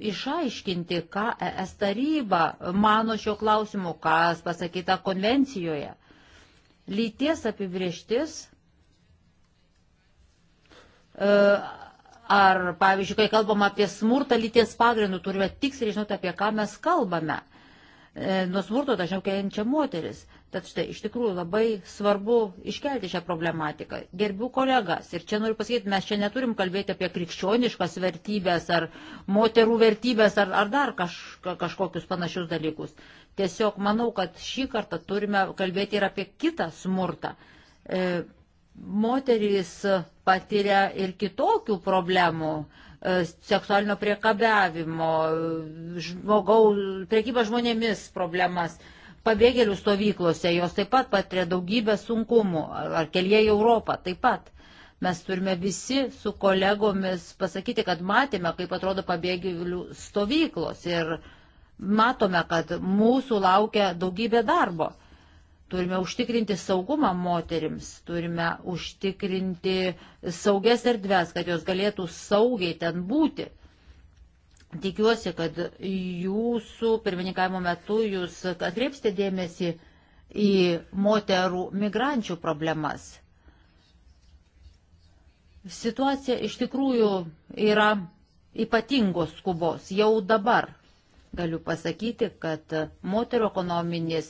išaiškinti, ką ES taryba mano šio klausimu, kas pasakyta konvencijoje. Lyties apibrieštis. E, ar, pavyzdžiui, kai kalbam apie smurtą lyties pagrindų, turime tiksliai žinoti, apie ką mes kalbame. E, nuo smurto dažniau kenčia moteris. Tad štai iš tikrųjų labai svarbu iškelti šią problematiką. Gerbiu kolegas ir čia noriu pasakyti, mes čia neturim kalbėti apie krikščioniškas vertybės ar moterų vertybės ar, ar dar kaž, kažkokius panašius dalykus. Tiesiog manau, kad šį kartą turime kalbėti ir apie kitą smurtą. E, moterys patiria ir kitokių problemų e, seksualinio priekabiavimo, žmogaus, priekybą žmonėmis problemas pabėgėlių stovyklose, jos taip pat patiria daugybę sunkumų, ar kelyje į Europą taip pat. Mes turime visi su kolegomis pasakyti, kad matėme, kaip atrodo pabėgėlių stovyklos ir matome, kad mūsų laukia daugybė darbo. Turime užtikrinti saugumą moterims, turime užtikrinti saugias erdves, kad jos galėtų saugiai ten būti Tikiuosi, kad jūsų pirmininkavimo metu jūs atkreipsite dėmesį į moterų migrančių problemas. Situacija iš tikrųjų yra ypatingos skubos. Jau dabar galiu pasakyti, kad moterų ekonominis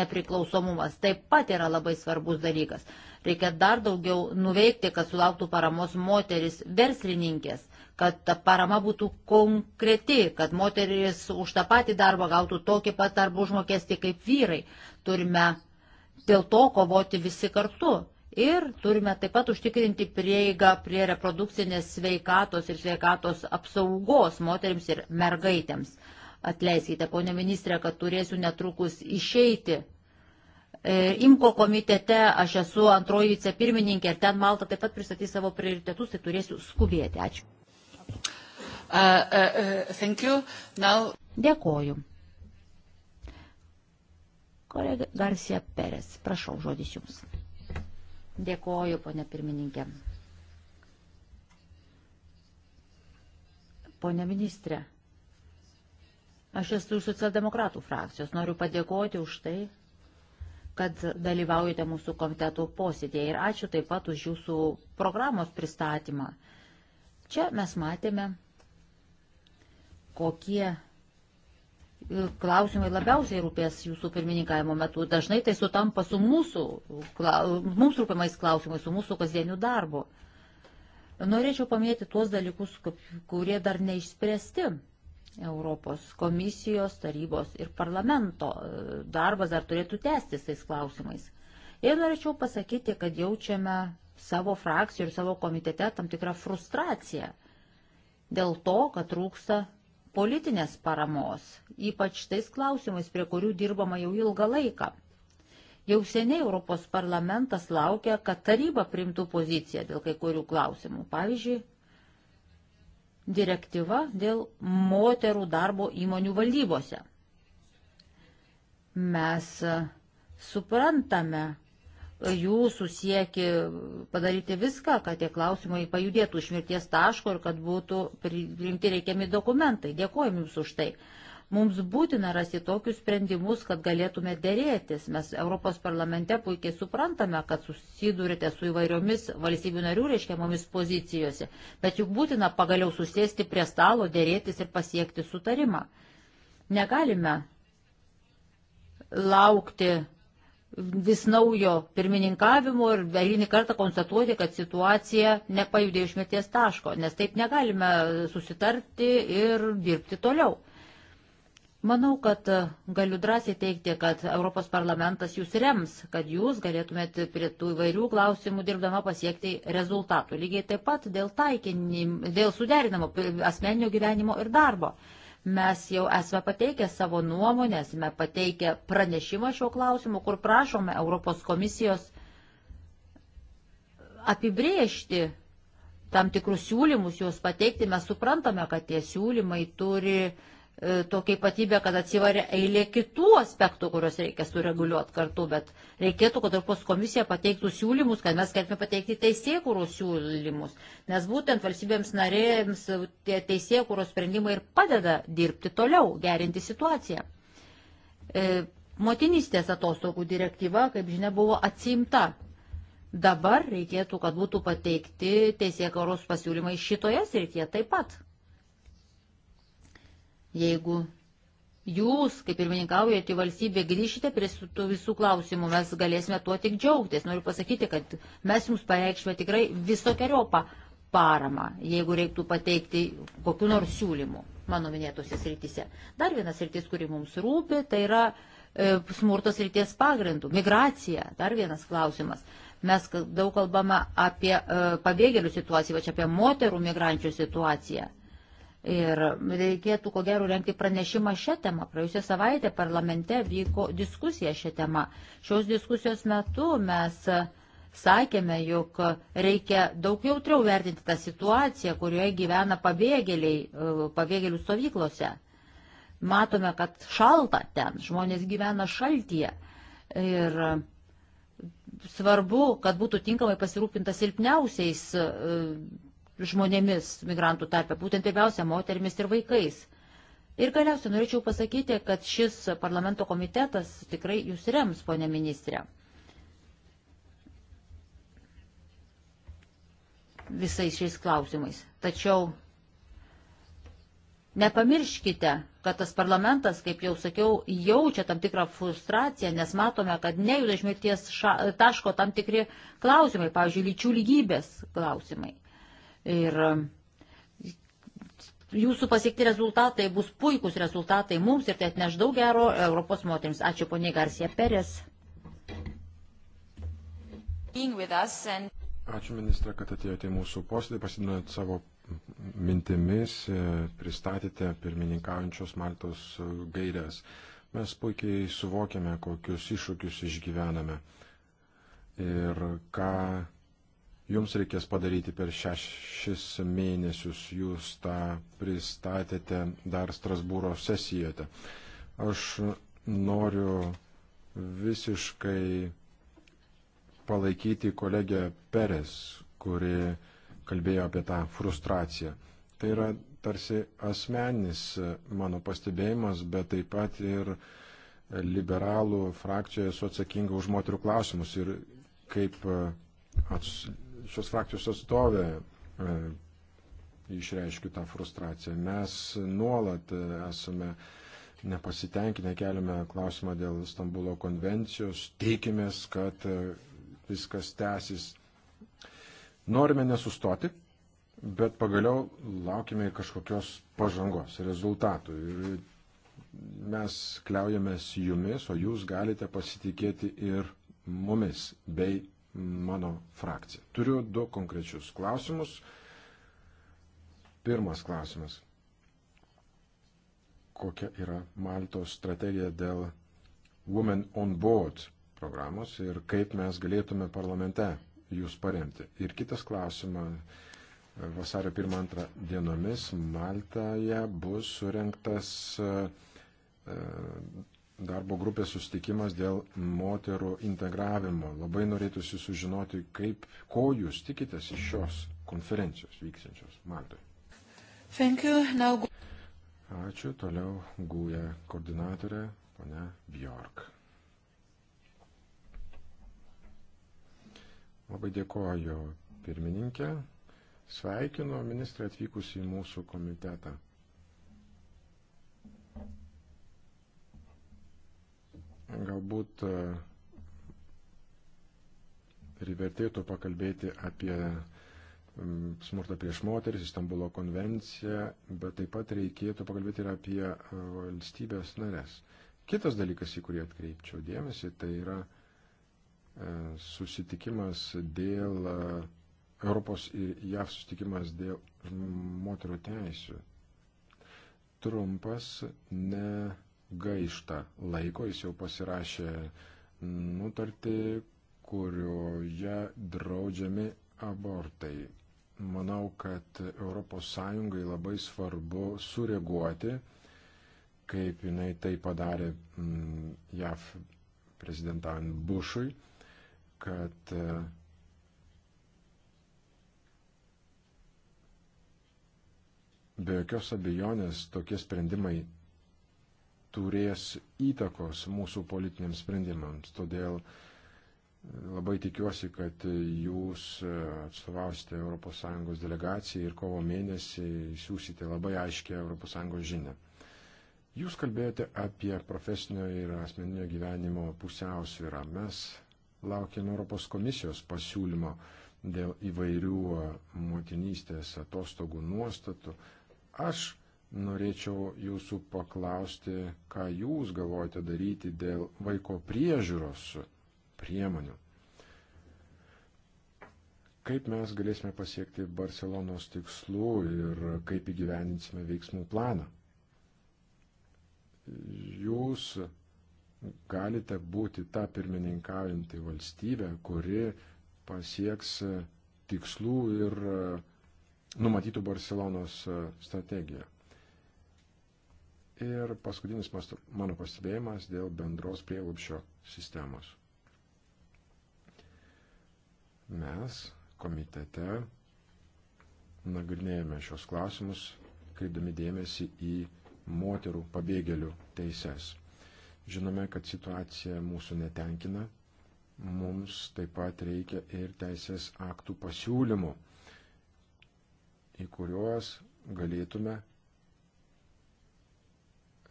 nepriklausomumas taip pat yra labai svarbus dalykas. Reikia dar daugiau nuveikti, kad sulauktų paramos moteris verslininkės kad ta parama būtų konkreti, kad moteris už tą patį darbą gautų tokį pat darbo užmokestį kaip vyrai. Turime dėl to kovoti visi kartu. Ir turime taip pat užtikrinti prieigą prie reprodukcinės sveikatos ir sveikatos apsaugos moteriams ir mergaitėms. Atleiskite, ponė ministrė, kad turėsiu netrukus išeiti. E, Imko komitete aš esu antroji vicepirmininkė ir ten Malta taip pat pristatys savo prioritetus, tai turėsiu skubėti. Ačiū. Uh, uh, uh Now... Dėkoju. Kolega Garcia Perez, prašau, žodis jums. Dėkoju, ponė pirmininkė. Pone ministrė, aš esu iš socialdemokratų frakcijos. Noriu padėkoti už tai, kad dalyvaujate mūsų komitetų posėdėje. Ir ačiū taip pat už jūsų programos pristatymą. Uh, Čia mes matėme, kokie e, klausimai labiausiai rūpės jūsų pirmininkavimo metu. Dažnai tai sutampa su mūsų, mums rūpimais klausimais, su mūsų kasdieniu darbu. Norėčiau paminėti tuos dalykus, kurie dar neišspręsti. Europos komisijos, tarybos ir parlamento darbas dar turėtų tęstis tais klausimais. Ir norėčiau pasakyti, kad jaučiame savo frakcijų ir savo komitete tam tikrą frustraciją dėl to, kad trūksta politinės paramos, ypač tais klausimais, prie kurių dirbama jau ilgą laiką. Jau seniai Europos parlamentas laukia, kad taryba primtų poziciją dėl kai kurių klausimų. Pavyzdžiui, direktyva dėl moterų darbo įmonių valdybose. Mes suprantame, jūsų sieki padaryti viską, kad tie klausimai pajudėtų iš mirties taško ir kad būtų priimti reikiami dokumentai. Dėkojom Jums už tai. Mums būtina rasti tokius sprendimus, kad galėtume dėrėtis. Mes Europos parlamente puikiai suprantame, kad susidurite su įvairiomis valstybių narių reiškiamomis pozicijose, bet juk būtina pagaliau susėsti prie stalo, dėrėtis ir pasiekti sutarimą. Negalime laukti vis naujo pirmininkavimo ir eilinį kartą konstatuoti, kad situacija nepajudė iš mirties taško, nes taip negalime susitarti ir dirbti toliau. Manau, kad galiu drąsiai teikti, kad Europos parlamentas jūs rems, kad jūs galėtumėt prie tų įvairių klausimų dirbdama pasiekti rezultatų. Lygiai taip pat dėl, taikinim, dėl suderinamo asmeninio gyvenimo ir darbo. Mes jau esame pateikę savo nuomonę, esame pateikę pranešimą šio klausimu, kur prašome Europos komisijos apibriežti tam tikrus siūlymus, juos pateikti. Mes suprantame, kad tie siūlymai turi E, tokia ypatybė, kad atsivaria eilė kitų aspektų, kuriuos reikia sureguliuoti kartu, bet reikėtų, kad Europos komisija pateiktų siūlymus, kad mes galėtume pateikti teisėkūros siūlymus, nes būtent valstybėms narėms tie teisėkūros sprendimai ir padeda dirbti toliau, gerinti situaciją. E, motinystės atostogų direktyva, kaip žinia, buvo atsimta. Dabar reikėtų, kad būtų pateikti teisėkaros pasiūlymai šitoje srityje taip pat. Jeigu jūs, kaip ir mininkaujate valstybė, grįžite prie tų visų klausimų, mes galėsime tuo tik džiaugtis. Noriu pasakyti, kad mes jums pareikšime tikrai visokiojopą paramą, jeigu reiktų pateikti kokiu nors siūlymu mano minėtose srityse. Dar vienas sritis, kuri mums rūpi, tai yra e, smurtos srities pagrindų. Migracija, dar vienas klausimas. Mes daug kalbame apie e, pabėgėlių situaciją, va čia apie moterų migrančių situaciją. E, Ir reikėtų, ko gero, renkti pranešimą šią temą. Praėjusią savaitę parlamente vyko diskusija šią temą. Šios diskusijos metu mes sakėme, jog reikia daug jautriau vertinti tą situaciją, kurioje gyvena pabėgėliai, e, pabėgėlių stovyklose. Matome, kad šalta ten, žmonės gyvena šaltyje. Ir svarbu, kad būtų tinkamai pasirūpinta silpniausiais e, žmonėmis migrantų tarpe, būtent pirmiausia moterimis ir vaikais. Ir galiausiai norėčiau pasakyti, kad šis parlamento komitetas tikrai jūs rems, ponė ministrė. Visais šiais klausimais. Tačiau nepamirškite, kad tas parlamentas, kaip jau sakiau, jaučia tam tikrą frustraciją, nes matome, kad nejuda iš mirties taško tam tikri klausimai, pavyzdžiui, lyčių lygybės klausimai. Ir e, jūsų pasiekti rezultatai bus puikūs rezultatai mums ir tai atneš daug gero Europos moteriams. Ačiū poniai Garcia Perės. Ačiū ministra, kad atėjote į mūsų posėdį, pasidinot savo mintimis, e, pristatėte pirmininkaujančios Maltos gairias. Mes puikiai suvokiame, kokius iššūkius išgyvename ir ką jums reikės padaryti per šešis mėnesius. Jūs tą pristatėte dar Strasbūro sesijote. Aš noriu visiškai palaikyti kolegę Peres, kuri kalbėjo apie tą frustraciją. Tai yra tarsi asmeninis mano pastebėjimas, bet taip pat ir liberalų frakcijoje esu atsakinga už moterų klausimus ir kaip ats, šios frakcijos atstovė e, išreiškiu tą frustraciją. Mes nuolat e, esame nepasitenkinę, keliame klausimą dėl Stambulo konvencijos, tikimės, kad e, viskas tęsis. Norime nesustoti, bet pagaliau laukime kažkokios pažangos, rezultatų. Ir mes kliaujamės jumis, o jūs galite pasitikėti ir mumis bei mano frakcija. Turiu du konkrečius klausimus. Pirmas klausimas. Kokia yra Maltos strategija dėl Women on Board programos ir kaip mes galėtume parlamente jūs paremti. Ir kitas klausimas. Vasario 1-2 dienomis Maltoje bus surinktas e, darbo grupės susitikimas dėl moterų integravimo. Labai norėtųsi sužinoti, kaip, ko jūs tikitės iš šios konferencijos vyksiančios Maltoje. Now... Ačiū, toliau gūja koordinatorė, ponia Bjork. Labai dėkoju pirmininkė, sveikinu ministrą atvykus į mūsų komitetą. Galbūt e, ir vertėtų pakalbėti apie smurtą prieš moteris, Istanbulo konvenciją, bet taip pat reikėtų pakalbėti ir apie e, valstybės narės. Kitas dalykas, į kurį atkreipčiau dėmesį, tai yra e, susitikimas dėl Europos ir JAV susitikimas dėl moterų teisų. Trumpas, ne gaišta laiko, jis jau pasirašė nutartį, kurioje draudžiami abortai. Manau, kad ES labai svarbu sureaguoti, kaip jinai tai padarė mm, JAF prezidentant Bušui, kad be jokios abejonės tokie sprendimai turės įtakos mūsų politiniams sprendimams. Todėl e, labai tikiuosi, kad jūs e, atstovausite ES delegaciją ir kovo mėnesį siūsite labai aiškę ES žinę. Jūs kalbėjote apie profesinio ir asmeninio gyvenimo pusiausvyrą. Mes laukiam Europos komisijos pasiūlymo dėl įvairių e, motinystės atostogų nuostatų. Aš norėčiau jūsų paklausti, ką jūs galvojate daryti dėl vaiko priežiūros priemonių. Kaip mes galėsime pasiekti Barcelonos tikslų ir kaip įgyvendinsime veiksmų planą. Jūs galite būti ta pirmininkaujanti valstybė, kuri pasieks tikslų ir numatytų Barcelonos strategiją. Ir paskutinis mano pastebėjimas dėl bendros prieglupščio sistemos. Mes komitete nagrinėjame šios klausimus, kreipdami dėmesį į moterų pabėgėlių teises. Žinome, kad situacija mūsų netenkina, mums taip pat reikia ir teisės aktų pasiūlymų, į kuriuos galėtume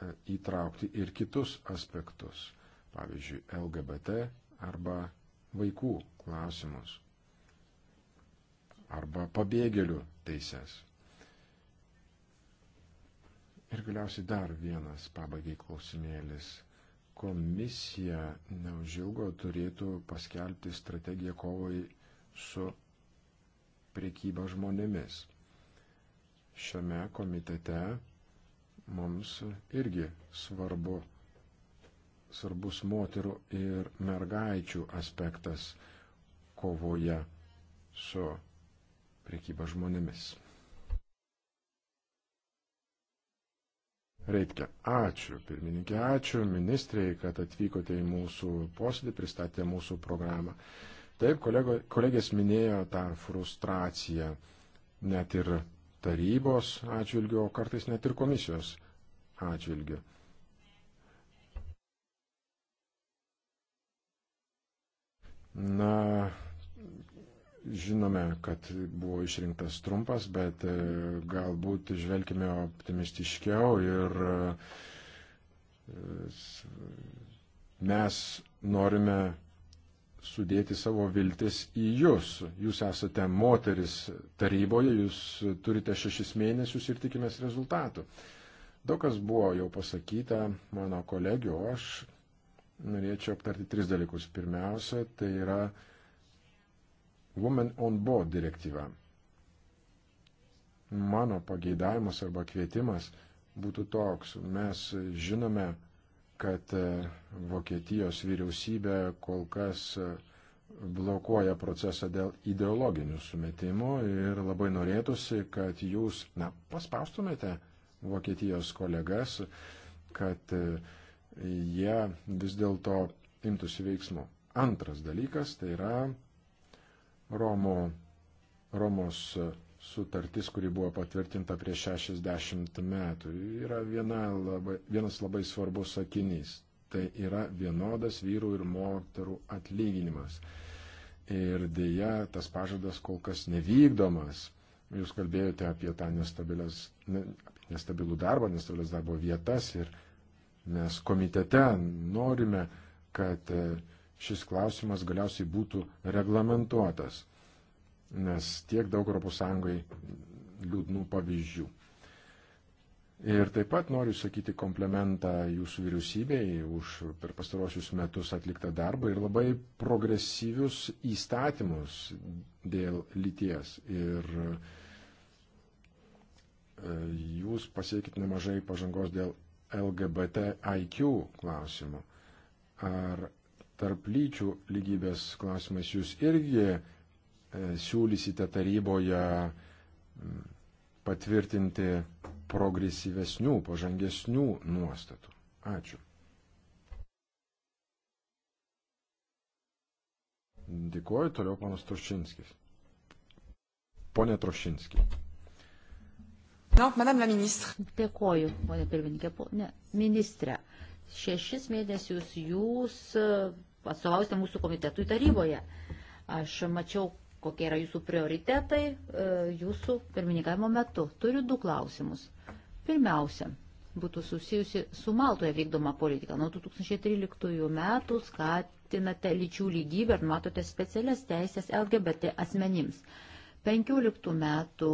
E, įtraukti ir kitus aspektus, pavyzdžiui, LGBT arba vaikų klausimus, arba pabėgėlių teises. Ir galiausiai dar vienas pabaigai klausimėlis. Komisija neužilgo turėtų paskelbti strategiją kovai su priekyba žmonėmis. Šiame komitete mums irgi svarbu, svarbus moterų ir mergaičių aspektas kovoje su priekyba žmonėmis. Reikia. Ačiū, pirmininkė, ačiū ministrei, kad atvykote į mūsų posėdį, pristatė mūsų programą. Taip, kolego, kolegės minėjo tą frustraciją, net ir tarybos atžvilgiu, o kartais net ir komisijos atžvilgiu. Na, žinome, kad buvo išrinktas trumpas, bet e, galbūt žvelgime optimistiškiau ir e, mes norime sudėti savo viltis į jūs. Jūs esate moteris taryboje, jūs turite šešis mėnesius ir tikimės rezultatų. Daug kas buvo jau pasakyta mano kolegio, aš norėčiau aptarti tris dalykus. Pirmiausia, tai yra Women on Board direktyva. Mano pageidavimas arba kvietimas būtų toks. Mes žinome, kad e, Vokietijos vyriausybė kol kas e, blokuoja procesą dėl ideologinių sumetimų ir labai norėtųsi, kad jūs, na, paspaustumėte Vokietijos kolegas, kad e, jie vis dėlto imtųsi veiksmų. Antras dalykas tai yra Romo, Romos sutartis, kuri buvo patvirtinta prieš 60 metų, yra viena labai, vienas labai svarbus sakinys. Tai yra vienodas vyrų ir moterų atlyginimas. Ir dėja, tas pažadas kol kas nevykdomas. Jūs kalbėjote apie tą ne, nestabilų darbą, nestabilias darbo vietas ir mes komitete norime, kad e, šis klausimas galiausiai būtų reglamentuotas nes tiek daug ES liūdnų pavyzdžių. Ir taip pat noriu sakyti komplementą jūsų vyriausybei už per pastarosius metus atliktą darbą ir labai progresyvius įstatymus dėl lyties. Ir e, jūs pasiekit nemažai pažangos dėl LGBTIQ klausimų. Ar tarp lyčių lygybės klausimais jūs irgi E, siūlysite taryboje patvirtinti progresyvesnių, pažangesnių nuostatų. Ačiū. Dėkuoju toliau panas Troščinskis. Pone Troščinskis. No, madame la ministre. Dėkuoju, ponė pirmininkė. Ne, ministrė, šešis mėnesius jūs e, atstovausite mūsų komitetui taryboje. Aš mačiau, kokie yra jūsų prioritetai e, jūsų pirmininkavimo metu. Turiu du klausimus. Pirmiausia, būtų susijusi su Maltoje vykdoma politika. Nuo 2013 metų skatinate lyčių lygybę ir matote specialias teisės LGBT asmenims. 15 metų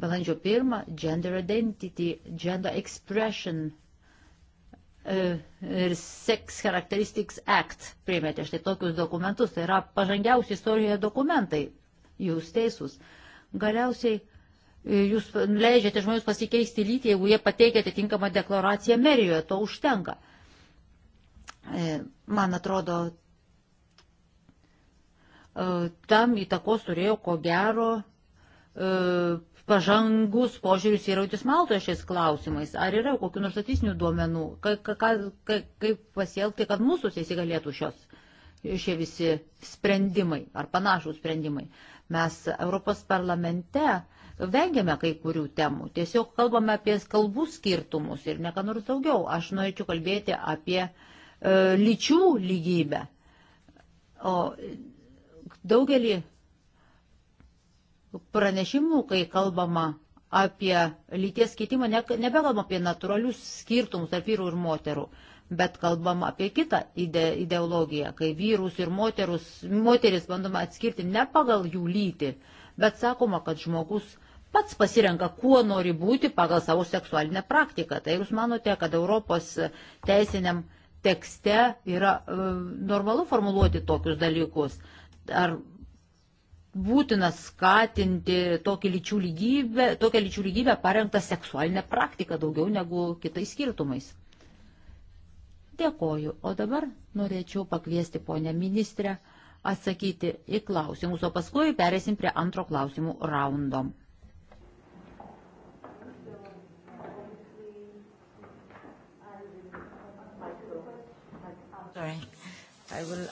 balandžio 1 Gender Identity, Gender Expression e, ir Sex Characteristics Act priimėte štai tokius dokumentus. Tai yra pažangiausi istorijoje dokumentai jūs teisūs. Galiausiai e, jūs leidžiate žmonėms pasikeisti lytį, jeigu jie pateikia atitinkamą deklaraciją merijoje, to užtenka. E, man atrodo, e, tam įtakos turėjo ko gero pažangus požiūrius įrautis Maltoje šiais klausimais. Ar yra kokių nors statistinių duomenų, ka, ka, ka, kaip pasielgti, kad mūsų įsigalėtų šios, šie visi sprendimai ar panašų sprendimai. Uh, Mes Europos parlamente vengiame kai kurių temų, tiesiog kalbame apie kalbų skirtumus ir neką nors daugiau. Aš norėčiau kalbėti apie e, lyčių lygybę. O daugelį pranešimų, kai kalbama apie lyties keitimą, ne, nebekalbam apie natūralius skirtumus tarp vyrų ir moterų. E, bet kalbam apie kitą ide, ideologiją, kai vyrus ir moterus, moteris bandoma atskirti ne pagal jų lytį, bet sakoma, kad žmogus pats pasirenka, kuo nori būti pagal savo seksualinę praktiką. Tai jūs manote, kad Europos teisiniam tekste yra e, normalu formuluoti tokius dalykus? Ar būtina skatinti tokią lyčių lygybę, tokią lyčių lygybę parengtą seksualinę praktiką daugiau negu kitais skirtumais? Dėkoju, o dabar norėčiau pakviesti ponę ministrę atsakyti į klausimus, o paskui perėsim prie antro klausimų raundo. Um...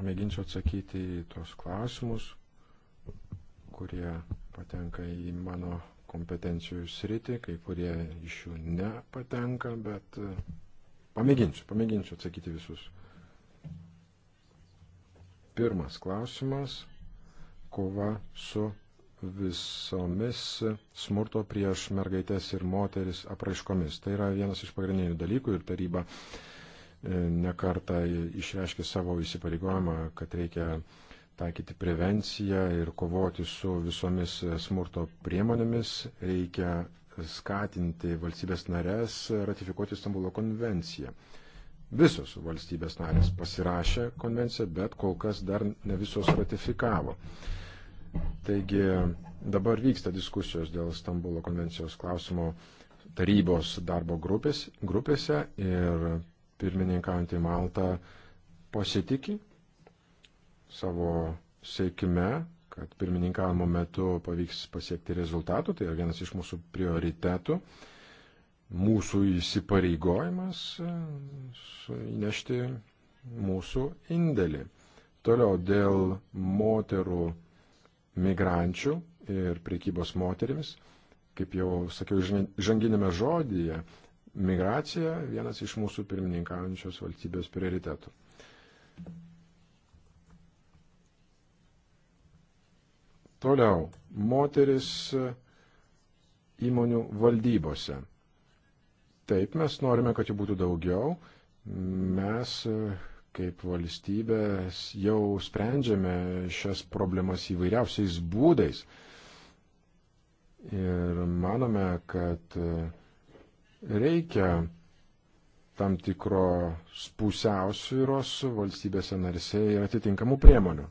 Pamėginsiu atsakyti į tos klausimus, kurie patenka į mano kompetencijų sritį, kai kurie iš jų nepatenka, bet e, pamėginsiu, pamėginsiu atsakyti visus. Pirmas klausimas - kova su visomis smurto prieš mergaitės ir moteris apraiškomis. Tai yra vienas iš pagrindinių dalykų ir taryba e, nekarta išreiškė savo įsipareigojimą, kad reikia taikyti prevenciją ir kovoti su visomis smurto priemonėmis, reikia skatinti valstybės narės ratifikuoti Stambulo konvenciją. Visos valstybės narės pasirašė konvenciją, bet kol kas dar ne visos ratifikavo. Taigi dabar vyksta diskusijos dėl Stambulo konvencijos klausimo tarybos darbo grupės, grupėse ir pirmininkaujantį Maltą pasitikį savo siekime, kad pirmininkavimo metu pavyks pasiekti rezultatų, tai yra vienas iš mūsų prioritetų, mūsų įsipareigojimas e, įnešti mūsų indėlį. Toliau dėl moterų migrančių ir priekybos moterimis, kaip jau sakiau, žanginėme žodyje, migracija vienas iš mūsų pirmininkaujančios valstybės prioritetų. Toliau, moteris e, įmonių valdybose. Taip, mes norime, kad jų būtų daugiau. Mes e, kaip valstybės jau sprendžiame šias problemas įvairiausiais būdais. Ir manome, kad e, reikia tam tikros pusiausvyros valstybėse narise ir atitinkamų priemonių.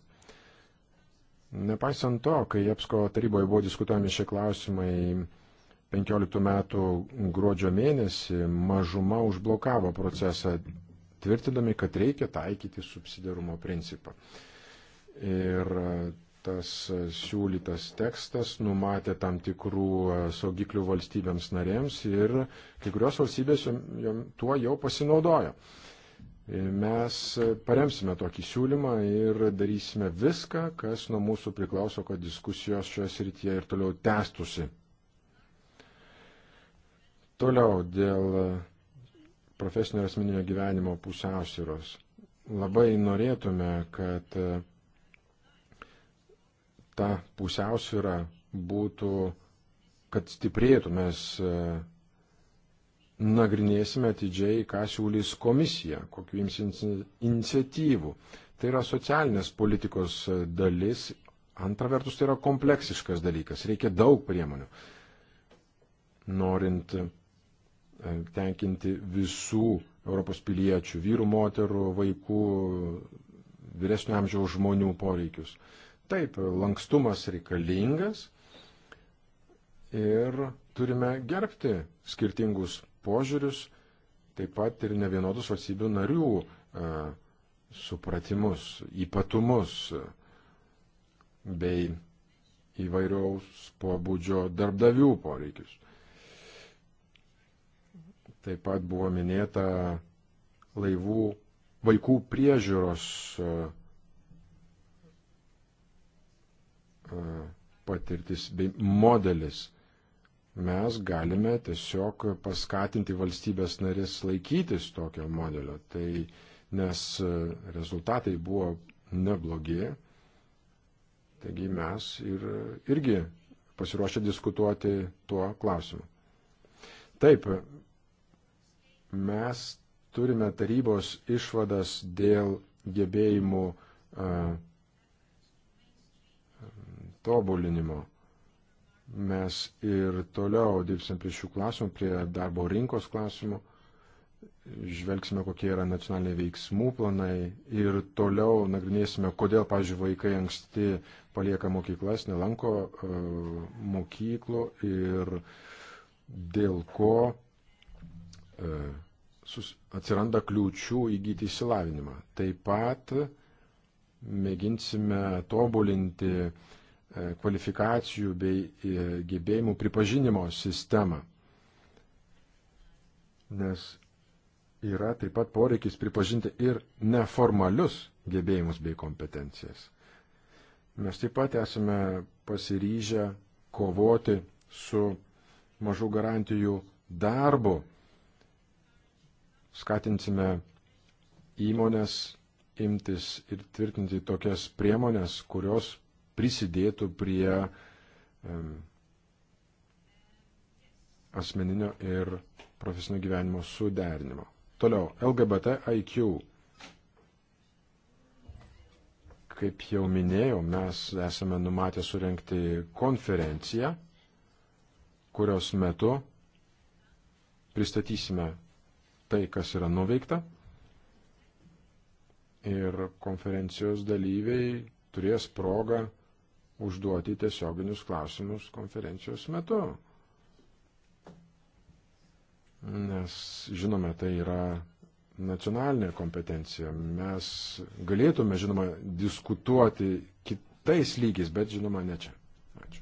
Nepaisant to, kai EPSCO taryboje buvo diskutuojami šie klausimai 15 metų gruodžio mėnesį, mažuma užblokavo procesą, tvirtindami, kad reikia taikyti subsidiarumo principą. Ir e, tas e, siūlytas tekstas numatė tam tikrų e, saugiklių valstybėms narėms ir kai kurios valstybės tuo jau pasinaudojo. Mes paremsime tokį siūlymą ir darysime viską, kas nuo mūsų priklauso, kad diskusijos šioje srityje ir toliau tęstusi. Toliau dėl profesinio ir asmeninio gyvenimo pusiausvyros. Labai norėtume, kad ta pusiausvyra būtų, kad stiprėtų mes nagrinėsime atidžiai, ką siūlys komisija, kokiu jums iniciatyvų. Tai yra socialinės politikos dalis. Antra vertus, tai yra kompleksiškas dalykas. Reikia daug priemonių. Norint e, tenkinti visų Europos piliečių, vyrų, moterų, vaikų, vyresnio amžiaus žmonių poreikius. Taip, lankstumas reikalingas ir turime gerbti skirtingus požiūrius, taip pat ir ne vienodus valstybių narių e, supratimus, ypatumus bei įvairiaus pobūdžio darbdavių poreikius. Taip pat buvo minėta laivų vaikų priežiūros e, e, patirtis bei modelis mes galime tiesiog paskatinti valstybės narės laikytis tokio modelio. Tai nes e, rezultatai buvo neblogi, taigi mes ir, e, irgi pasiruošę diskutuoti tuo klausimu. Taip, mes turime tarybos išvadas dėl gebėjimų uh, tobulinimo. Mes ir toliau dirbsim prie šių klausimų, prie darbo rinkos klausimų, žvelgsime, kokie yra nacionaliniai veiksmų planai ir toliau nagrinėsime, kodėl, pavyzdžiui, vaikai anksti palieka mokyklas, nelanko e, mokyklų ir dėl ko e, atsiranda kliūčių įgyti įsilavinimą. Taip pat mėginsime tobulinti E, kvalifikacijų bei e, gebėjimų pripažinimo sistemą. Nes yra taip pat poreikis pripažinti ir neformalius gebėjimus bei kompetencijas. Mes taip pat esame pasiryžę kovoti su mažų garantijų darbu. Skatinsime įmonės imtis ir tvirtinti tokias priemonės, kurios prisidėtų prie asmeninio ir profesinio gyvenimo suderinimo. Toliau, LGBTIQ. Kaip jau minėjau, mes esame numatę surenkti konferenciją, kurios metu pristatysime tai, kas yra nuveikta. Ir konferencijos dalyviai turės progą užduoti tiesioginius klausimus konferencijos metu. Nes, žinome, tai yra nacionalinė kompetencija. Mes galėtume, žinoma, diskutuoti kitais lygiais, bet, žinoma, ne čia. Ačiū.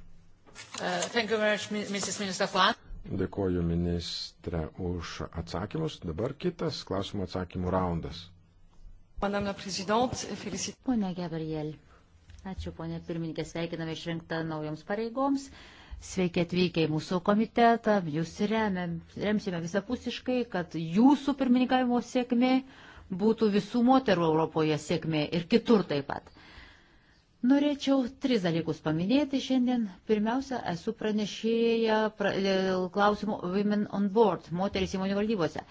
Uh, Dėkoju ministrė už atsakymus. Dabar kitas klausimų atsakymų raundas. Pone Gabriel, Ačiū, ponė pirmininkė, sveikiname išrinktą naujoms pareigoms. Sveiki atvykę į mūsų komitetą, jūs remiam, remsime visapusiškai, kad jūsų pirmininkavimo sėkmė būtų visų moterų Europoje sėkmė ir kitur taip pat. Norėčiau tris dalykus paminėti šiandien. Pirmiausia, esu pranešėję pra, e, klausimų Women on Board, moteris įmonių valdybose.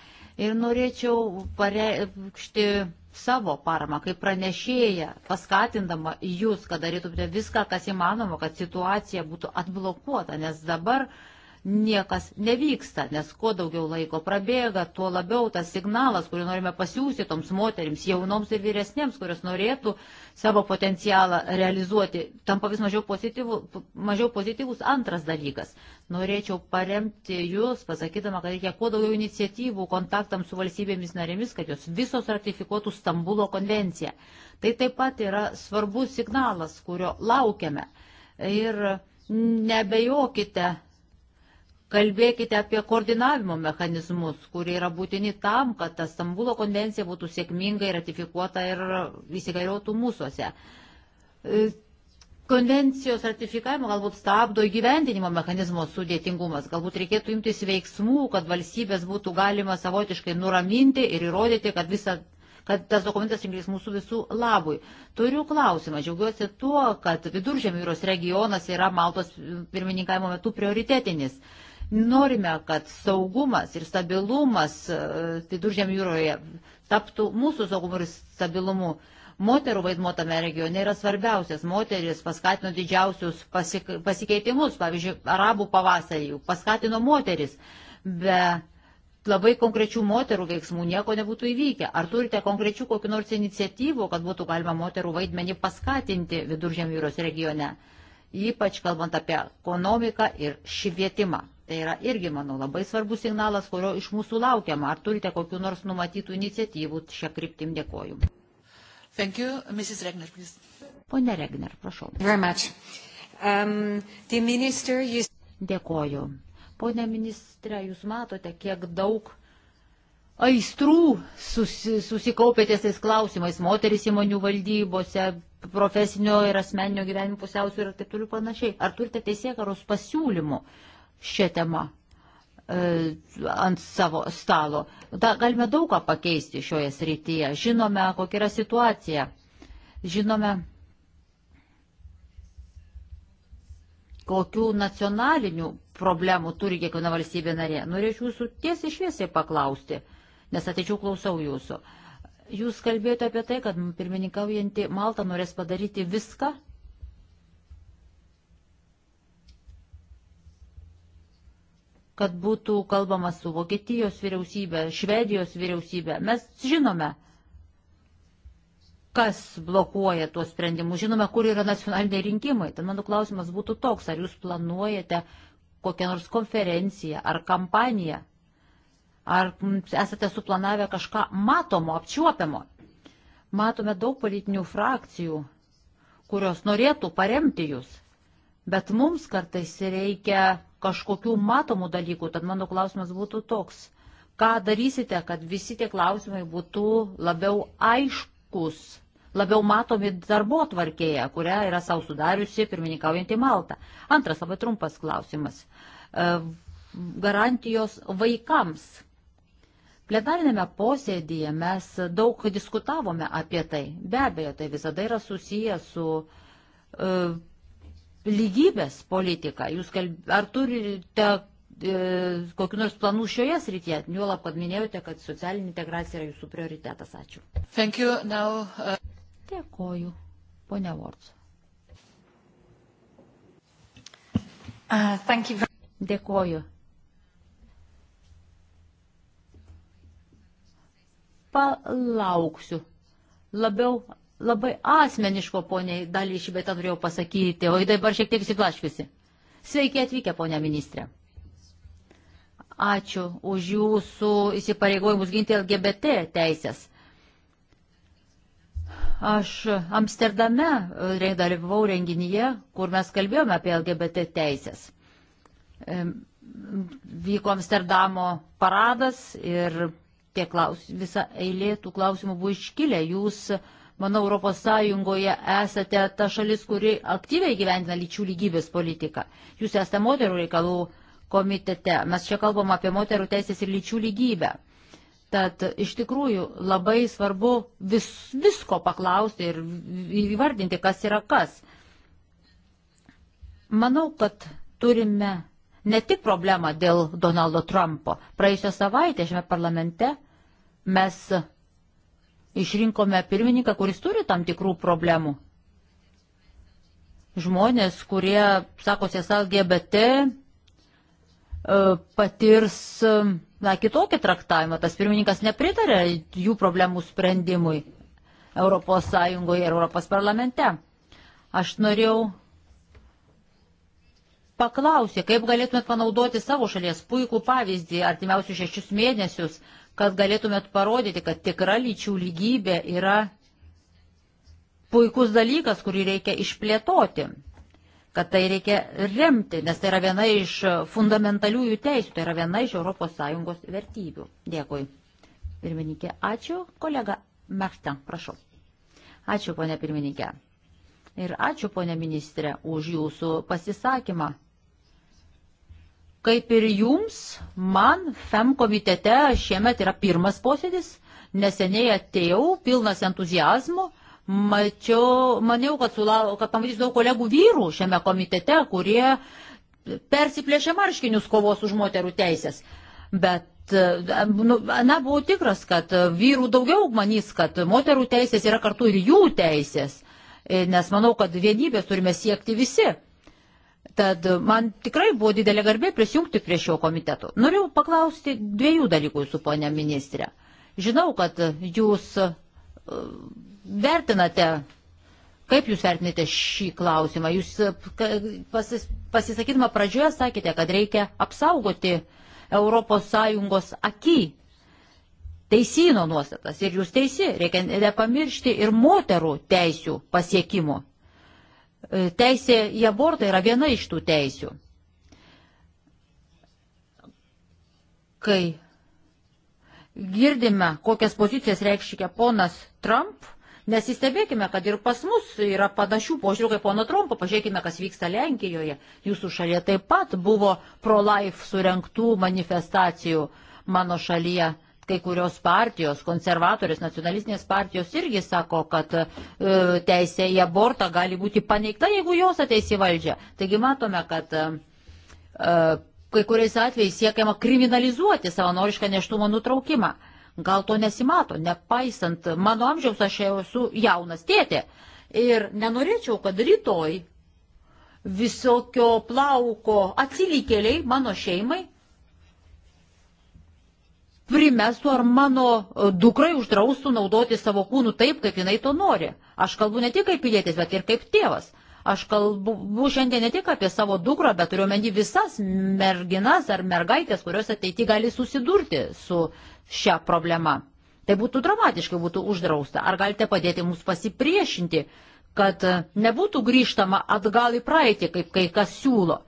Ir norėčiau pareikšti savo paramą, kaip pranešėja, paskatindama jūs, kad darytumėte viską, kas įmanoma, kad situacija būtų atblokuota, nes dabar uh, niekas nevyksta, nes kuo daugiau laiko prabėga, tuo labiau tas signalas, kurį norime pasiūsti toms moterims, jaunoms ir vyresnėms, kurios norėtų savo potencialą realizuoti, tampa vis mažiau, pozityvų, mažiau pozityvus antras dalykas. Norėčiau paremti jūs, pasakydama, kad reikia kuo daugiau iniciatyvų kontaktams su valstybėmis narėmis, kad jos visos ratifikuotų Stambulo konvenciją. Tai taip pat yra svarbus signalas, kurio laukiame. Ir nebejokite Kalbėkite apie koordinavimo mechanizmus, kurie yra būtini tam, kad ta Stambulo konvencija būtų sėkmingai ratifikuota ir įsigaliotų mūsųse. E, konvencijos ratifikavimo galbūt stabdo įgyvendinimo mechanizmo sudėtingumas, galbūt reikėtų imtis veiksmų, kad valstybės būtų galima savotiškai nuraminti ir įrodyti, kad, visa, kad tas dokumentas rinklis mūsų visų labui. Turiu klausimą, džiaugiuosi tuo, kad viduržėmių jūros regionas yra Maltos pirmininkavimo metu prioritetinis. Norime, kad saugumas ir stabilumas viduržėm e, tai jūroje taptų mūsų saugumu ir stabilumu. Moterų vaidmo tame regione yra svarbiausias. Moteris paskatino didžiausius pasikeitimus, pavyzdžiui, arabų pavasarį, paskatino moteris. Be labai konkrečių moterų veiksmų nieko nebūtų įvykę. Ar turite konkrečių kokiu nors iniciatyvų, kad būtų galima moterų vaidmenį paskatinti viduržėm jūros regione, ypač kalbant apie ekonomiką ir švietimą? Tai yra irgi, manau, labai svarbus signalas, kurio iš mūsų laukiama. Ar turite kokiu nors numatytų iniciatyvų šią kryptim dėkoju. Thank you, Mrs. Regner, please. Pone Regner, prašau. Very much. Um, the minister, you... Dėkoju. Pone ministre, jūs matote, kiek daug aistrų susi, susikaupė tiesiais klausimais, moteris įmonių valdybose, profesinio ir asmeninio gyvenimo pusiausvyrą ir taip toliau panašiai. Ar turite teisėkaros pasiūlymų? Uh, šią temą e, ant savo stalo. Da, galime daug ką pakeisti šioje srityje. Žinome, kokia yra situacija. Žinome, kokių nacionalinių problemų turi kiekviena valstybė narė. Norėčiau jūsų tiesiai šviesiai paklausti, nes ateičiau klausau jūsų. Jūs kalbėjote apie tai, kad pirmininkaujanti Malta norės padaryti viską, kad būtų kalbama su Vokietijos vyriausybė, Švedijos vyriausybė. Mes žinome, kas blokuoja tuos sprendimus, žinome, kur yra nacionaliniai rinkimai. Tad mano klausimas būtų toks, ar jūs planuojate kokią nors konferenciją ar kampaniją, ar esate suplanavę kažką matomo, apčiuopiamo. Matome daug politinių frakcijų, kurios norėtų paremti jūs, bet mums kartais reikia kažkokių matomų dalykų, tad mano klausimas būtų toks. Ką darysite, kad visi tie klausimai būtų labiau aiškus, labiau matomi darbo tvarkėje, kurią yra savo sudariusi pirmininkaujantį Maltą? Antras labai trumpas klausimas. E, garantijos vaikams. Plenarinėme posėdėje mes daug diskutavome apie tai. Be abejo, tai visada yra susiję su e, lygybės politiką. Jūs kalb... ar turite e, kokiu nors planų šioje srityje? Niuolab, kad minėjote, kad socialinė integracija yra jūsų prioritetas. Ačiū. Thank you. Now, uh... Dėkoju, ponia Vorts. Uh, thank you. Dėkoju. Palauksiu. Labiau labai asmeniško poniai dalį šį beitą norėjau pasakyti, o tai dabar šiek tiek įsiblaškiusi. Sveiki atvykę, ponia ministrė. Ačiū už jūsų įsipareigojimus ginti LGBT teisės. Aš Amsterdame e, dalyvavau renginyje, kur mes kalbėjome apie LGBT teisės. Vyko Amsterdamo paradas ir klaus, visa eilė tų klausimų buvo iškilę. Jūs uh, Manau, ES esate ta šalis, kuri aktyviai gyvendina lyčių lygybės politiką. Jūs esate moterų reikalų komitete. Mes čia kalbam apie moterų teisės ir lyčių lygybę. Tad iš tikrųjų labai svarbu vis, visko paklausti ir įvardinti, kas yra kas. Manau, kad turime ne tik problemą dėl Donaldo Trumpo. Praėjusią savaitę šiame parlamente mes išrinkome pirmininką, kuris turi tam tikrų problemų. Žmonės, kurie, sako, esą LGBT, e, patirs e, na, kitokį traktavimą. Tas pirmininkas nepritarė jų problemų sprendimui ES ir ES parlamente. Aš norėjau paklausė, kaip galėtumėt panaudoti savo šalies puikų pavyzdį artimiausius šešius mėnesius, kad galėtumėt parodyti, kad tikra lyčių lygybė yra puikus dalykas, kurį reikia išplėtoti, kad tai reikia remti, nes tai yra viena iš fundamentaliųjų teisų, tai yra viena iš ES vertybių. Dėkui. Pirmininkė, ačiū. Kolega Merta, prašau. Ačiū, ponė pirmininkė. Ir ačiū, ponė ministrė, už jūsų pasisakymą. Kaip ir jums, man FEM komitete šiemet yra pirmas posėdis, neseniai atėjau pilnas entuzijazmo, mačiau, maniau, kad, sulau, kad pamatysiu daug kolegų vyrų šiame komitete, kurie persiplėšė marškinius kovos už moterų teisės. Bet e, nu, na, buvau tikras, kad vyrų daugiau manys, kad moterų teisės yra kartu ir jų teisės, e, nes manau, kad vienybės turime siekti visi. Tad man tikrai buvo didelė garbė prisijungti prie šio komiteto. Noriu paklausti dviejų dalykų jūsų, ponė ministrė. Žinau, kad jūs e, vertinate, kaip jūs vertinate šį klausimą. Jūs e, pasis, pasisakydama pradžioje sakėte, kad reikia apsaugoti ES akį teisino nuostatas. Ir jūs teisi, reikia nepamiršti ir moterų teisių pasiekimo E, teisė į abortą yra viena iš tų teisių. Kai girdime, kokias pozicijas reikškia ponas Trump, nesistebėkime, kad ir pas mus yra panašių požiūrių kaip pono Trumpo, pažiūrėkime, kas vyksta Lenkijoje. Jūsų šalyje taip pat buvo pro-life surenktų manifestacijų mano šalyje kai kurios partijos, konservatorės, nacionalistinės partijos irgi sako, kad e, teisė į abortą gali būti paneigta, jeigu jos ateis į valdžią. Taigi matome, kad e, e kai kuriais atvejais siekiama kriminalizuoti savanorišką neštumo nutraukimą. Gal to nesimato, nepaisant mano amžiaus, aš jau esu jaunas tėtė. Ir nenorėčiau, kad rytoj visokio plauko atsilikėliai mano šeimai primestų ar mano e, dukrai uždraustų naudoti savo kūnų taip, kaip jinai to nori. Aš kalbu ne tik kaip pilietis, bet ir kaip tėvas. Aš kalbu šiandien ne tik apie savo dukrą, bet turiu menį visas merginas ar mergaitės, kurios ateity gali susidurti su šia problema. Tai būtų dramatiškai, būtų uždrausta. Ar galite padėti mums pasipriešinti, kad e, nebūtų grįžtama atgal į praeitį, kaip kai kas siūlo?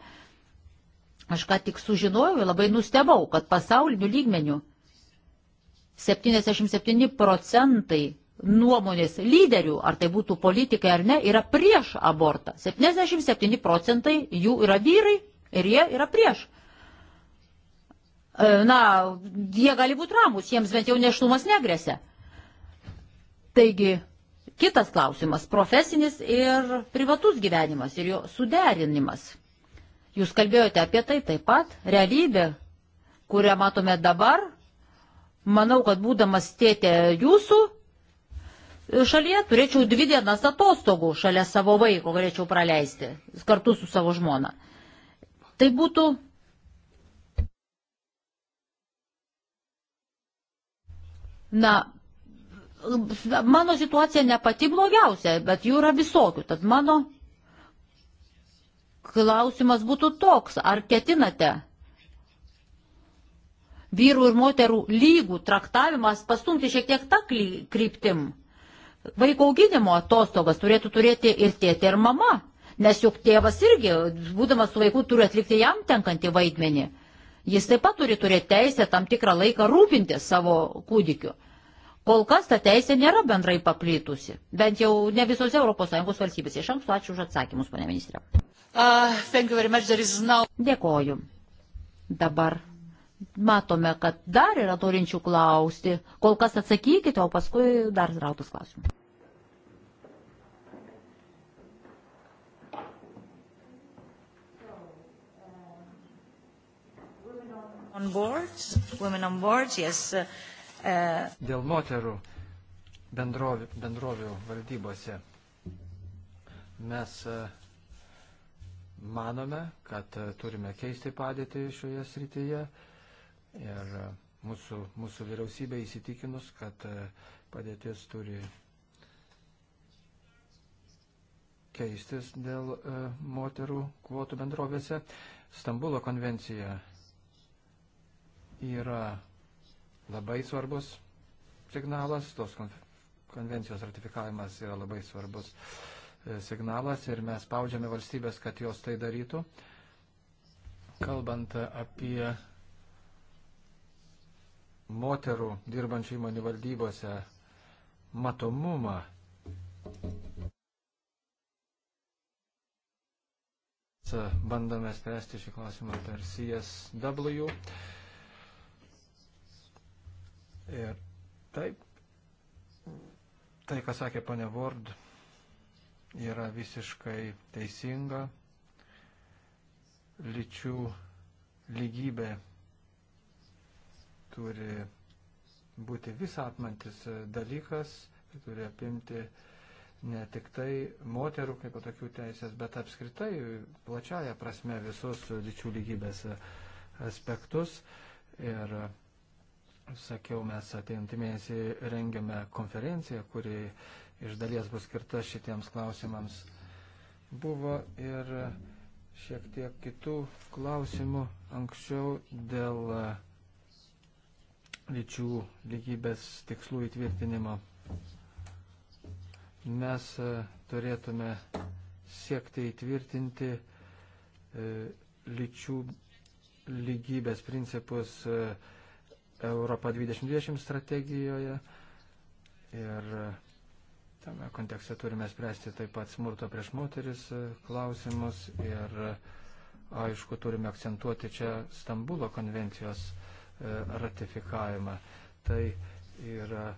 Aš ką tik sužinojau ir labai nustebau, kad pasaulinių lygmenių 77 procentai nuomonės lyderių, ar tai būtų politikai ar ne, yra prieš abortą. 77 procentai jų yra vyrai ir jie yra prieš. E, na, jie gali būti ramus, jiems bent jau neštumas negresia. Taigi, kitas klausimas - profesinis ir privatus gyvenimas ir jo suderinimas. Jūs kalbėjote apie tai taip pat, realybė, kurią matome dabar, Manau, kad būdamas tėtė jūsų šalyje turėčiau dvi dienas atostogų šalia savo vaiko galėčiau praleisti kartu su savo žmona. Tai būtų. Na, mano situacija ne pati blogiausia, bet jų yra visokių. Tad mano klausimas būtų toks, ar ketinate vyrų ir moterų lygų traktavimas pastumti šiek tiek tą kryptim. Vaiko auginimo atostogas turėtų turėti ir tėtė, ir mama, nes juk tėvas irgi, būdamas su vaiku, turi atlikti jam tenkantį vaidmenį. Jis taip pat turi turėti teisę tam tikrą laiką rūpintis savo kūdikiu. Kol kas ta teisė nėra bendrai paplitusi, bent jau ne visose ES valstybėse. Iš anksto ačiū už atsakymus, ponė ministrė. Uh, no... Dėkoju. Dabar matome, kad dar yra norinčių klausti. Kol kas atsakykite, o paskui dar rautus klausimų. On boards, women on boards, yes. Uh, uh, Dėl moterų bendrovių, bendrovių valdybose mes uh, manome, kad uh, turime keisti padėtį šioje srityje. Uh, Ir e, mūsų, mūsų vyriausybė įsitikinus, kad e, padėtis turi keistis dėl e, moterų kvotų bendrovėse. Stambulo konvencija yra labai svarbus signalas, tos konvencijos ratifikavimas yra labai svarbus signalas ir mes spaudžiame valstybės, kad jos tai darytų. Kalbant apie moterų dirbančių įmonių valdybose matomumą. Bandome spręsti šį klausimą per CSW. Ir taip, tai, ką sakė ponia Ward, yra visiškai teisinga. Lyčių lygybė turi būti visą atmantis e, dalykas, tai turi apimti ne tik tai moterų kaip tokių teisės, bet apskritai plačiaja prasme visus lyčių lygybės e, aspektus. Ir e, sakiau, mes ateinantį mėnesį rengiame konferenciją, kuri iš dalies bus skirta šitiems klausimams. Buvo ir šiek tiek kitų klausimų anksčiau dėl uh, lyčių lygybės tikslų įtvirtinimo. Mes e, turėtume siekti įtvirtinti e, lyčių lygybės principus e, Europa 2020 strategijoje ir tame kontekste turime spręsti taip pat smurto prieš moteris klausimus ir aišku turime akcentuoti čia Stambulo konvencijos uh, E, ratifikavimą. Tai yra e,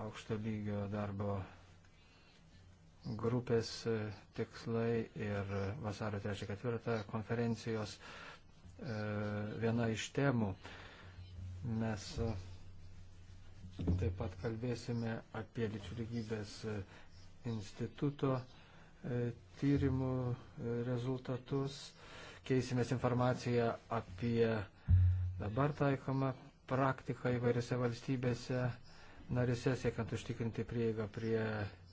aukšto lygio darbo grupės e, tikslai ir vasario 3-4 konferencijos viena iš temų. Mes taip pat kalbėsime apie lyčių lygybės instituto tyrimų rezultatus, keisimės informaciją apie dabar taikoma praktika įvairiose valstybėse narise, siekiant užtikrinti prieigą prie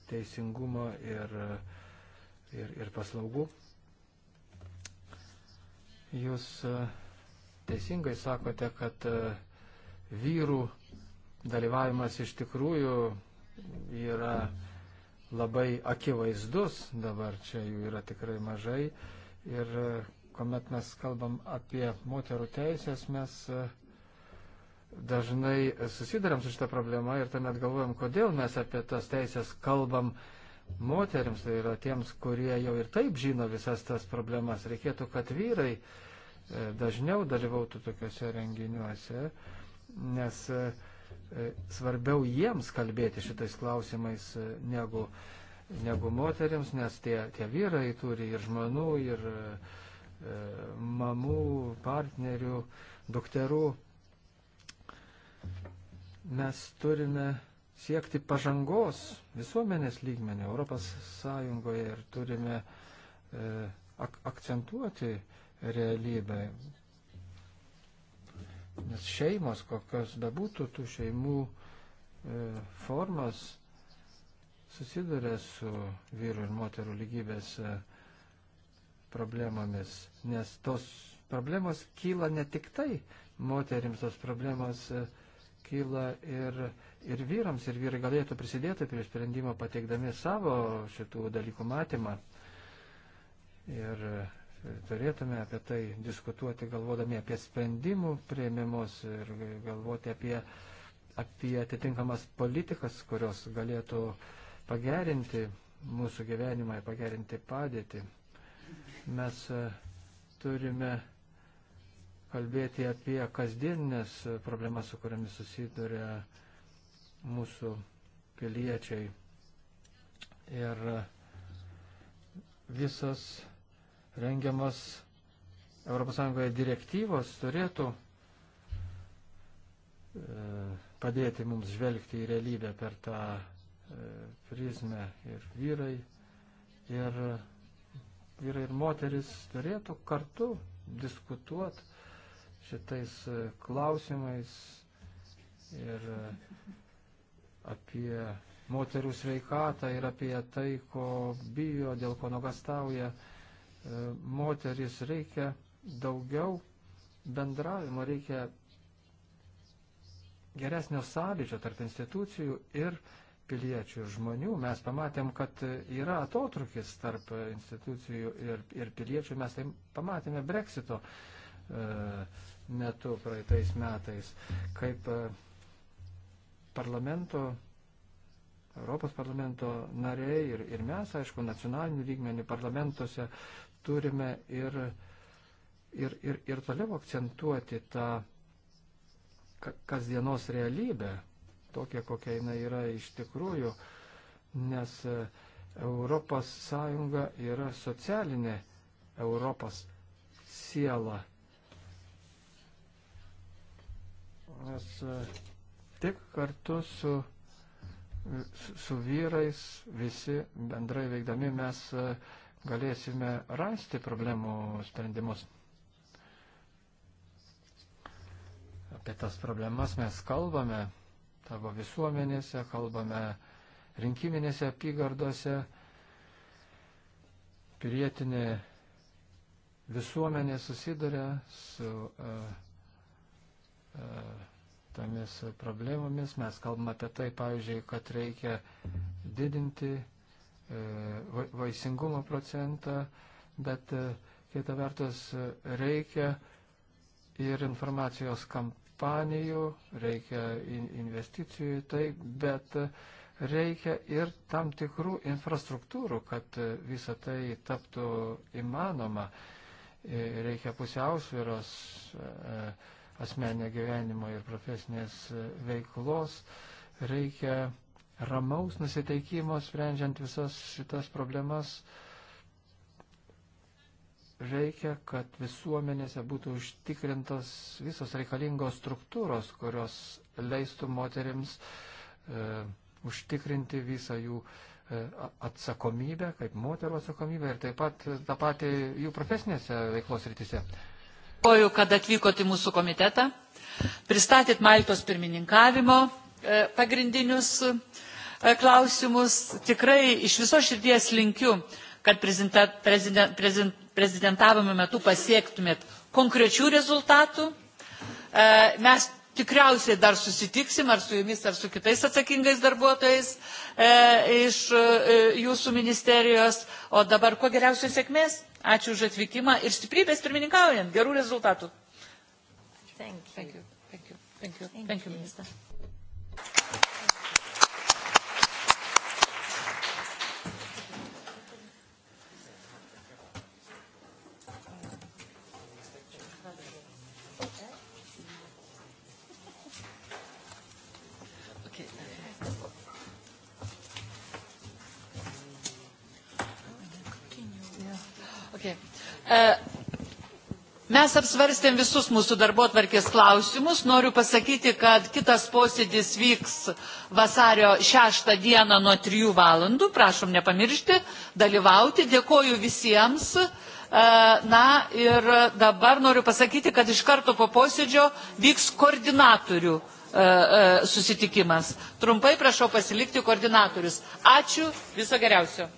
teisingumo ir, ir, ir paslaugų. Jūs e, teisingai sakote, kad e, vyrų dalyvavimas iš tikrųjų yra labai akivaizdus, dabar čia jų yra tikrai mažai. Ir e, kuomet mes kalbam apie moterų teisės, mes e, dažnai susidariam su šitą problemą ir tuomet galvojam, kodėl mes apie tas teisės kalbam moteriams, tai yra tiems, kurie jau ir taip žino visas tas problemas. Reikėtų, kad vyrai e, dažniau dalyvautų tokiuose renginiuose, nes e, svarbiau jiems kalbėti šitais klausimais negu, negu moteriams, nes tie, tie vyrai turi ir žmonų, ir uh, E, mamų, partnerių, dukterų. Mes turime siekti pažangos visuomenės lygmenį Europos Sąjungoje ir turime e, ak akcentuoti realybę. Nes šeimos, kokios bebūtų tų šeimų e, formas, susiduria su vyru ir moterų lygybės e, problemomis, nes tos problemos kyla ne tik tai moterims, tos problemos e, kyla ir, ir vyrams, ir vyrai galėtų prisidėti prie sprendimo pateikdami savo šitų dalykų matymą. Ir e, turėtume apie tai diskutuoti, galvodami apie sprendimų prieimimus ir galvoti apie, apie atitinkamas politikas, kurios galėtų pagerinti mūsų gyvenimą ir pagerinti padėtį. Mes e, turime kalbėti apie kasdieninės e, problemas, su kuriamis susiduria mūsų piliečiai. Ir e, visas rengiamas ES direktyvos turėtų padėti mums žvelgti į realybę per tą prizmę ir vyrai, ir vyrai ir moteris turėtų kartu diskutuoti šitais e, klausimais ir e, apie moterų sveikatą ir apie tai, ko bijo, dėl ko nogastauja e, moteris. Reikia daugiau bendravimo, reikia geresnio sąlyčio tarp institucijų ir piliečių ir žmonių, mes pamatėm, kad yra atotrukis tarp institucijų ir, ir piliečių, mes tai pamatėme breksito e, metu praeitais metais, kaip e, parlamento, Europos parlamento nariai ir, ir mes, aišku, nacionalinių lygmenių parlamentuose turime ir, ir, ir, ir toliau akcentuoti tą kasdienos realybę, tokia, kokia jinai yra iš tikrųjų, nes e, Europos Sąjunga yra socialinė Europos siela. Nes e, tik kartu e, su, su vyrais visi bendrai veikdami mes galėsime rasti problemų sprendimus. Apie tas problemas mes kalbame tavo visuomenėse, kalbame rinkiminėse apygardose, pilietinė visuomenė susiduria su uh, uh, tomis problemomis. Mes kalbame apie tai, pavyzdžiui, kad reikia didinti uh, vaisingumo procentą, bet uh, kita vertus reikia ir informacijos kampanijos kampanijų, reikia investicijų į tai, bet reikia ir tam tikrų infrastruktūrų, kad visa tai taptų įmanoma. E, reikia pusiausviros e, asmenio gyvenimo ir profesinės e, veiklos. Reikia ramaus nusiteikimo, sprendžiant visas šitas problemas. Uh, reikia, kad visuomenėse būtų užtikrintos visos reikalingos struktūros, kurios leistų moteriams e, užtikrinti visą jų e, atsakomybę, kaip moterų atsakomybę ir taip pat tą patį jų profesinėse veiklos rytise. Dėkoju, kad atvykote į mūsų komitetą, pristatėt Maltos pirmininkavimo e, pagrindinius e, klausimus. Tikrai iš viso širdies linkiu, kad prezident, prezident, prezident, prezidentavimo metu pasiektumėt konkrečių rezultatų. E, mes tikriausiai dar susitiksim ar su jumis, ar su kitais atsakingais darbuotojais e, iš e, jūsų ministerijos. O dabar kuo geriausios sėkmės. Ačiū už atvykimą ir stiprybės pirmininkaujant. Gerų rezultatų. Thank you. Thank you. Thank you. Thank you. Thank you, Thank you minister. E, mes apsvarstėm visus mūsų darbo tvarkės klausimus. Noriu pasakyti, kad kitas posėdis vyks vasario 6 dieną nuo 3 valandų. Prašom nepamiršti dalyvauti. Dėkoju visiems. E, na ir dabar noriu pasakyti, kad iš karto po posėdžio vyks koordinatorių e, susitikimas. Trumpai prašau pasilikti koordinatorius. Ačiū, viso geriausio.